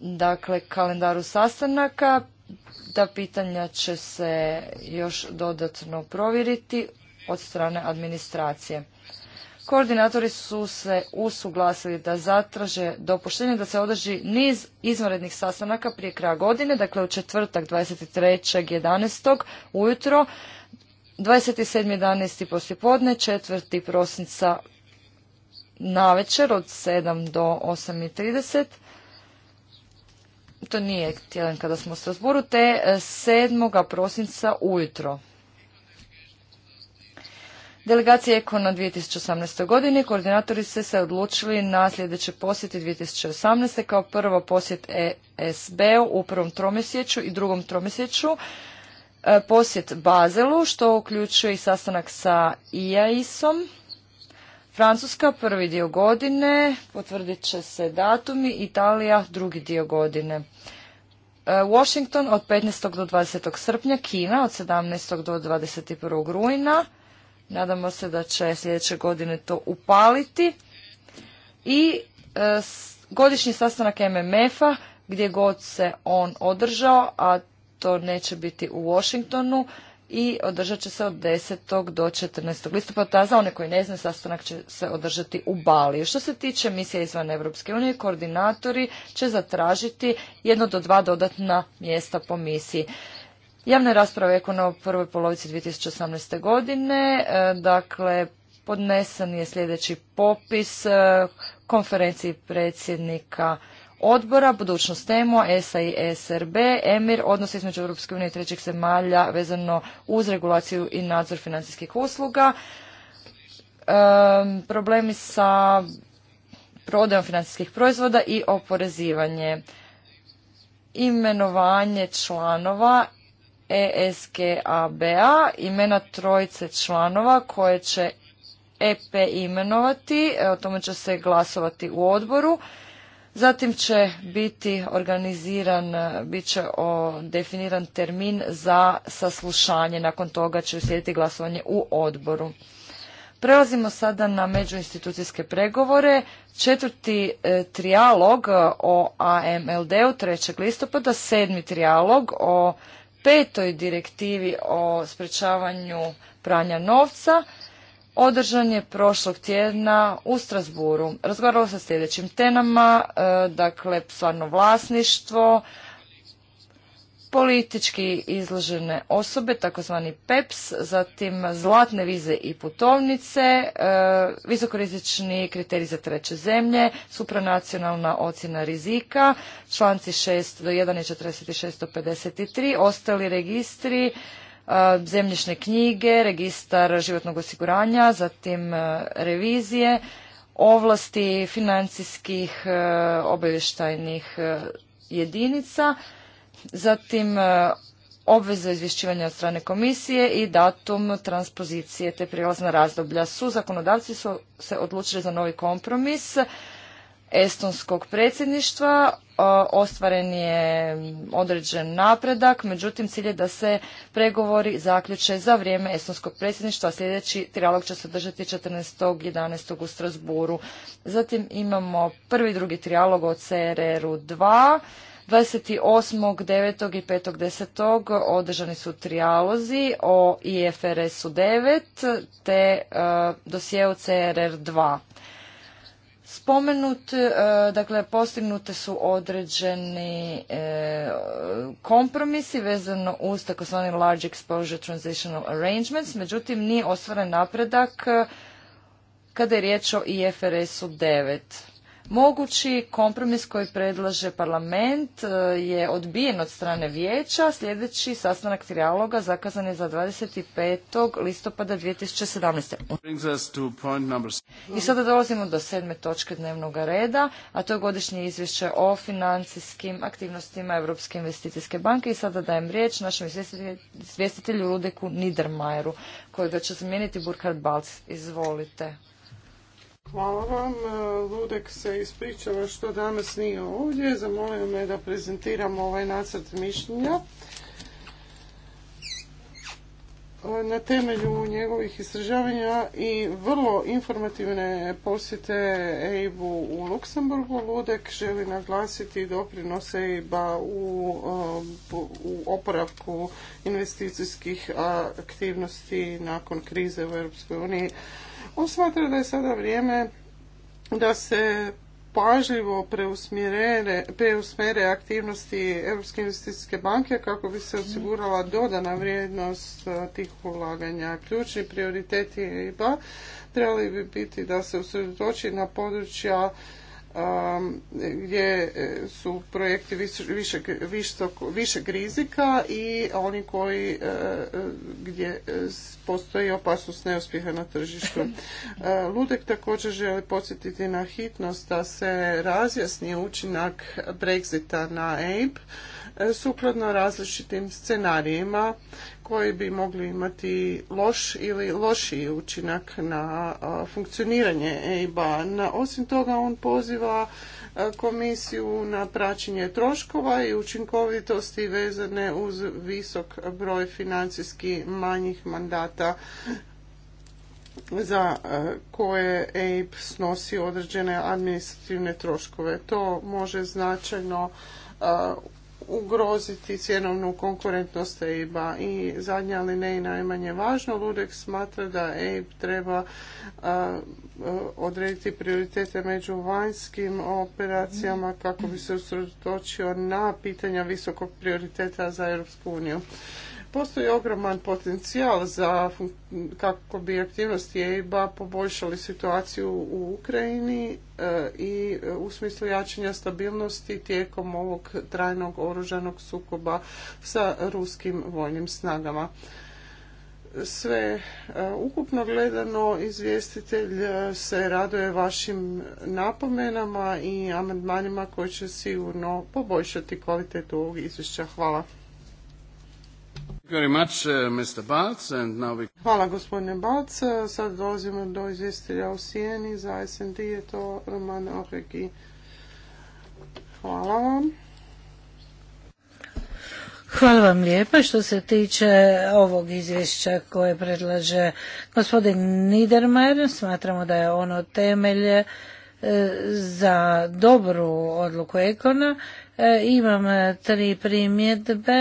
dakle kalendaru sastanaka. Ta pitanja će se još dodatno provjeriti od strane administracije. Koordinatori su se usuglasili da zatraže dopuštenje da se održi niz izvanrednih sastanaka prije kraja godine, dakle u četvrtak 23.11. ujutro 27.11. poslijepodne, 4. prosinca na večer od 7 do 8.30. To nije tjedan kada smo u Strasburu, te 7. E, prosinca ujutro. Delegacija na 2018. godini, koordinatori se se odlučili na sljedeće posjete 2018. kao prvo posjet ESB-u prvom tromjesečju i drugom tromjesečju E, posjet Bazelu, što uključuje i sastanak sa e IAIS-om. Francuska prvi dio godine, potvrdit će se datumi, Italija drugi dio godine. E, Washington od 15. do 20. srpnja, Kina od 17. do 21. rujna. Nadamo se da će sljedeće godine to upaliti. I godišnji sastanak MMF-a gdje god se on održao, a to neće biti u Washingtonu i održat će se od 10. do 14. listopada. Za one koji ne znaju, sastanak će se održati u Bali. Što se tiče misije izvan Europske unije, koordinatori će zatražiti jedno do dva dodatna mjesta po misiji. Javne rasprave Ekona u prvoj polovici 2018. godine, e, dakle, podnesen je sljedeći popis e, konferenciji predsjednika odbora, budućnost temo, ESA i SRB, EMIR, odnosi između Europske unije i trećih zemalja vezano uz regulaciju i nadzor financijskih usluga, problemi sa prodajom financijskih proizvoda i oporezivanje, imenovanje članova ESKABA, imena trojice članova koje će EP imenovati, o tome će se glasovati u odboru. Zatim će biti organiziran, bit će o, definiran termin za saslušanje, nakon toga će uslijediti glasovanje u odboru. Prelazimo sada na međuinstitucijske pregovore. Četvrti e, trijalog e, o AMLD-u 3. listopada, sedmi trijalog o petoj direktivi o sprečavanju pranja novca održan je prošlog tjedna u Strasburu. Razgovaralo se sljedećim temama, e, dakle stvarno vlasništvo, politički izložene osobe, takozvani PEPS, zatim zlatne vize i putovnice, e, visokorizični kriterij za treće zemlje, supranacionalna ocjena rizika, članci 6 do 1 i 46 do 53, ostali registri, zemljišne knjige, registar životnog osiguranja, zatim e, revizije, ovlasti financijskih e, obavještajnih e, jedinica, zatim obveze izvješćivanja od strane komisije i datum transpozicije te prijelazna razdoblja. Su zakonodavci su se odlučili za novi kompromis estonskog predsjedništva ostvaren je određen napredak, međutim cilj je da se pregovori zaključe za vrijeme estonskog predsjedništva. Sljedeći trialog će se održati 11. u Strasburu. Zatim imamo prvi i drugi trialog o CRR-u 2. 9. i 5. 10. održani su trijalozi o IFRS-u 9 te e, dosije u CRR 2 spomenut, e, dakle postignute su određeni e, kompromisi vezano uz takozvani large exposure transitional arrangements, međutim nije ostvaren napredak e, kada je riječ o IFRS-u 9. Mogući kompromis koji predlaže parlament e, je odbijen od strane vijeća. Sljedeći sastanak trijaloga zakazan je za 25. listopada 2017. I sada dolazimo do sedme točke dnevnog reda, a to je godišnje izvješće o financijskim aktivnostima Europske investicijske banke. I sada dajem riječ našem izvjestitelju Ludeku Niedermayeru, kojega će zamijeniti Burkhard Balc. Izvolite. Hvala vam. Ludek se ispričava što danas nije ovdje. Zamolio me da prezentiram ovaj nacrt mišljenja. Na temelju njegovih istražavanja i vrlo informativne posjete EIB-u u Luksemburgu, Ludek želi naglasiti doprinos EIB-a u, u oporavku investicijskih aktivnosti nakon krize u EU on smatra da je sada vrijeme da se pažljivo preusmjere aktivnosti Europske investicijske banke kako bi se osigurala dodana vrijednost e, tih ulaganja. Ključni prioriteti eib trebali bi biti da se usredotoči na područja gdje e, su projekti višeg, rizika i oni koji e, e, gdje postoji opasnost neuspjeha na tržištu. Ludek također želi podsjetiti na hitnost da se razjasni učinak Brexita na EIB sukladno različitim scenarijima koji bi mogli imati loš ili lošiji učinak na funkcioniranje EIB-a. Osim toga, on poziva komisiju na praćenje troškova i učinkovitosti vezane uz visok broj financijski manjih mandata za koje EIB snosi određene administrativne troškove. To može značajno ugroziti cjenovnu konkurentnost EIB-a. I zadnja, ali ne i najmanje važno, Ludek smatra da EIB treba odrediti prioritete među vanjskim operacijama kako bi se usredotočio na pitanja visokog prioriteta za Europsku uniju. Postoji ogroman potencijal za kako bi aktivnosti EIB-a poboljšali situaciju u Ukrajini e, i e, u smislu jačanja stabilnosti tijekom ovog trajnog oružanog sukoba sa ruskim vojnim snagama sve e, ukupno gledano izvjestitelj se raduje vašim napomenama i amandmanima koji će sigurno poboljšati kvalitetu ovog izvješća. Hvala. Uh, Hvala gospodine Balc. E, sad dolazimo do izvjestitelja u Sijeni. Za SND je to Roman Ohegi. Hvala vam. Hvala vam lijepa. Što se tiče ovog izvješća koje predlaže gospodin Niedermayer, smatramo da je ono temelje e, za dobru odluku Ekona. E, imam tri primjedbe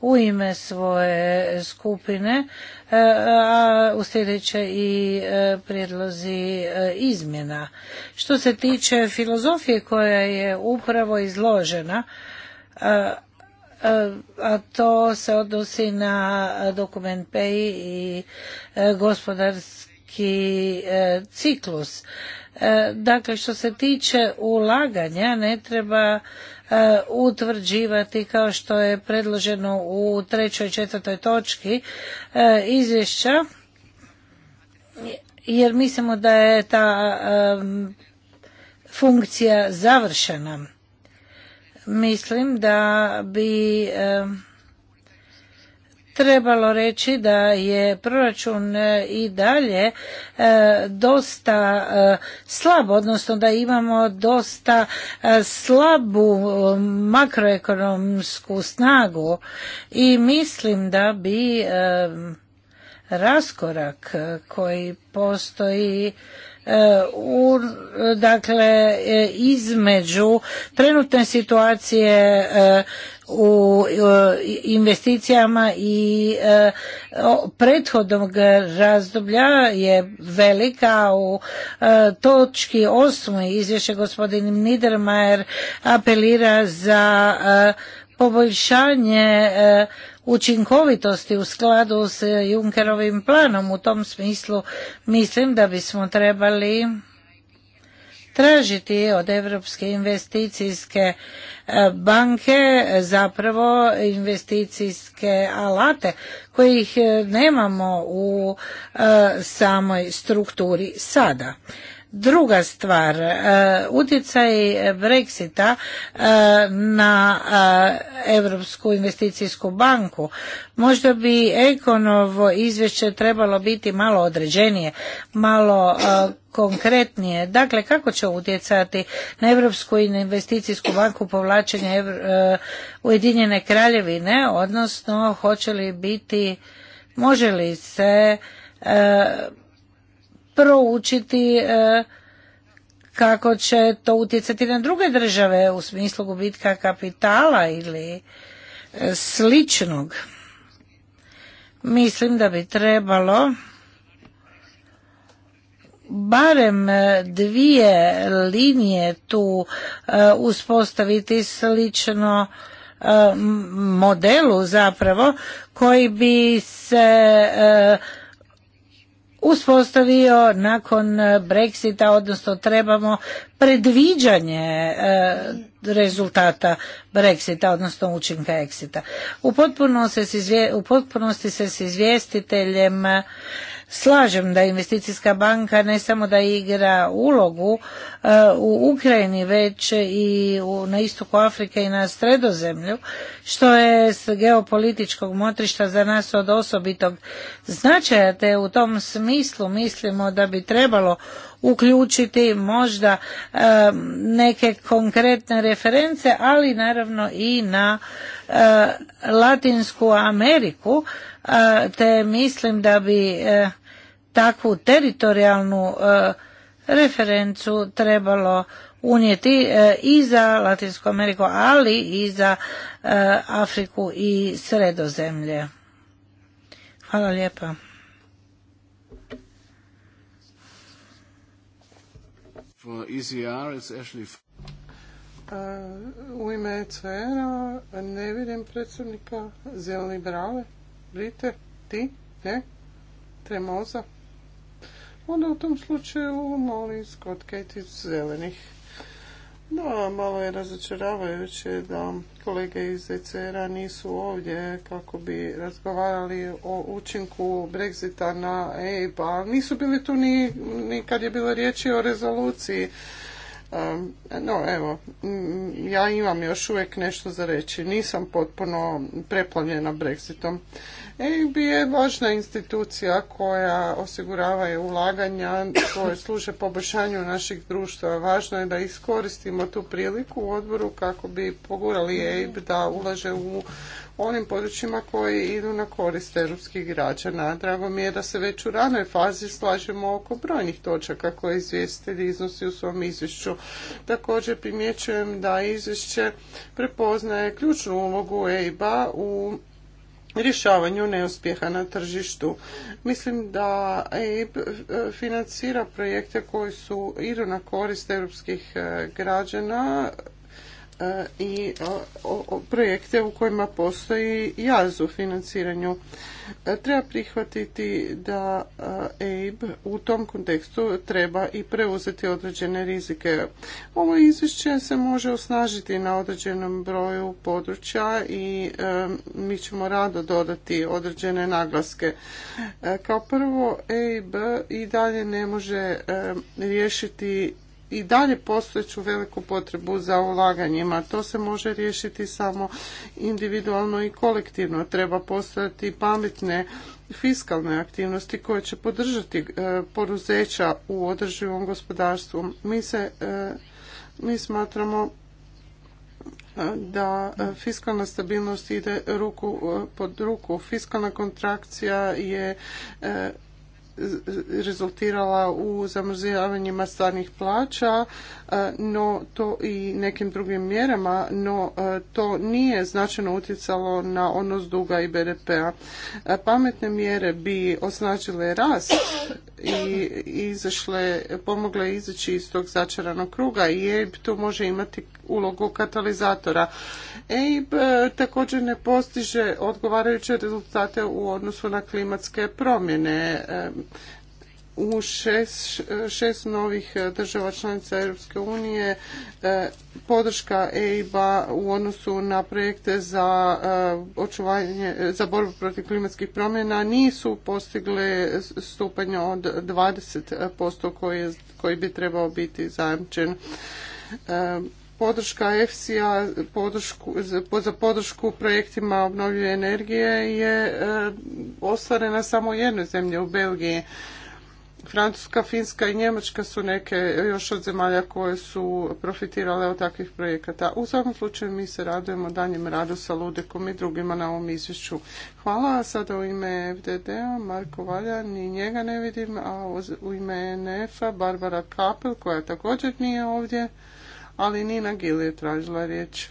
u ime svoje skupine, e, a uslijedit će i e, prijedlozi e, izmjena. Što se tiče filozofije koja je upravo izložena, a to se odnosi na dokument PEI i gospodarski ciklus. E, dakle, što se tiče ulaganja, ne treba e, utvrđivati kao što je predloženo u trećoj i četvrtoj točki e, izvješća, jer mislimo da je ta funkcija završena. Mislim da bi trebalo reći da je proračun e, i dalje e, dosta e, slab, odnosno da imamo dosta slabu makroekonomsku snagu i mislim da bi raskorak koji postoji dakle e, između trenutne situacije e, u e, investicijama i prethodnog razdoblja je velika u točki osmi izvješće gospodin Niedermayer apelira za poboljšanje učinkovitosti u skladu s Junckerovim planom. U tom smislu mislim da bismo trebali tražiti od Europske investicijske e, banke zapravo investicijske alate kojih e, nemamo u e, samoj strukturi sada. Druga stvar, e, utjecaj Brexita e, na e, Europsku investicijsku banku. Možda bi Ekonovo izvješće trebalo biti malo određenije, malo konkretnije. Dakle, kako će utjecati na Europsku investicijsku banku povlačenje Ujedinjene kraljevine, odnosno hoće li biti, može li se proučiti e, kako će to utjecati na druge države u smislu gubitka kapitala ili e, sličnog. Mislim da bi trebalo barem dvije linije tu e, uspostaviti slično modelu zapravo koji bi se uspostavio nakon e, Brexita, odnosno trebamo predviđanje e, rezultata Brexita, odnosno učinka exita. U potpunosti se s izvjestiteljem slažem da investicijska banka ne samo da igra ulogu e, u Ukrajini već i na istoku Afrike i na sredozemlju što je s geopolitičkog motrišta za nas od osobitog značaja te u tom smislu mislimo da bi trebalo uključiti možda e, neke konkretne reference ali naravno i na e, Latinsku Ameriku te mislim da bi e, takvu teritorijalnu e, referencu trebalo unijeti e, i za Latinsku Ameriku, ali i za Afriku i Sredozemlje. Hvala lijepa. U ime CR-a ne vidim predsjednika zeleni brave vidite ti, ne, tremoza. Onda u tom slučaju moli Scott iz zelenih. Da, malo je razočaravajuće da kolege iz ECR-a nisu ovdje kako bi razgovarali o učinku Brexita na EIB-a. Pa nisu bili tu ni, kad je bilo riječi o rezoluciji no, evo, mm, ja imam još uvijek nešto za reći. Nisam potpuno preplavljena Brexitom. EIB je važna institucija koja osigurava ulaganja koje služe poboljšanju naših društva. Važno je da iskoristimo tu priliku u odboru kako bi pogurali EIB da ulaže u onim područjima koji idu na korist europskih građana. Drago mi je da se već u ranoj fazi slažemo oko brojnih točaka koje izvjestitelj iznosi u svom izvješću. Također primjećujem da izvješće prepoznaje ključnu ulogu EIB-a u rješavanju neuspjeha na tržištu. Mislim da EIB e, financira projekte koji su idu na korist europskih e, građana E, i projekte u kojima postoji jaz u financiranju. E, treba prihvatiti da EIB e u tom kontekstu treba i preuzeti određene rizike. Ovo izvješće se može osnažiti na određenom broju područja i mi ćemo rado dodati određene naglaske. Kao prvo, EIB i dalje ne može riješiti i dalje postojeću veliku potrebu za ulaganjima. To se može riješiti samo individualno i kolektivno. Treba postojati pametne fiskalne aktivnosti koje će podržati e, poduzeća u održivom gospodarstvu. Mi se e, mi smatramo e, da fiskalna stabilnost ide ruku pod ruku. Fiskalna kontrakcija je rezultirala u zamrzavanjima stvarnih plaća, e, no to i nekim drugim mjerama, no e, to nije značajno utjecalo na odnos duga i BDP-a. E, pametne mjere bi označile rast i izašle, pomogle izaći iz tog začaranog kruga i EIB tu može imati ulogu katalizatora. EIB e, također ne postiže odgovarajuće rezultate u odnosu na klimatske promjene. E, u šest, šest novih e, država članica Europske unije e, podrška EIBA u odnosu na projekte za e, očuvanje, za borbu protiv klimatskih promjena nisu postigle stupanj od 20% koji, koji bi trebao biti zajamčen podrška EFSI-a za podršku projektima obnovljive energije je ostvarena samo u jednoj zemlji, u Belgiji. Francuska, Finska i Njemačka su neke još od zemalja koje su profitirale od takvih projekata. U svakom slučaju mi se radujemo danjem radu sa Ludekom i drugima na ovom izvješću. Hvala. Sada u ime FDD-a Marko Valja, ni njega ne vidim, a u ime NF-a Barbara Kapel koja također nije ovdje, ali Nina Gil je tražila riječ.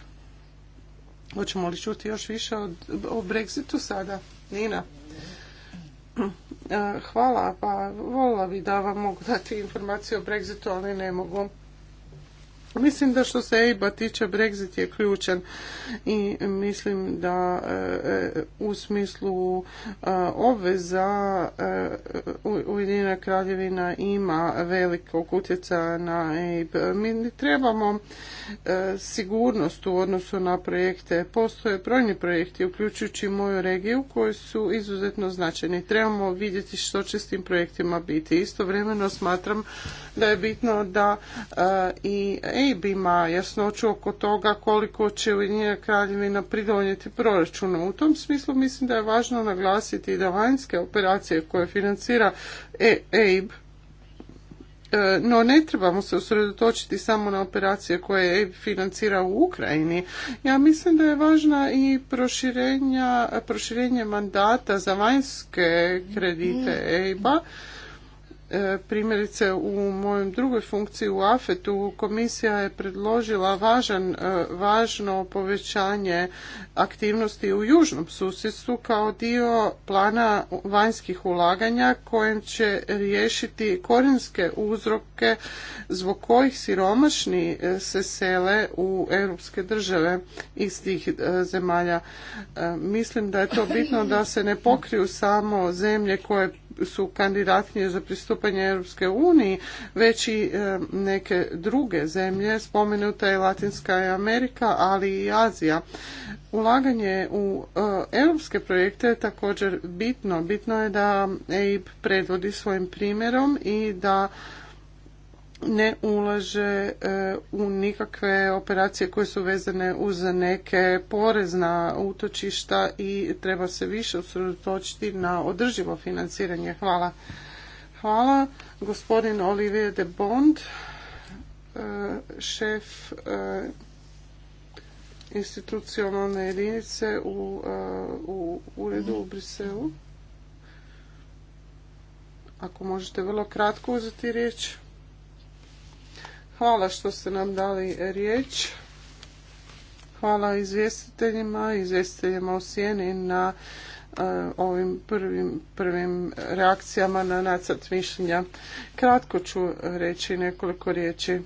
Hoćemo li čuti još više o, o Brexitu sada? Nina. E, hvala, pa volila bi da vam mogu dati informaciju o Brexitu, ali ne mogu. Mislim da što se EIBA tiče Brexit je ključan i mislim da e, e, u smislu obveza Ujedinjena kraljevina ima velikog utjecaja na EIB. Mi trebamo E, sigurnost u odnosu na projekte. Postoje brojni projekti, uključujući moju regiju, koji su izuzetno značajni. Trebamo vidjeti što će s tim projektima biti. Istovremeno smatram da je bitno da e, i EIB ima jasnoću oko toga koliko će Ujedinjena kraljevina pridonijeti proračunu. U tom smislu mislim da je važno naglasiti da vanjske operacije koje financira e, EIB E, no ne trebamo se usredotočiti samo na operacije koje financira u Ukrajini. Ja mislim da je važna i proširenja, proširenje mandata za vanjske kredite mhm. EIBA. a E, primjerice u mojoj drugoj funkciji u AFET-u komisija je predložila važan, e, važno povećanje aktivnosti u južnom susjedstvu kao dio plana vanjskih ulaganja kojem će riješiti korijenske uzroke zbog kojih siromašni e, se sele u europske države iz tih zemalja. Mislim da je to bitno da se ne pokriju samo zemlje koje su kandidatnije za pristupanje Europske unije, već i e, neke druge zemlje, spomenuta je Latinska Amerika, ali i Azija. Ulaganje u e, europske projekte je također bitno. Bitno je da EIB predvodi svojim primjerom i da ne ulaže e, u nikakve operacije koje su vezane uz neke porezna utočišta i treba se više usredotočiti na održivo financiranje. Hvala. Hvala. Gospodin Olivier de Bond, e, šef e, institucionalne jedinice u, u uredu u Briselu. Ako možete vrlo kratko uzeti riječ. Hvala što ste nam dali riječ. Hvala izvjestiteljima, izvjestiteljima u sjeni na e, ovim prvim, prvim reakcijama na nacrt mišljenja. Kratko ću reći nekoliko riječi.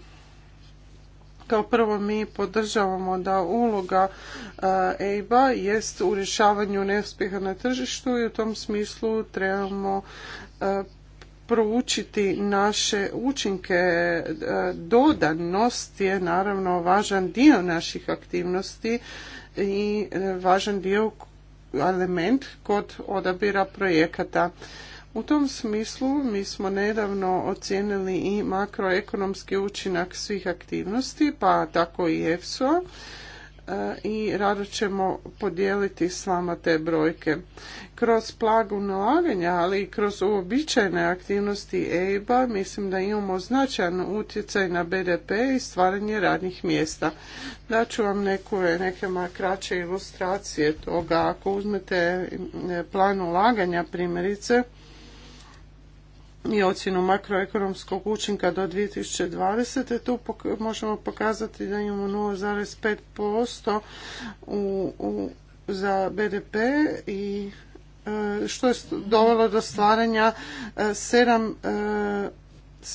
Kao prvo mi podržavamo da uloga e, EIBA jest u rješavanju neuspjeha na tržištu i u tom smislu trebamo e, proučiti naše učinke. E, dodanost je naravno važan dio naših aktivnosti i e, važan dio element kod odabira projekata. U tom smislu mi smo nedavno ocijenili i makroekonomski učinak svih aktivnosti, pa tako i EFSO. -a i rado ćemo podijeliti s vama te brojke. Kroz plagu nalaganja, ali i kroz uobičajene aktivnosti eib mislim da imamo značajan utjecaj na BDP i stvaranje radnih mjesta. Daću vam neku, neke kraće ilustracije toga. Ako uzmete plan ulaganja primjerice, i ocjenu makroekonomskog učinka do 2020. Tu možemo pokazati da imamo 0,5% u, za BDP i e, što je dovelo do stvaranja 7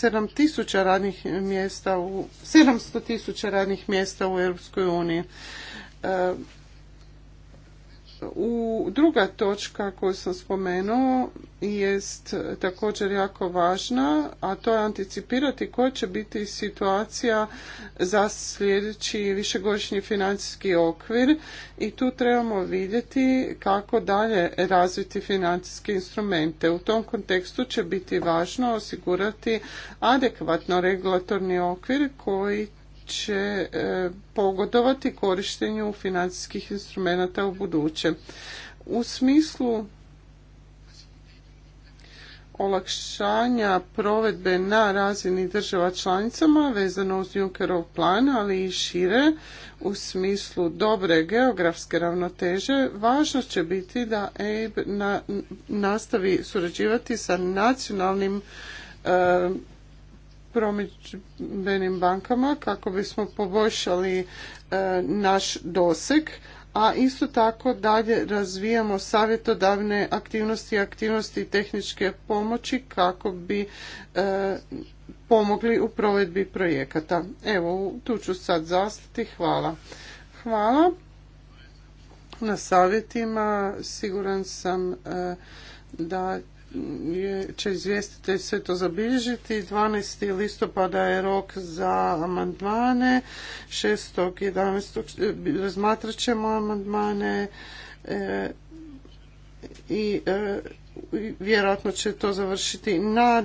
e, e, tisuća radnih mjesta u 700 tisuća radnih mjesta u Europskoj u druga točka koju sam spomenuo jest također jako važna, a to je anticipirati koja će biti situacija za sljedeći višegodišnji financijski okvir i tu trebamo vidjeti kako dalje razviti financijske instrumente. U tom kontekstu će biti važno osigurati adekvatno regulatorni okvir koji će e, pogodovati korištenju financijskih instrumenata u buduće. U smislu olakšanja provedbe na razini država članicama vezano uz Junckerov plan, ali i šire u smislu dobre geografske ravnoteže, važno će biti da EIB nastavi surađivati sa nacionalnim e, promidbenim bankama kako bismo poboljšali e, naš doseg, a isto tako dalje razvijamo savjetodavne aktivnosti i aktivnosti tehničke pomoći kako bi e, pomogli u provedbi projekata. Evo, tu ću sad zastati. Hvala. Hvala na savjetima. Siguran sam e, da će izvjestitelj sve to zabilježiti. 12. listopada je rok za amandmane. 6. 11. E, razmatrat ćemo amandmane e, e, i vjerojatno će to završiti na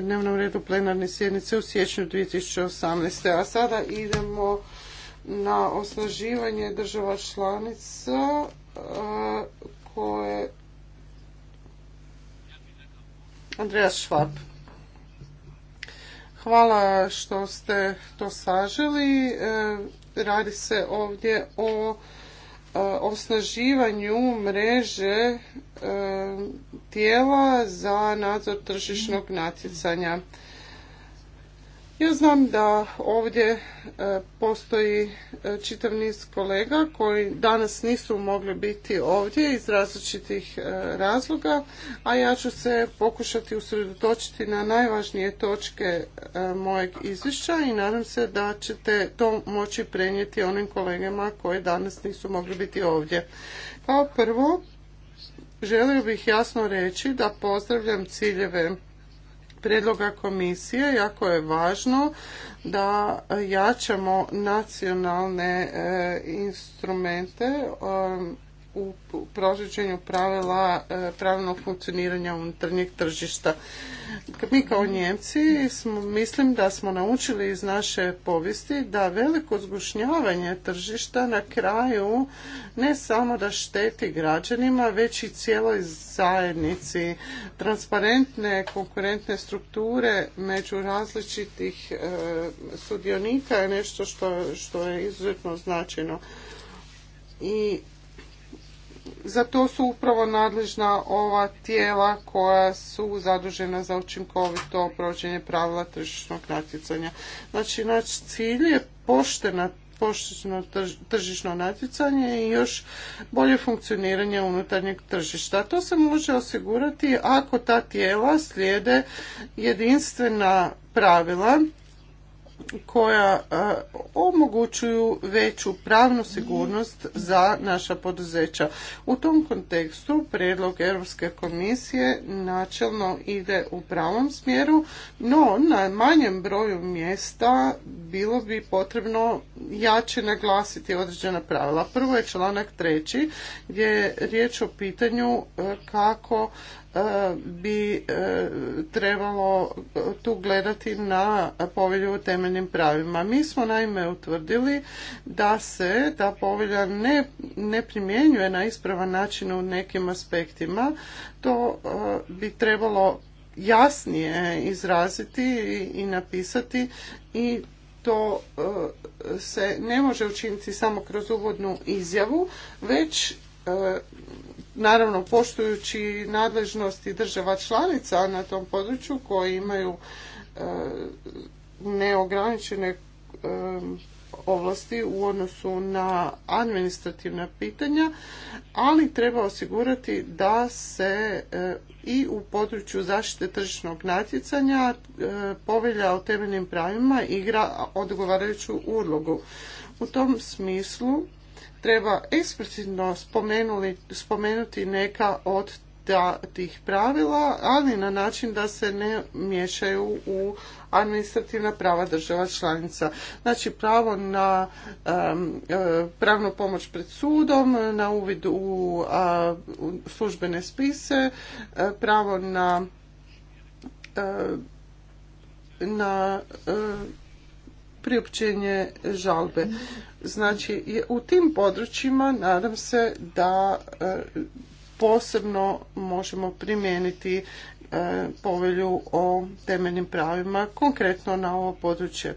dnevnom redu plenarne sjednice u siječnju 2018. A sada idemo na osnaživanje država članica koje Andreas Schwab. Hvala što ste to saželi. E, radi se ovdje o e, osnaživanju mreže e, tijela za nadzor tržišnog natjecanja. Ja znam da ovdje e, postoji e, čitav niz kolega koji danas nisu mogli biti ovdje iz različitih e, razloga, a ja ću se pokušati usredotočiti na najvažnije točke mojeg izvješća i nadam se da ćete to moći prenijeti onim kolegama koji danas nisu mogli biti ovdje. Kao prvo, želio bih jasno reći da pozdravljam ciljeve prijedloga komisije jako je važno da jačamo nacionalne e, instrumente um, u prožičenju pravila e, pravilnog funkcioniranja unutarnjeg tržišta. Mi kao Njemci mislim da smo naučili iz naše povijesti da veliko zgušnjavanje tržišta na kraju ne samo da šteti građanima, već i cijeloj zajednici. Transparentne konkurentne strukture među različitih e, sudionika je nešto što, što je izuzetno značajno. I za to su upravo nadležna ova tijela koja su zadužena za učinkovito provođenje pravila tržišnog natjecanja. Znači, naš cilj je poštena pošteno tržišno natjecanje i još bolje funkcioniranje unutarnjeg tržišta. To se može osigurati ako ta tijela slijede jedinstvena pravila koja e, omogućuju veću pravnu sigurnost za naša poduzeća. U tom kontekstu predlog Europske komisije načelno ide u pravom smjeru, no na manjem broju mjesta bilo bi potrebno jače naglasiti određena pravila. Prvo je članak treći gdje je riječ o pitanju e, kako E, bi e, trebalo tu gledati na povelju o temeljnim pravima. Mi smo naime utvrdili da se ta povelja ne, ne primjenjuje na ispravan način u nekim aspektima. To e, bi trebalo jasnije izraziti i napisati i to se ne može učiniti samo kroz uvodnu izjavu, već naravno poštujući nadležnosti država članica na tom području koji imaju e, neograničene e, ovlasti u odnosu na administrativna pitanja, ali treba osigurati da se e, i u području zaštite tržišnog natjecanja povelja o temeljnim pravima igra odgovarajuću ulogu. U tom smislu treba eksplicitno spomenuti neka od tih pravila, ali na način da se ne miješaju u administrativna prava država članica. Znači pravo na e, pravnu pomoć pred sudom, na uvid u službene spise, e, pravo na e, priopćenje žalbe. Znači, u tim područjima nadam se da e, posebno možemo primijeniti e, povelju o temeljnim pravima, konkretno na ovo područje.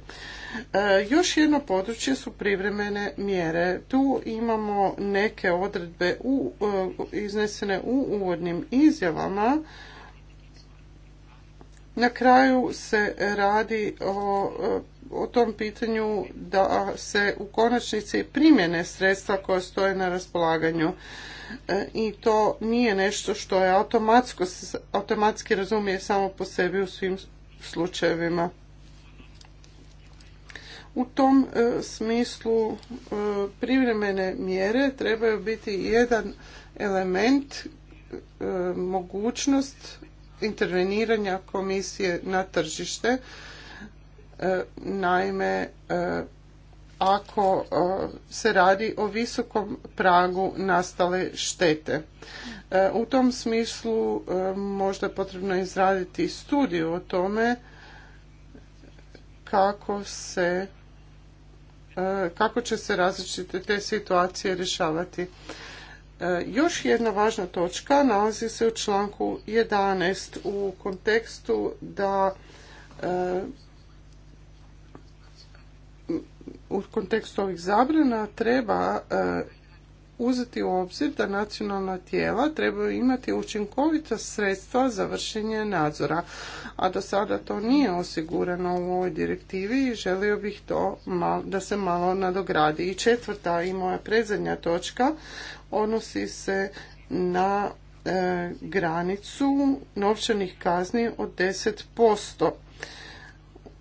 E, još jedno područje su privremene mjere. Tu imamo neke odredbe u, iznesene u uvodnim izjavama na kraju se radi o, o tom pitanju da se u konačnici primjene sredstva koja stoje na raspolaganju e, i to nije nešto što je automatsko, automatski razumije samo po sebi u svim slučajevima. U tom e, smislu e, privremene mjere trebaju biti jedan element, mogućnost interveniranja komisije na tržište. E, naime, e, ako e, se radi o visokom pragu nastale štete. U tom smislu možda je potrebno izraditi studiju o tome kako se kako će se različite te situacije rješavati. E, još jedna važna točka nalazi se u članku 11 u kontekstu da e, u kontekstu ovih zabrana treba e, uzeti u obzir da nacionalna tijela trebaju imati učinkovita sredstva za vršenje nadzora, a do sada to nije osigurano u ovoj direktivi i želio bih to da se malo nadogradi. I četvrta i moja prezadnja točka odnosi se na e, granicu novčanih kazni od 10%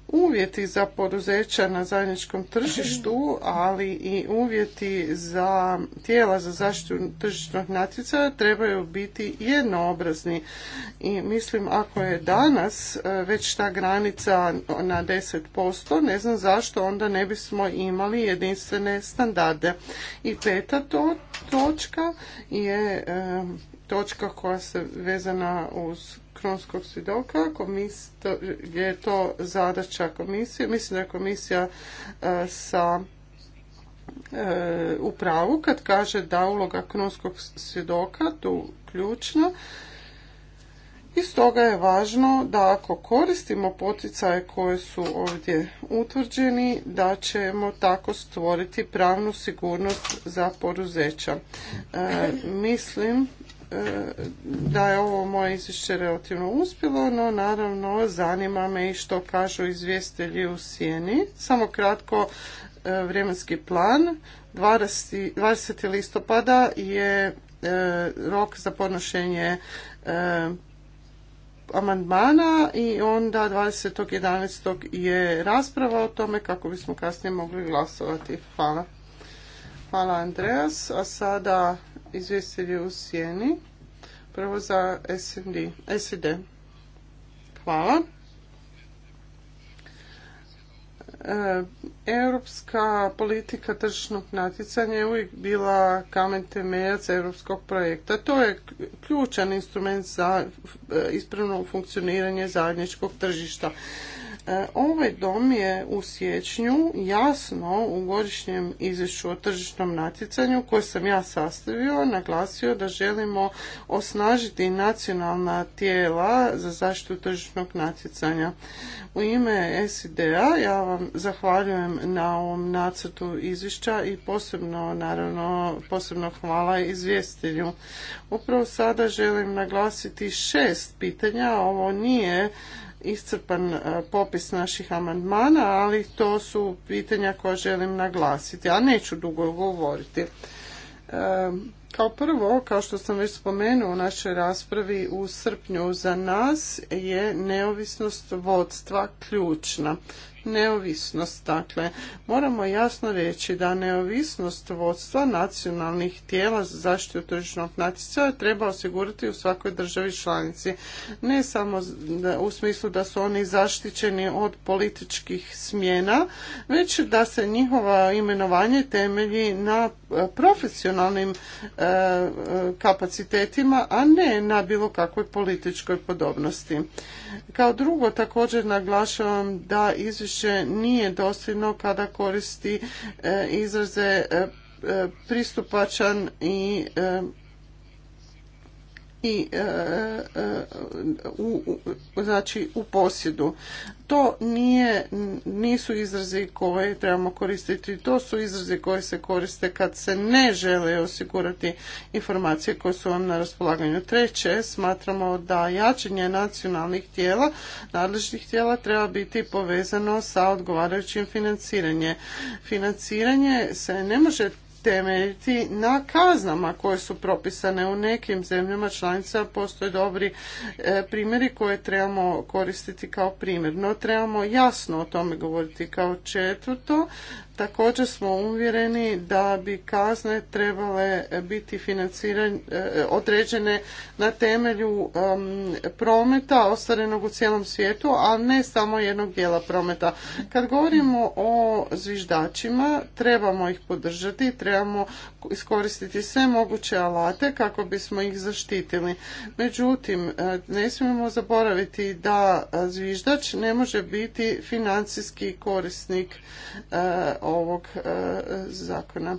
uvjeti za poduzeća na zajedničkom tržištu, ali i uvjeti za tijela za zaštitu tržišnog natjecaja trebaju biti jednoobrazni. I mislim ako je danas e, već ta granica na 10%, ne znam zašto onda ne bismo imali jedinstvene standarde. I peta to, točka je e, točka koja se vezana uz kronskog svjedoka. Komis, je to zadaća komisije. Mislim da je komisija e, sa e, u pravu kad kaže da uloga kronskog svjedoka tu ključna. I stoga je važno da ako koristimo poticaje koje su ovdje utvrđeni, da ćemo tako stvoriti pravnu sigurnost za poduzeća. E, mislim da je ovo moje izvješće relativno uspjelo, no naravno zanima me i što kažu izvjestelji u sjeni. Samo kratko e, vremenski plan. 20. listopada je e, rok za podnošenje e, amandmana i onda 20.11. je rasprava o tome kako bismo kasnije mogli glasovati. Hvala. Hvala Andreas. A sada izvjestitelji u sjeni. Prvo za SND, Hvala. E, europska politika tržišnog natjecanja je uvijek bila kamen temeljac europskog projekta. To je ključan instrument za e, ispravno funkcioniranje zajedničkog tržišta. E, ovaj dom je u siječnju jasno u godišnjem izvješću o tržišnom natjecanju koje sam ja sastavio naglasio da želimo osnažiti nacionalna tijela za zaštitu tržišnog natjecanja. U ime SID-a ja vam zahvaljujem na ovom nacrtu izvješća i posebno naravno posebno hvala izvjestitelju. Upravo sada želim naglasiti šest pitanja. Ovo nije iscrpan e, popis naših amandmana, ali to su pitanja koja želim naglasiti, a neću dugo govoriti. E, kao prvo, kao što sam već spomenuo u našoj raspravi u srpnju, za nas je neovisnost vodstva ključna neovisnost. Dakle, moramo jasno reći da neovisnost vodstva nacionalnih tijela za zaštitu tržišnog natjecanja treba osigurati u svakoj državi članici. Ne samo u smislu da su oni zaštićeni od političkih smjena, već da se njihova imenovanje temelji na e, profesionalnim e, e, kapacitetima, a ne na bilo kakvoj političkoj podobnosti. Kao drugo, također naglašavam da izvješće izvješće nije dosljedno kada koristi e, izraze e, e, pristupačan i i e, e, u, znači u posjedu. To nije, nisu izrazi koje trebamo koristiti, to su izrazi koje se koriste kad se ne žele osigurati informacije koje su vam na raspolaganju. Treće, smatramo da jačanje nacionalnih tijela, nadležnih tijela treba biti povezano sa odgovarajućim financiranje. Financiranje se ne može temeljiti na kaznama koje su propisane u nekim zemljama članica postoje dobri e, primjeri koje trebamo koristiti kao primjer no trebamo jasno o tome govoriti kao četvrto Također smo uvjereni da bi kazne trebale biti financirane, eh, određene na temelju prometa ostvarenog u cijelom svijetu, a ne samo jednog dijela prometa. Kad govorimo o zviždačima, trebamo ih podržati, trebamo iskoristiti sve moguće alate kako bismo ih zaštitili. Međutim, eh, ne smijemo zaboraviti da zviždač ne može biti financijski korisnik eh, ovog e, zakona.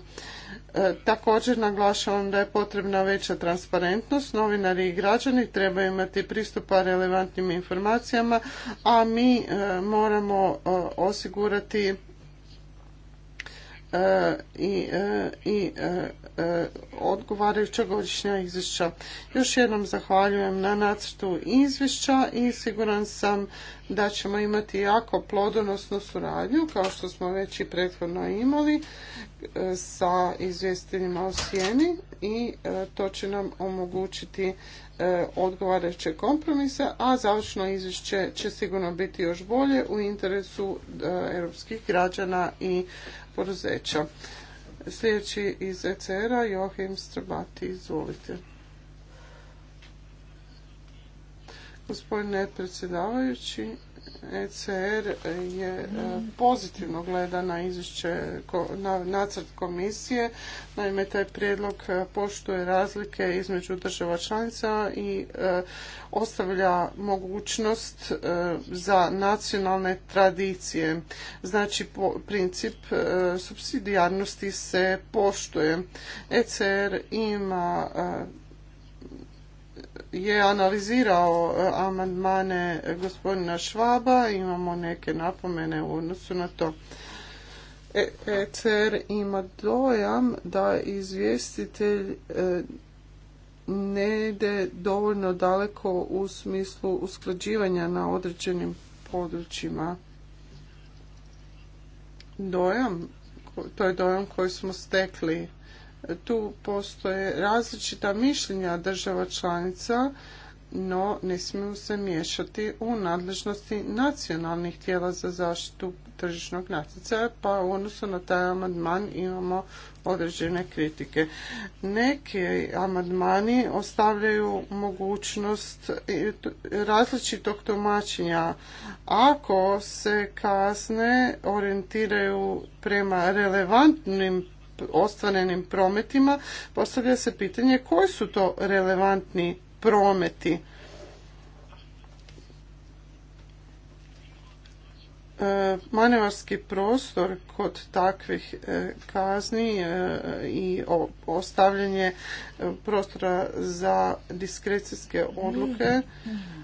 E, također naglašavam da je potrebna veća transparentnost. Novinari i građani trebaju imati pristupa relevantnim informacijama, a mi e, moramo osigurati E, i, e, i e, odgovarajuća godišnja izvješća. Još jednom zahvaljujem na nacrtu izvješća i siguran sam da ćemo imati jako plodonosnu suradnju, kao što smo već i prethodno imali, sa izvjestiteljima o sjeni i to će nam omogućiti E, odgovarajuće kompromise, a završno izvješće će sigurno biti još bolje u interesu e, europskih građana i poduzeća. Sljedeći iz ECR-a Joachim Strbati, izvolite. Gospodine predsjedavajući, ECR je e, pozitivno gleda na izvješće, na nacrt komisije. Naime, taj prijedlog e, poštuje razlike između država članica i e, ostavlja mogućnost za nacionalne tradicije. Znači, princip subsidijarnosti se poštuje. ECR ima je analizirao e, amandmane gospodina Švaba, imamo neke napomene u odnosu na to. ECR e ima dojam da izvjestitelj e, ne ide dovoljno daleko u smislu usklađivanja na određenim područjima. Dojam, to je dojam koji smo stekli tu postoje različita mišljenja država članica, no ne smiju se miješati u nadležnosti nacionalnih tijela za zaštitu tržišnog natjecaja, pa u odnosu na taj amandman imamo određene kritike. Neki amandmani ostavljaju mogućnost različitog tumačenja ako se kazne orijentiraju prema relevantnim ostvarenim prometima, postavlja se pitanje koji su to relevantni prometi. E, manevarski prostor kod takvih e, kazni e, i ostavljanje prostora za diskrecijske odluke mhm.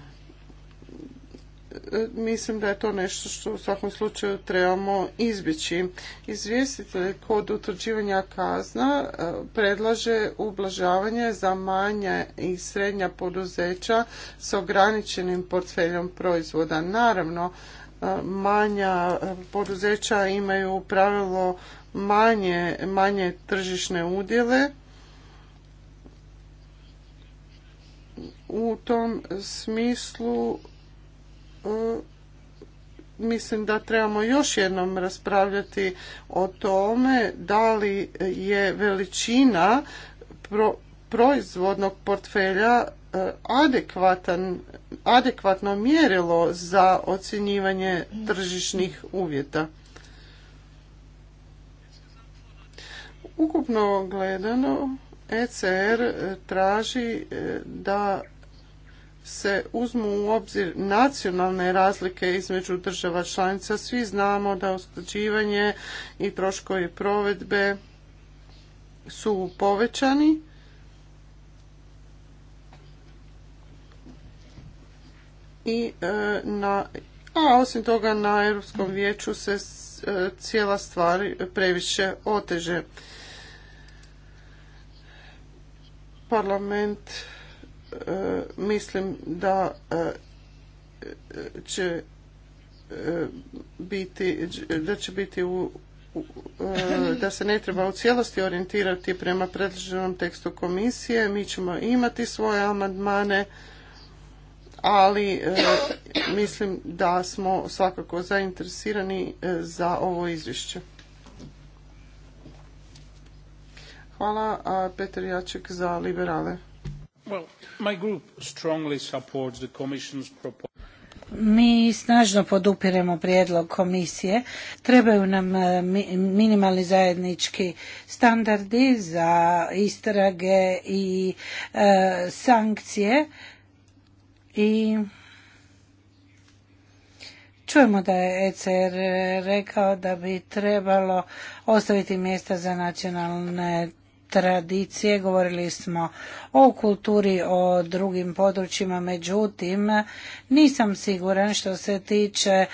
E, mislim da je to nešto što u svakom slučaju trebamo izbjeći. Izvjestitelj kod utvrđivanja kazna e, predlaže ublažavanje za manja i srednja poduzeća s ograničenim portfeljom proizvoda. Naravno, e, manja poduzeća imaju u manje, manje tržišne udjele, u tom smislu mislim da trebamo još jednom raspravljati o tome da li je veličina proizvodnog portfelja e, adekvatno mjerilo za ocjenjivanje tržišnih uvjeta. Ukupno gledano, ECR traži e, da se uzmu u obzir nacionalne razlike između država članica. Svi znamo da usklađivanje i troškovi provedbe su povećani. I e, na, a osim toga na Europskom vijeću se e, cijela stvar previše oteže. Parlament E, mislim da e, će e, biti, da će biti u, da se ne treba u cijelosti orijentirati prema predloženom tekstu komisije. Mi ćemo imati svoje amandmane, ali mislim da smo svakako zainteresirani za ovo izvješće. Hvala, Petar Jaček za liberale. Mi snažno podupiremo prijedlog komisije. Trebaju nam eh, minimalni zajednički standardi za istrage i eh, sankcije. I čujemo da je ECR rekao da bi trebalo ostaviti mjesta za nacionalne tradicije, govorili smo o kulturi, o drugim područjima, međutim nisam siguran što se tiče e,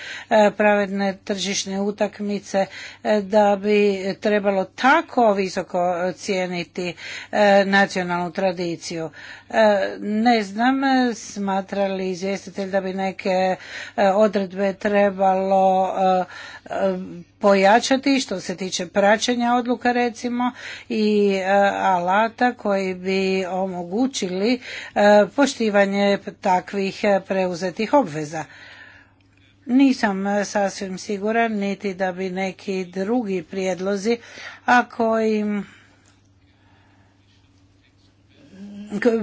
pravedne tržišne utakmice e, da bi trebalo tako visoko cijeniti e, nacionalnu tradiciju. Ne znam, smatra li izvjestitelj da bi neke odredbe trebalo pojačati što se tiče praćenja odluka recimo i e, alata koji bi omogućili e, poštivanje takvih e, preuzetih obveza. Nisam sasvim siguran niti da bi neki drugi prijedlozi, a kojim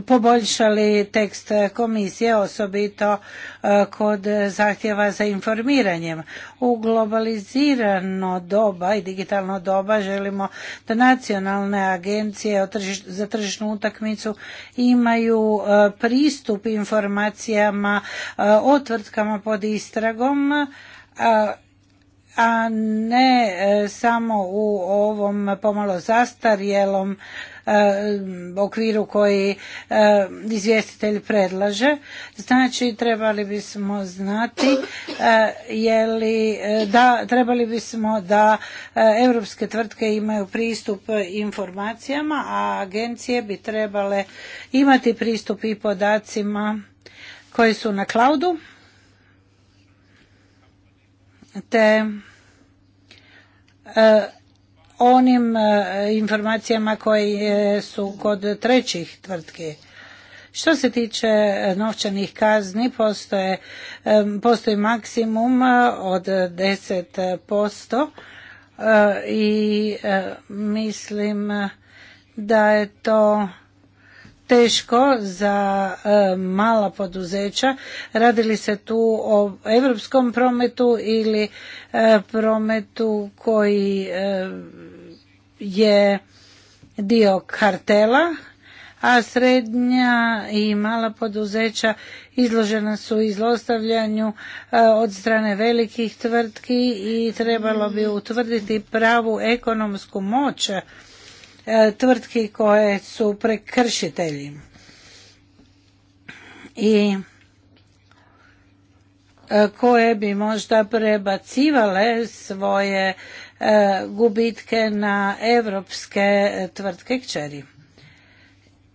poboljšali tekst komisije, osobito e, kod zahtjeva za informiranjem. U globalizirano doba i digitalno doba želimo da nacionalne agencije za tržišnu utakmicu imaju e, pristup informacijama e, o tvrtkama pod istragom, a ne samo u ovom pomalo zastarjelom E, okviru koji e, izvjestitelj predlaže. Znači trebali bismo znati e, je li da trebali bismo da europske tvrtke imaju pristup informacijama, a agencije bi trebale imati pristup i podacima koji su na klaudu te onim e, informacijama koje e, su kod trećih tvrtki. Što se tiče e, novčanih kazni, postoji maksimum od 10% i mislim da je to teško za mala poduzeća. li se tu o europskom prometu ili prometu koji je dio kartela, a srednja i mala poduzeća izložena su izlostavljanju e, od strane velikih tvrtki i trebalo bi utvrditi pravu ekonomsku moć e, tvrtki koje su prekršitelji. I e, koje bi možda prebacivale svoje E, gubitke na evropske e, tvrtke kćeri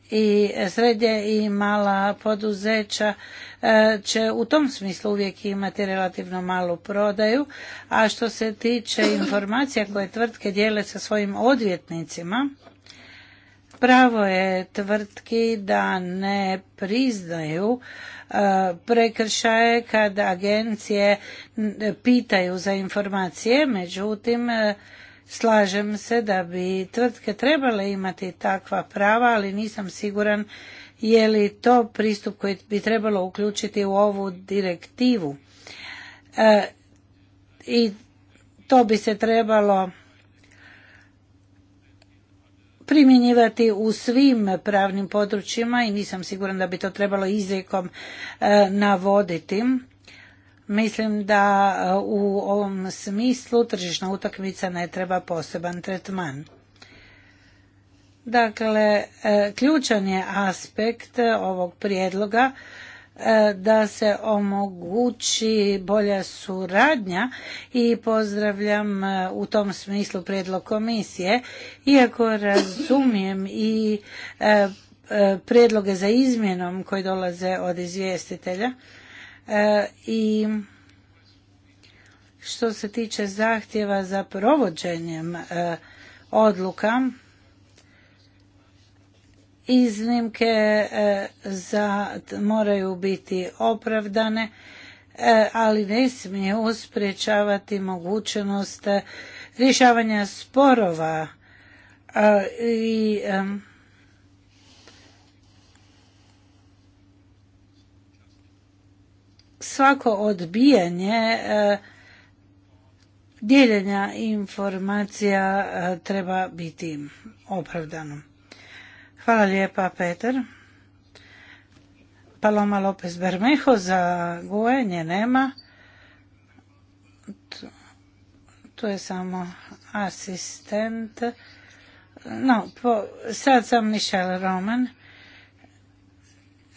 i srednje i mala poduzeća e, će u tom smislu uvijek imati relativno malu prodaju, a što se tiče informacija koje tvrtke dijele sa svojim odvjetnicima, pravo je tvrtki da ne priznaju E, prekršaje kad agencije pitaju za informacije, međutim e, slažem se da bi tvrtke trebale imati takva prava, ali nisam siguran je li to pristup koji bi trebalo uključiti u ovu direktivu. E, I to bi se trebalo primjenjivati u svim pravnim područjima i nisam siguran da bi to trebalo izrijekom e, navoditi. Mislim da e, u ovom smislu tržišna utakmica ne treba poseban tretman. Dakle, e, ključan je aspekt ovog prijedloga E, da se omogući bolja suradnja i pozdravljam e, u tom smislu prijedlog komisije iako razumijem i e, prijedloge za izmjenom koji dolaze od izvjestitelja i što se tiče zahtjeva za provođenjem odluka iznimke e, za, moraju biti opravdane, e, ali ne smije uspriječavati mogućnost e, rješavanja sporova i svako odbijanje dijeljenja informacija treba biti opravdano. Hvala lijepa, Peter. Paloma Lopez Bermejo za gojenje nema. Tu je samo asistent. No, sad sam Michelle Roman.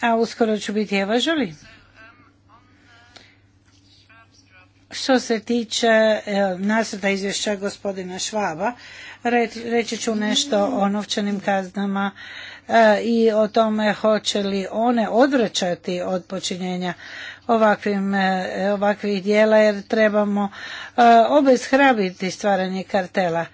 A uskoro ću biti Eva Žoli. Što se tiče e, nasrta izvješća gospodina Švaba, reći ću nešto o novčanim kaznama e, i o tome hoće li one odvraćati od počinjenja e, ovakvih dijela jer trebamo obezhrabiti stvaranje kartela.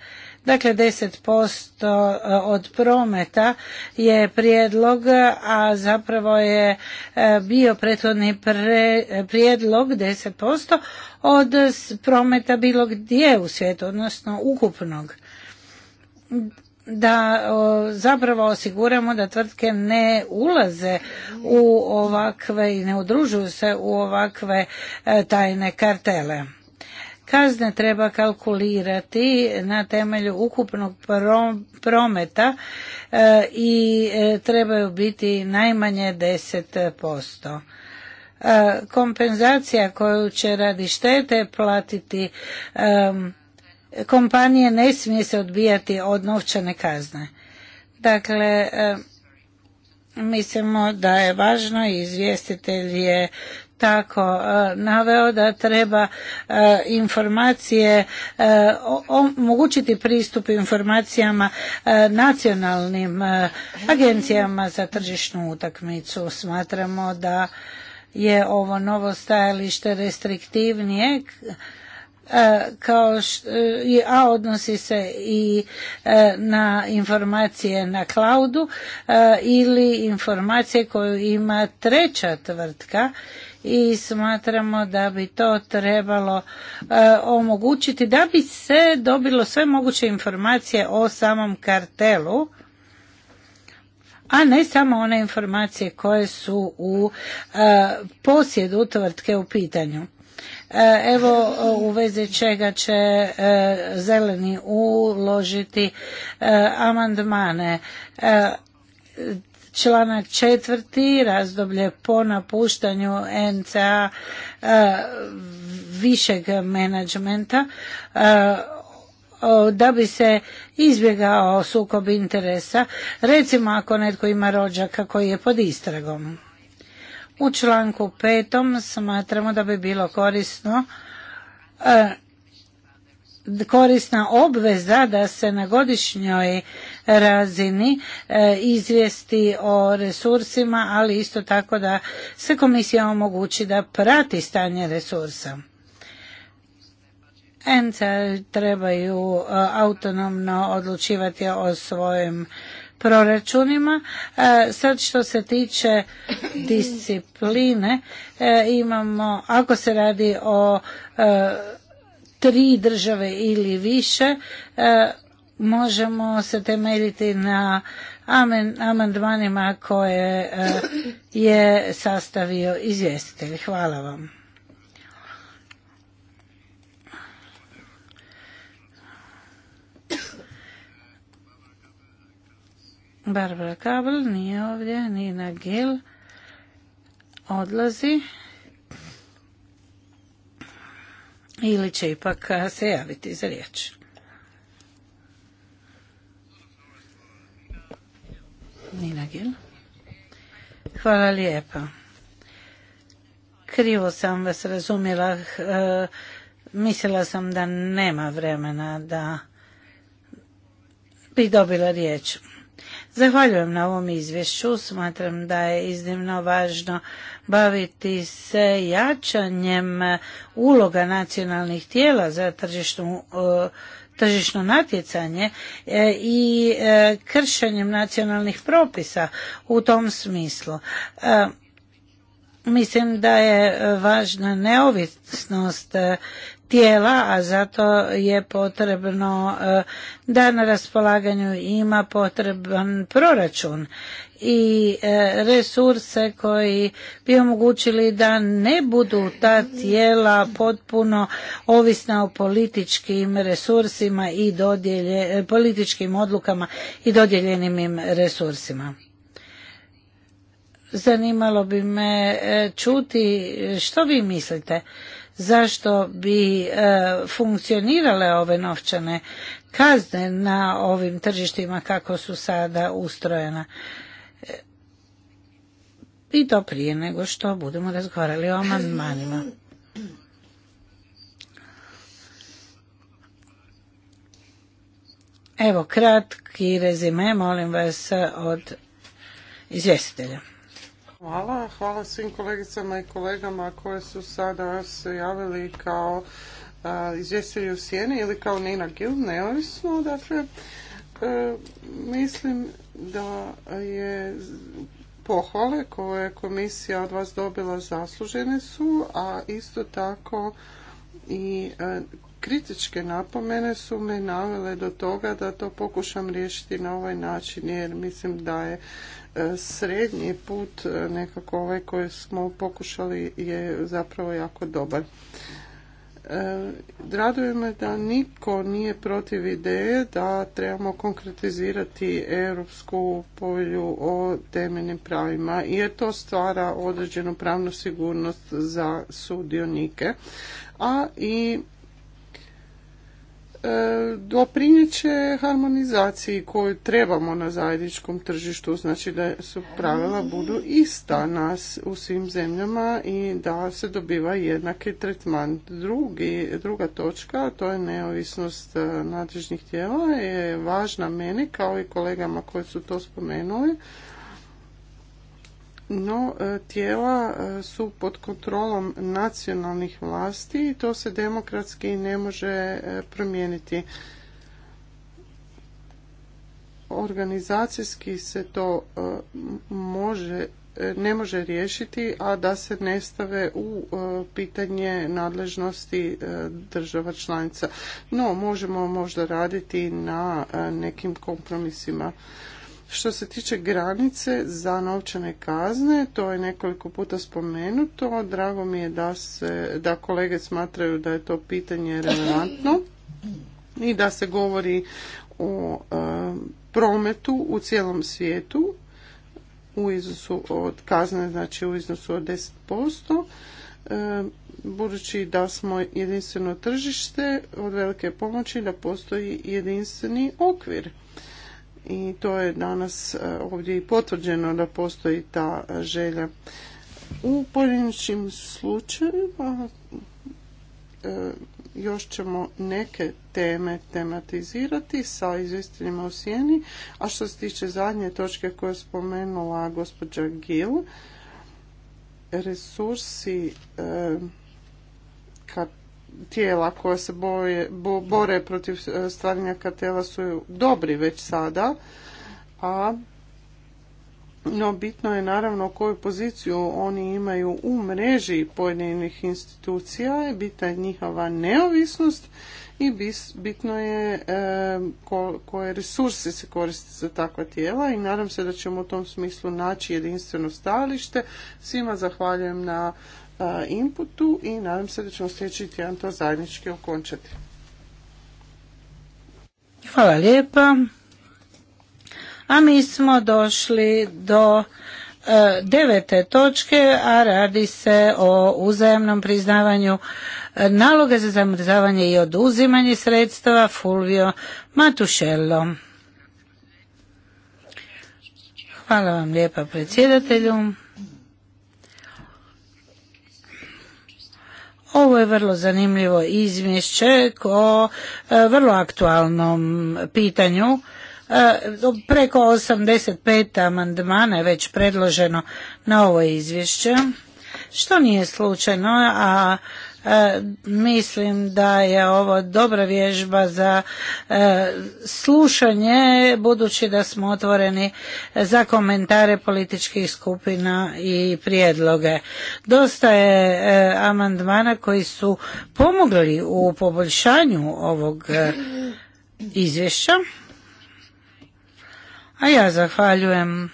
Dakle, 10% e, od prometa je prijedlog, a zapravo je e, bio prethodni pre, prijedlog 10% od prometa bilo gdje u svijetu, odnosno ukupnog da zapravo osiguramo da tvrtke ne ulaze u ovakve i ne udružuju se u ovakve e, tajne kartele. Kazne treba kalkulirati na temelju ukupnog prometa e, i e, trebaju biti najmanje 10% e, kompenzacija koju će radi štete platiti kompanije ne smije se odbijati od novčane kazne. Dakle, mislimo da je važno i izvjestitelj je tako e, naveo da treba e, informacije e, omogućiti pristup informacijama nacionalnim agencijama za tržišnu utakmicu smatramo da je ovo novo stajalište restriktivnije kao što, a odnosi se i na informacije na klaudu ili informacije koju ima treća tvrtka i smatramo da bi to trebalo e, omogućiti da bi se dobilo sve moguće informacije o samom kartelu a ne samo one informacije koje su u e, posjedu tvrtke u pitanju. E, evo u vezi čega će zeleni uložiti amandmane Članak četvrti, razdoblje po napuštanju NCA e, višeg menadžmenta e, da bi se izbjegao sukob interesa, recimo ako netko ima rođaka koji je pod istragom. U članku petom smatramo da bi bilo korisno e, korisna obveza da se na godišnjoj razini e, izvijesti o resursima, ali isto tako da se komisija omogući da prati stanje resursa. ENCA trebaju e, autonomno odlučivati o svojim proračunima. E, sad što se tiče discipline, imamo, ako se radi o tri države ili više e, možemo se temeljiti na amandmanima koje e, je sastavio izvjestitelj. Hvala vam. Barbara Kabel nije ovdje, Nina Gil odlazi. ili će ipak se javiti za riječ. Nina Gil. Hvala lijepa. Krivo sam vas razumjela. E, mislila sam da nema vremena da bi dobila riječ. Zahvaljujem na ovom izvješću. Smatram da je iznimno važno baviti se jačanjem uloga nacionalnih tijela za tržišnu e, tržišno natjecanje e, i e, kršenjem nacionalnih propisa u tom smislu. Mislim da je važna neovisnost tijela, a zato je potrebno e, da na raspolaganju ima potreban proračun i e, resurse koji bi omogućili da ne budu ta tijela potpuno ovisna o političkim resursima i dodjelje, e, političkim odlukama i dodijeljenim im resursima. Zanimalo bi me čuti što vi mislite zašto bi e, funkcionirale ove novčane kazne na ovim tržištima kako su sada ustrojena e, i to prije nego što budemo razgovarali o amandmanima. Evo, kratki rezime, molim vas, od izvjestitelja. Hvala, hvala svim kolegicama i kolegama koje su sada se javili kao izvjestitelji u sjeni ili kao Nina Gil, neovisno. Dakle, e, mislim da je pohvale koje je komisija od vas dobila zaslužene su, a isto tako i e, kritičke napomene su me navele do toga da to pokušam riješiti na ovaj način jer mislim da je srednji put e, nekako ovaj koji smo pokušali je zapravo jako dobar. E, Raduje me da niko nije protiv ideje da trebamo konkretizirati Europsku povelju o temeljnim pravima jer to stvara određenu pravnu sigurnost za sudionike, a i E, doprinijet će harmonizaciji koju trebamo na zajedničkom tržištu, znači da su pravila budu ista nas u svim zemljama i da se dobiva jednaki tretman. Drugi, druga točka, to je neovisnost e, nadležnih tijela, je važna meni kao i kolegama koji su to spomenuli no e, tijela e, su pod kontrolom nacionalnih vlasti i to se demokratski ne može e, promijeniti. Organizacijski se to može ne može riješiti, a da se ne stave u pitanje nadležnosti država članica. No, možemo možda raditi na nekim kompromisima. Što se tiče granice za novčane kazne, to je nekoliko puta spomenuto. Drago mi je da, se, da kolege smatraju da je to pitanje relevantno i da se govori o e, prometu u cijelom svijetu u iznosu od kazne, znači u iznosu od 10%. E, budući da smo jedinstveno tržište od velike pomoći da postoji jedinstveni okvir i to je danas e, ovdje i potvrđeno da postoji ta želja. U pojedinačnim slučajevima e, još ćemo neke teme tematizirati sa izvjestiteljima u sjeni, a što se tiče zadnje točke koje je spomenula gospođa Gil, resursi e, kad tijela koja se boje, bore protiv e, stvaranja kartela su dobri već sada, a no, bitno je naravno koju poziciju oni imaju u mreži pojedinih institucija, bitna je njihova neovisnost i bitno je e, koje resursi se koriste za takva tijela i nadam se da ćemo u tom smislu naći jedinstveno stajalište. Svima zahvaljujem na inputu i nadam se da ćemo sljedeći tjedan to zajednički okončati. Hvala lijepa. A mi smo došli do e, devete točke, a radi se o uzajemnom priznavanju e, naloga za zamrzavanje i oduzimanje sredstava Fulvio Matušello. Hvala vam lijepa predsjedatelju. Ovo je vrlo zanimljivo izvješće o e, vrlo aktualnom pitanju. E, preko 85 amandmana je već predloženo na ovo izvješće, što nije slučajno, a E, mislim da je ovo dobra vježba za e, slušanje, budući da smo otvoreni za komentare političkih skupina i prijedloge. Dosta je e, amandmana koji su pomogli u poboljšanju ovog izvješća. A ja zahvaljujem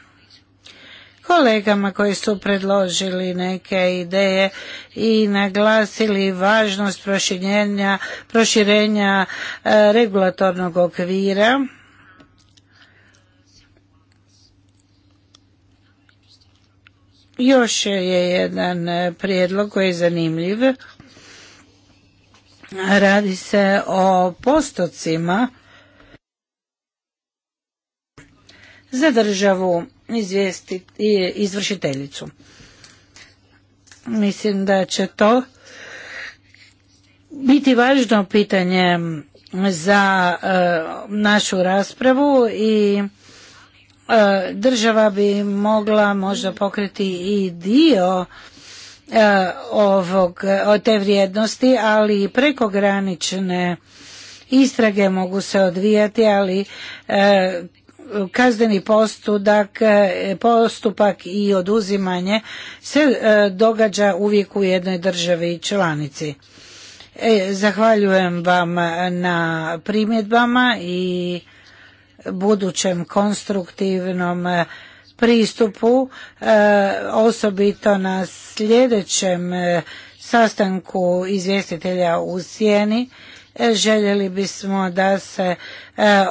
kolegama koji su predložili neke ideje i naglasili važnost proširenja, e, regulatornog okvira. Još je jedan prijedlog koji je zanimljiv. Radi se o postocima za državu izvijestiti izvršiteljicu. Mislim da će to biti važno pitanje za e, našu raspravu i e, država bi mogla možda pokriti i dio e, ovog, te vrijednosti, ali i prekogranične istrage mogu se odvijati, ali kazneni postupak, e, postupak i oduzimanje se e, događa uvijek u jednoj državi članici. E, zahvaljujem vam na primjedbama i budućem konstruktivnom pristupu, osobito na sljedećem sastanku izvjestitelja u Sjeni. Željeli bismo da se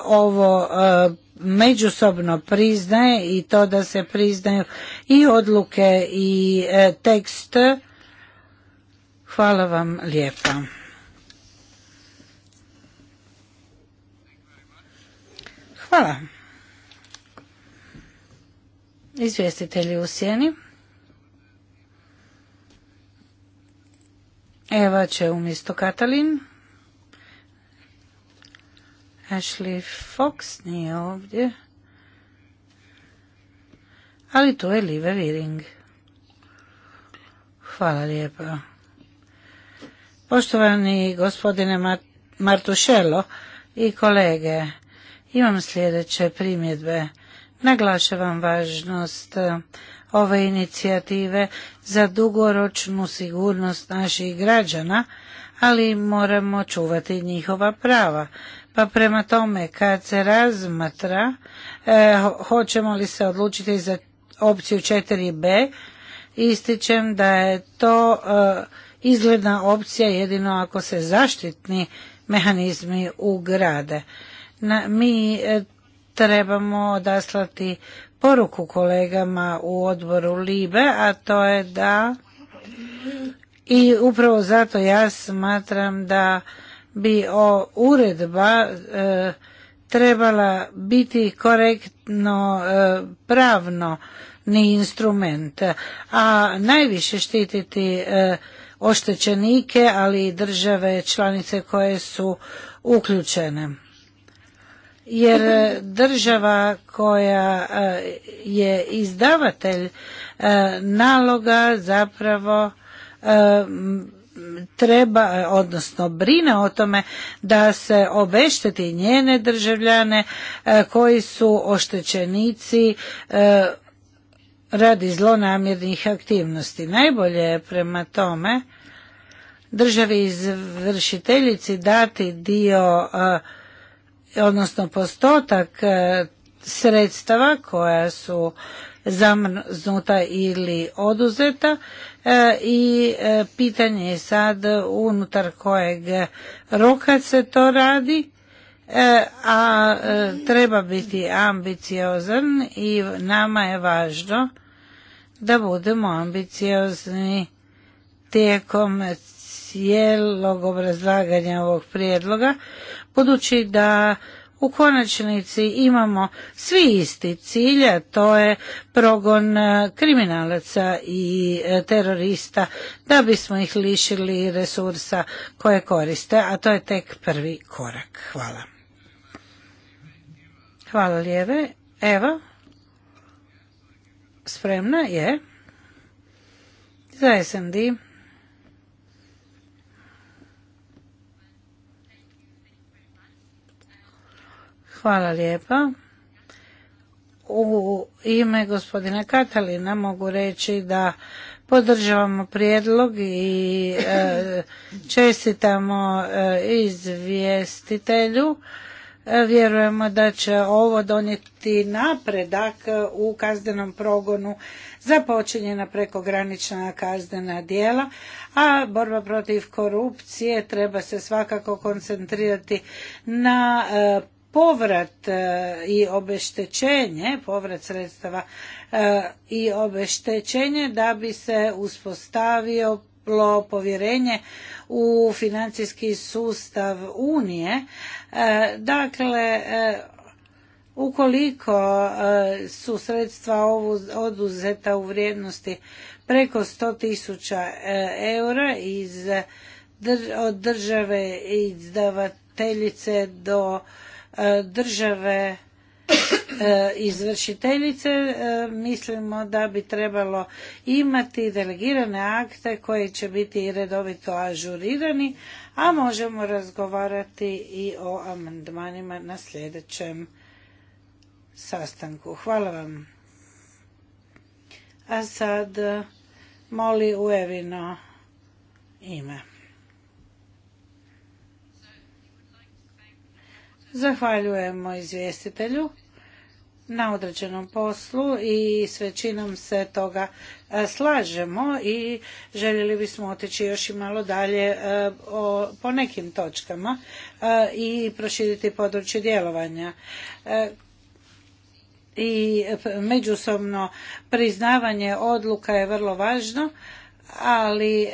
ovo međusobno priznaje i to da se priznaju i odluke i e, tekst. Hvala vam lijepa. Hvala. Izvjestitelji u sjeni. Eva će umjesto Katalin. Ashley Fox nije ovdje. Ali to je Live Viring. Hvala lijepa. Poštovani gospodine Martušelo i kolege, imam sljedeće primjedbe. Naglašavam važnost eh, ove inicijative za dugoročnu sigurnost naših građana, ali moramo čuvati njihova prava. Pa prema tome, kad se razmatra e, hoćemo li se odlučiti za opciju 4b, ističem da je to e, izgledna opcija jedino ako se zaštitni mehanizmi ugrade. mi e, trebamo odaslati poruku kolegama u odboru Libe, a to je da i upravo zato ja smatram da bi o uredba e, trebala biti korektno e, pravno ni instrument, a najviše štititi e, oštećenike, ali i države članice koje su uključene. Jer e, država koja je izdavatelj naloga zapravo treba, e, odnosno brine o tome da se obešteti njene državljane e, koji su oštećenici e, radi zlonamjernih aktivnosti. Najbolje je prema tome državi izvršiteljici dati dio, odnosno postotak sredstava koja su zamrznuta ili oduzeta E, i e, pitanje je sad unutar kojeg roka se to radi e, a treba biti ambiciozan i nama je važno da budemo ambiciozni tijekom cijelog obrazlaganja ovog prijedloga budući da u konačnici imamo svi isti cilj, a to je progon e, kriminalaca i e, terorista da bismo ih lišili resursa koje koriste, a to je tek prvi korak. Hvala. Hvala lijeve. Evo, spremna je za SMD. Hvala lijepa. U ime gospodina Katalina mogu reći da podržavamo prijedlog i e, čestitamo e, izvjestitelju. E, vjerujemo da će ovo donijeti napredak u kaznenom progonu za počinjena prekogranična kaznena djela, a borba protiv korupcije treba se svakako koncentrirati na povrat e, i obeštećenje, povrat sredstava e, i obeštećenje da bi se uspostavio povjerenje u financijski sustav Unije. E, dakle, ukoliko su sredstva oduzeta u vrijednosti preko 100.000 eura iz, od države izdavateljice do E, države e, izvršiteljice e, mislimo da bi trebalo imati delegirane akte koji će biti redovito ažurirani, a možemo razgovarati i o amandmanima na sljedećem sastanku. Hvala vam. A sad moli Uevino ime. Zahvaljujemo izvjestitelju na određenom poslu i s većinom se toga e, slažemo i željeli bismo otići još i malo dalje e, po nekim točkama e, i proširiti područje djelovanja i međusobno priznavanje odluka je vrlo važno ali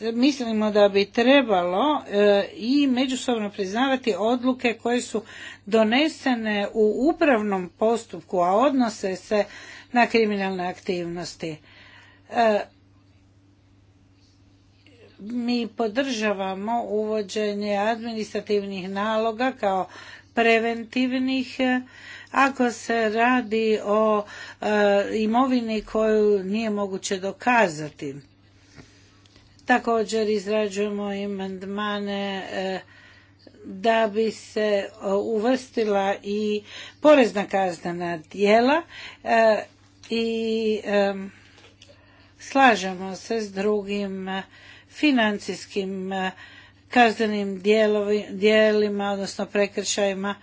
mislimo da bi trebalo e, i međusobno priznavati odluke koje su donesene u upravnom postupku, a odnose se na kriminalne aktivnosti. E, mi podržavamo uvođenje administrativnih naloga kao preventivnih e, ako se radi o imovini koju nije moguće dokazati Također izrađujemo amandmane e, da bi se e, uvrstila i porezna kaznena djela e, i slažemo se s drugim financijskim kaznenim dijelima, odnosno prekršajima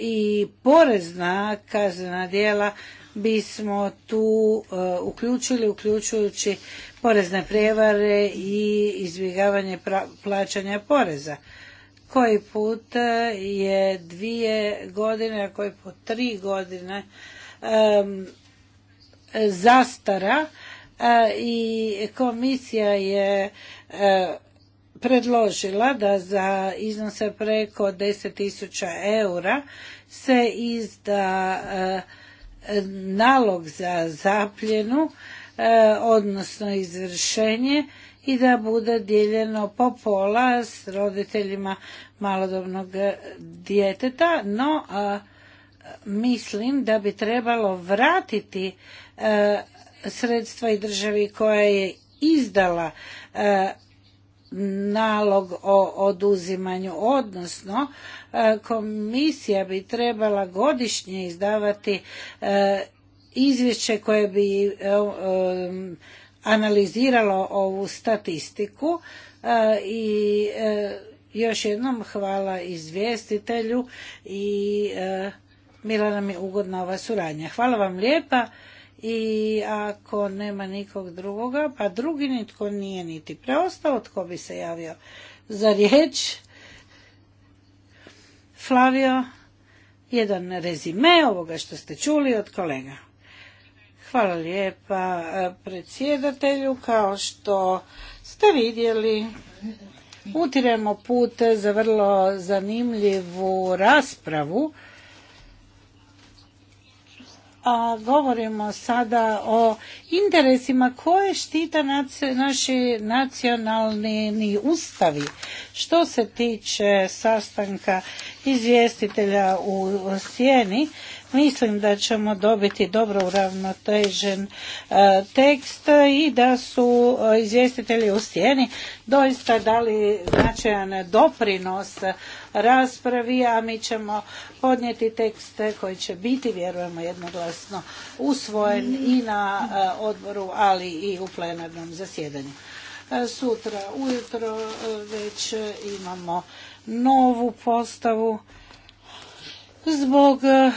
i porezna kaznena djela bismo tu uključili, uključujući porezne prijevare i izbjegavanje plaćanja poreza. Koji put e, je dvije godine, a koji put tri godine zastara e, i komisija je e, predložila da za iznose preko 10.000 eura se izda nalog za zapljenu E, odnosno izvršenje i da bude dijeljeno po pola s roditeljima malodobnog e, djeteta, no mislim da bi trebalo vratiti e, sredstva i državi koja je izdala nalog o oduzimanju, odnosno komisija bi trebala godišnje izdavati izvješće koje bi analiziralo ovu statistiku e, i e, još jednom hvala izvjestitelju i mila e, nam je ugodna ova suradnja. Hvala vam lijepa i ako nema nikog drugoga, pa drugi nitko nije niti preostao, tko bi se javio za riječ. Flavio, jedan rezime ovoga što ste čuli od kolega. Hvala lijepa e, predsjedatelju. Kao što ste vidjeli, utiremo put za vrlo zanimljivu raspravu. A govorimo sada o interesima koje štita naši nacionalni ustavi. Što se tiče sastanka izvjestitelja u Sjeni, Mislim da ćemo dobiti dobro uravnotežen e, tekst i da su e, izvjestitelji u sjeni doista dali značajan doprinos raspravi, a mi ćemo podnijeti tekst koji će biti, vjerujemo, jednoglasno usvojen i na e, odboru, ali i u plenarnom zasjedanju. Sutra ujutro već imamo novu postavu zbog eh,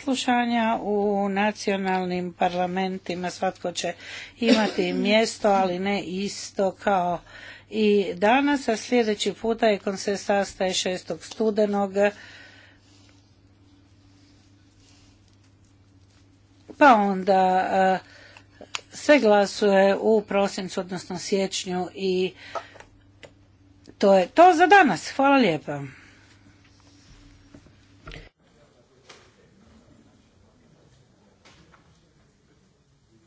slušanja u nacionalnim parlamentima svatko će imati mjesto, ali ne isto kao i danas, a sljedeći puta je se sastaje 6. studenog. Pa onda eh, se glasuje u prosincu, odnosno siječnju i to je to za danas. Hvala lijepa.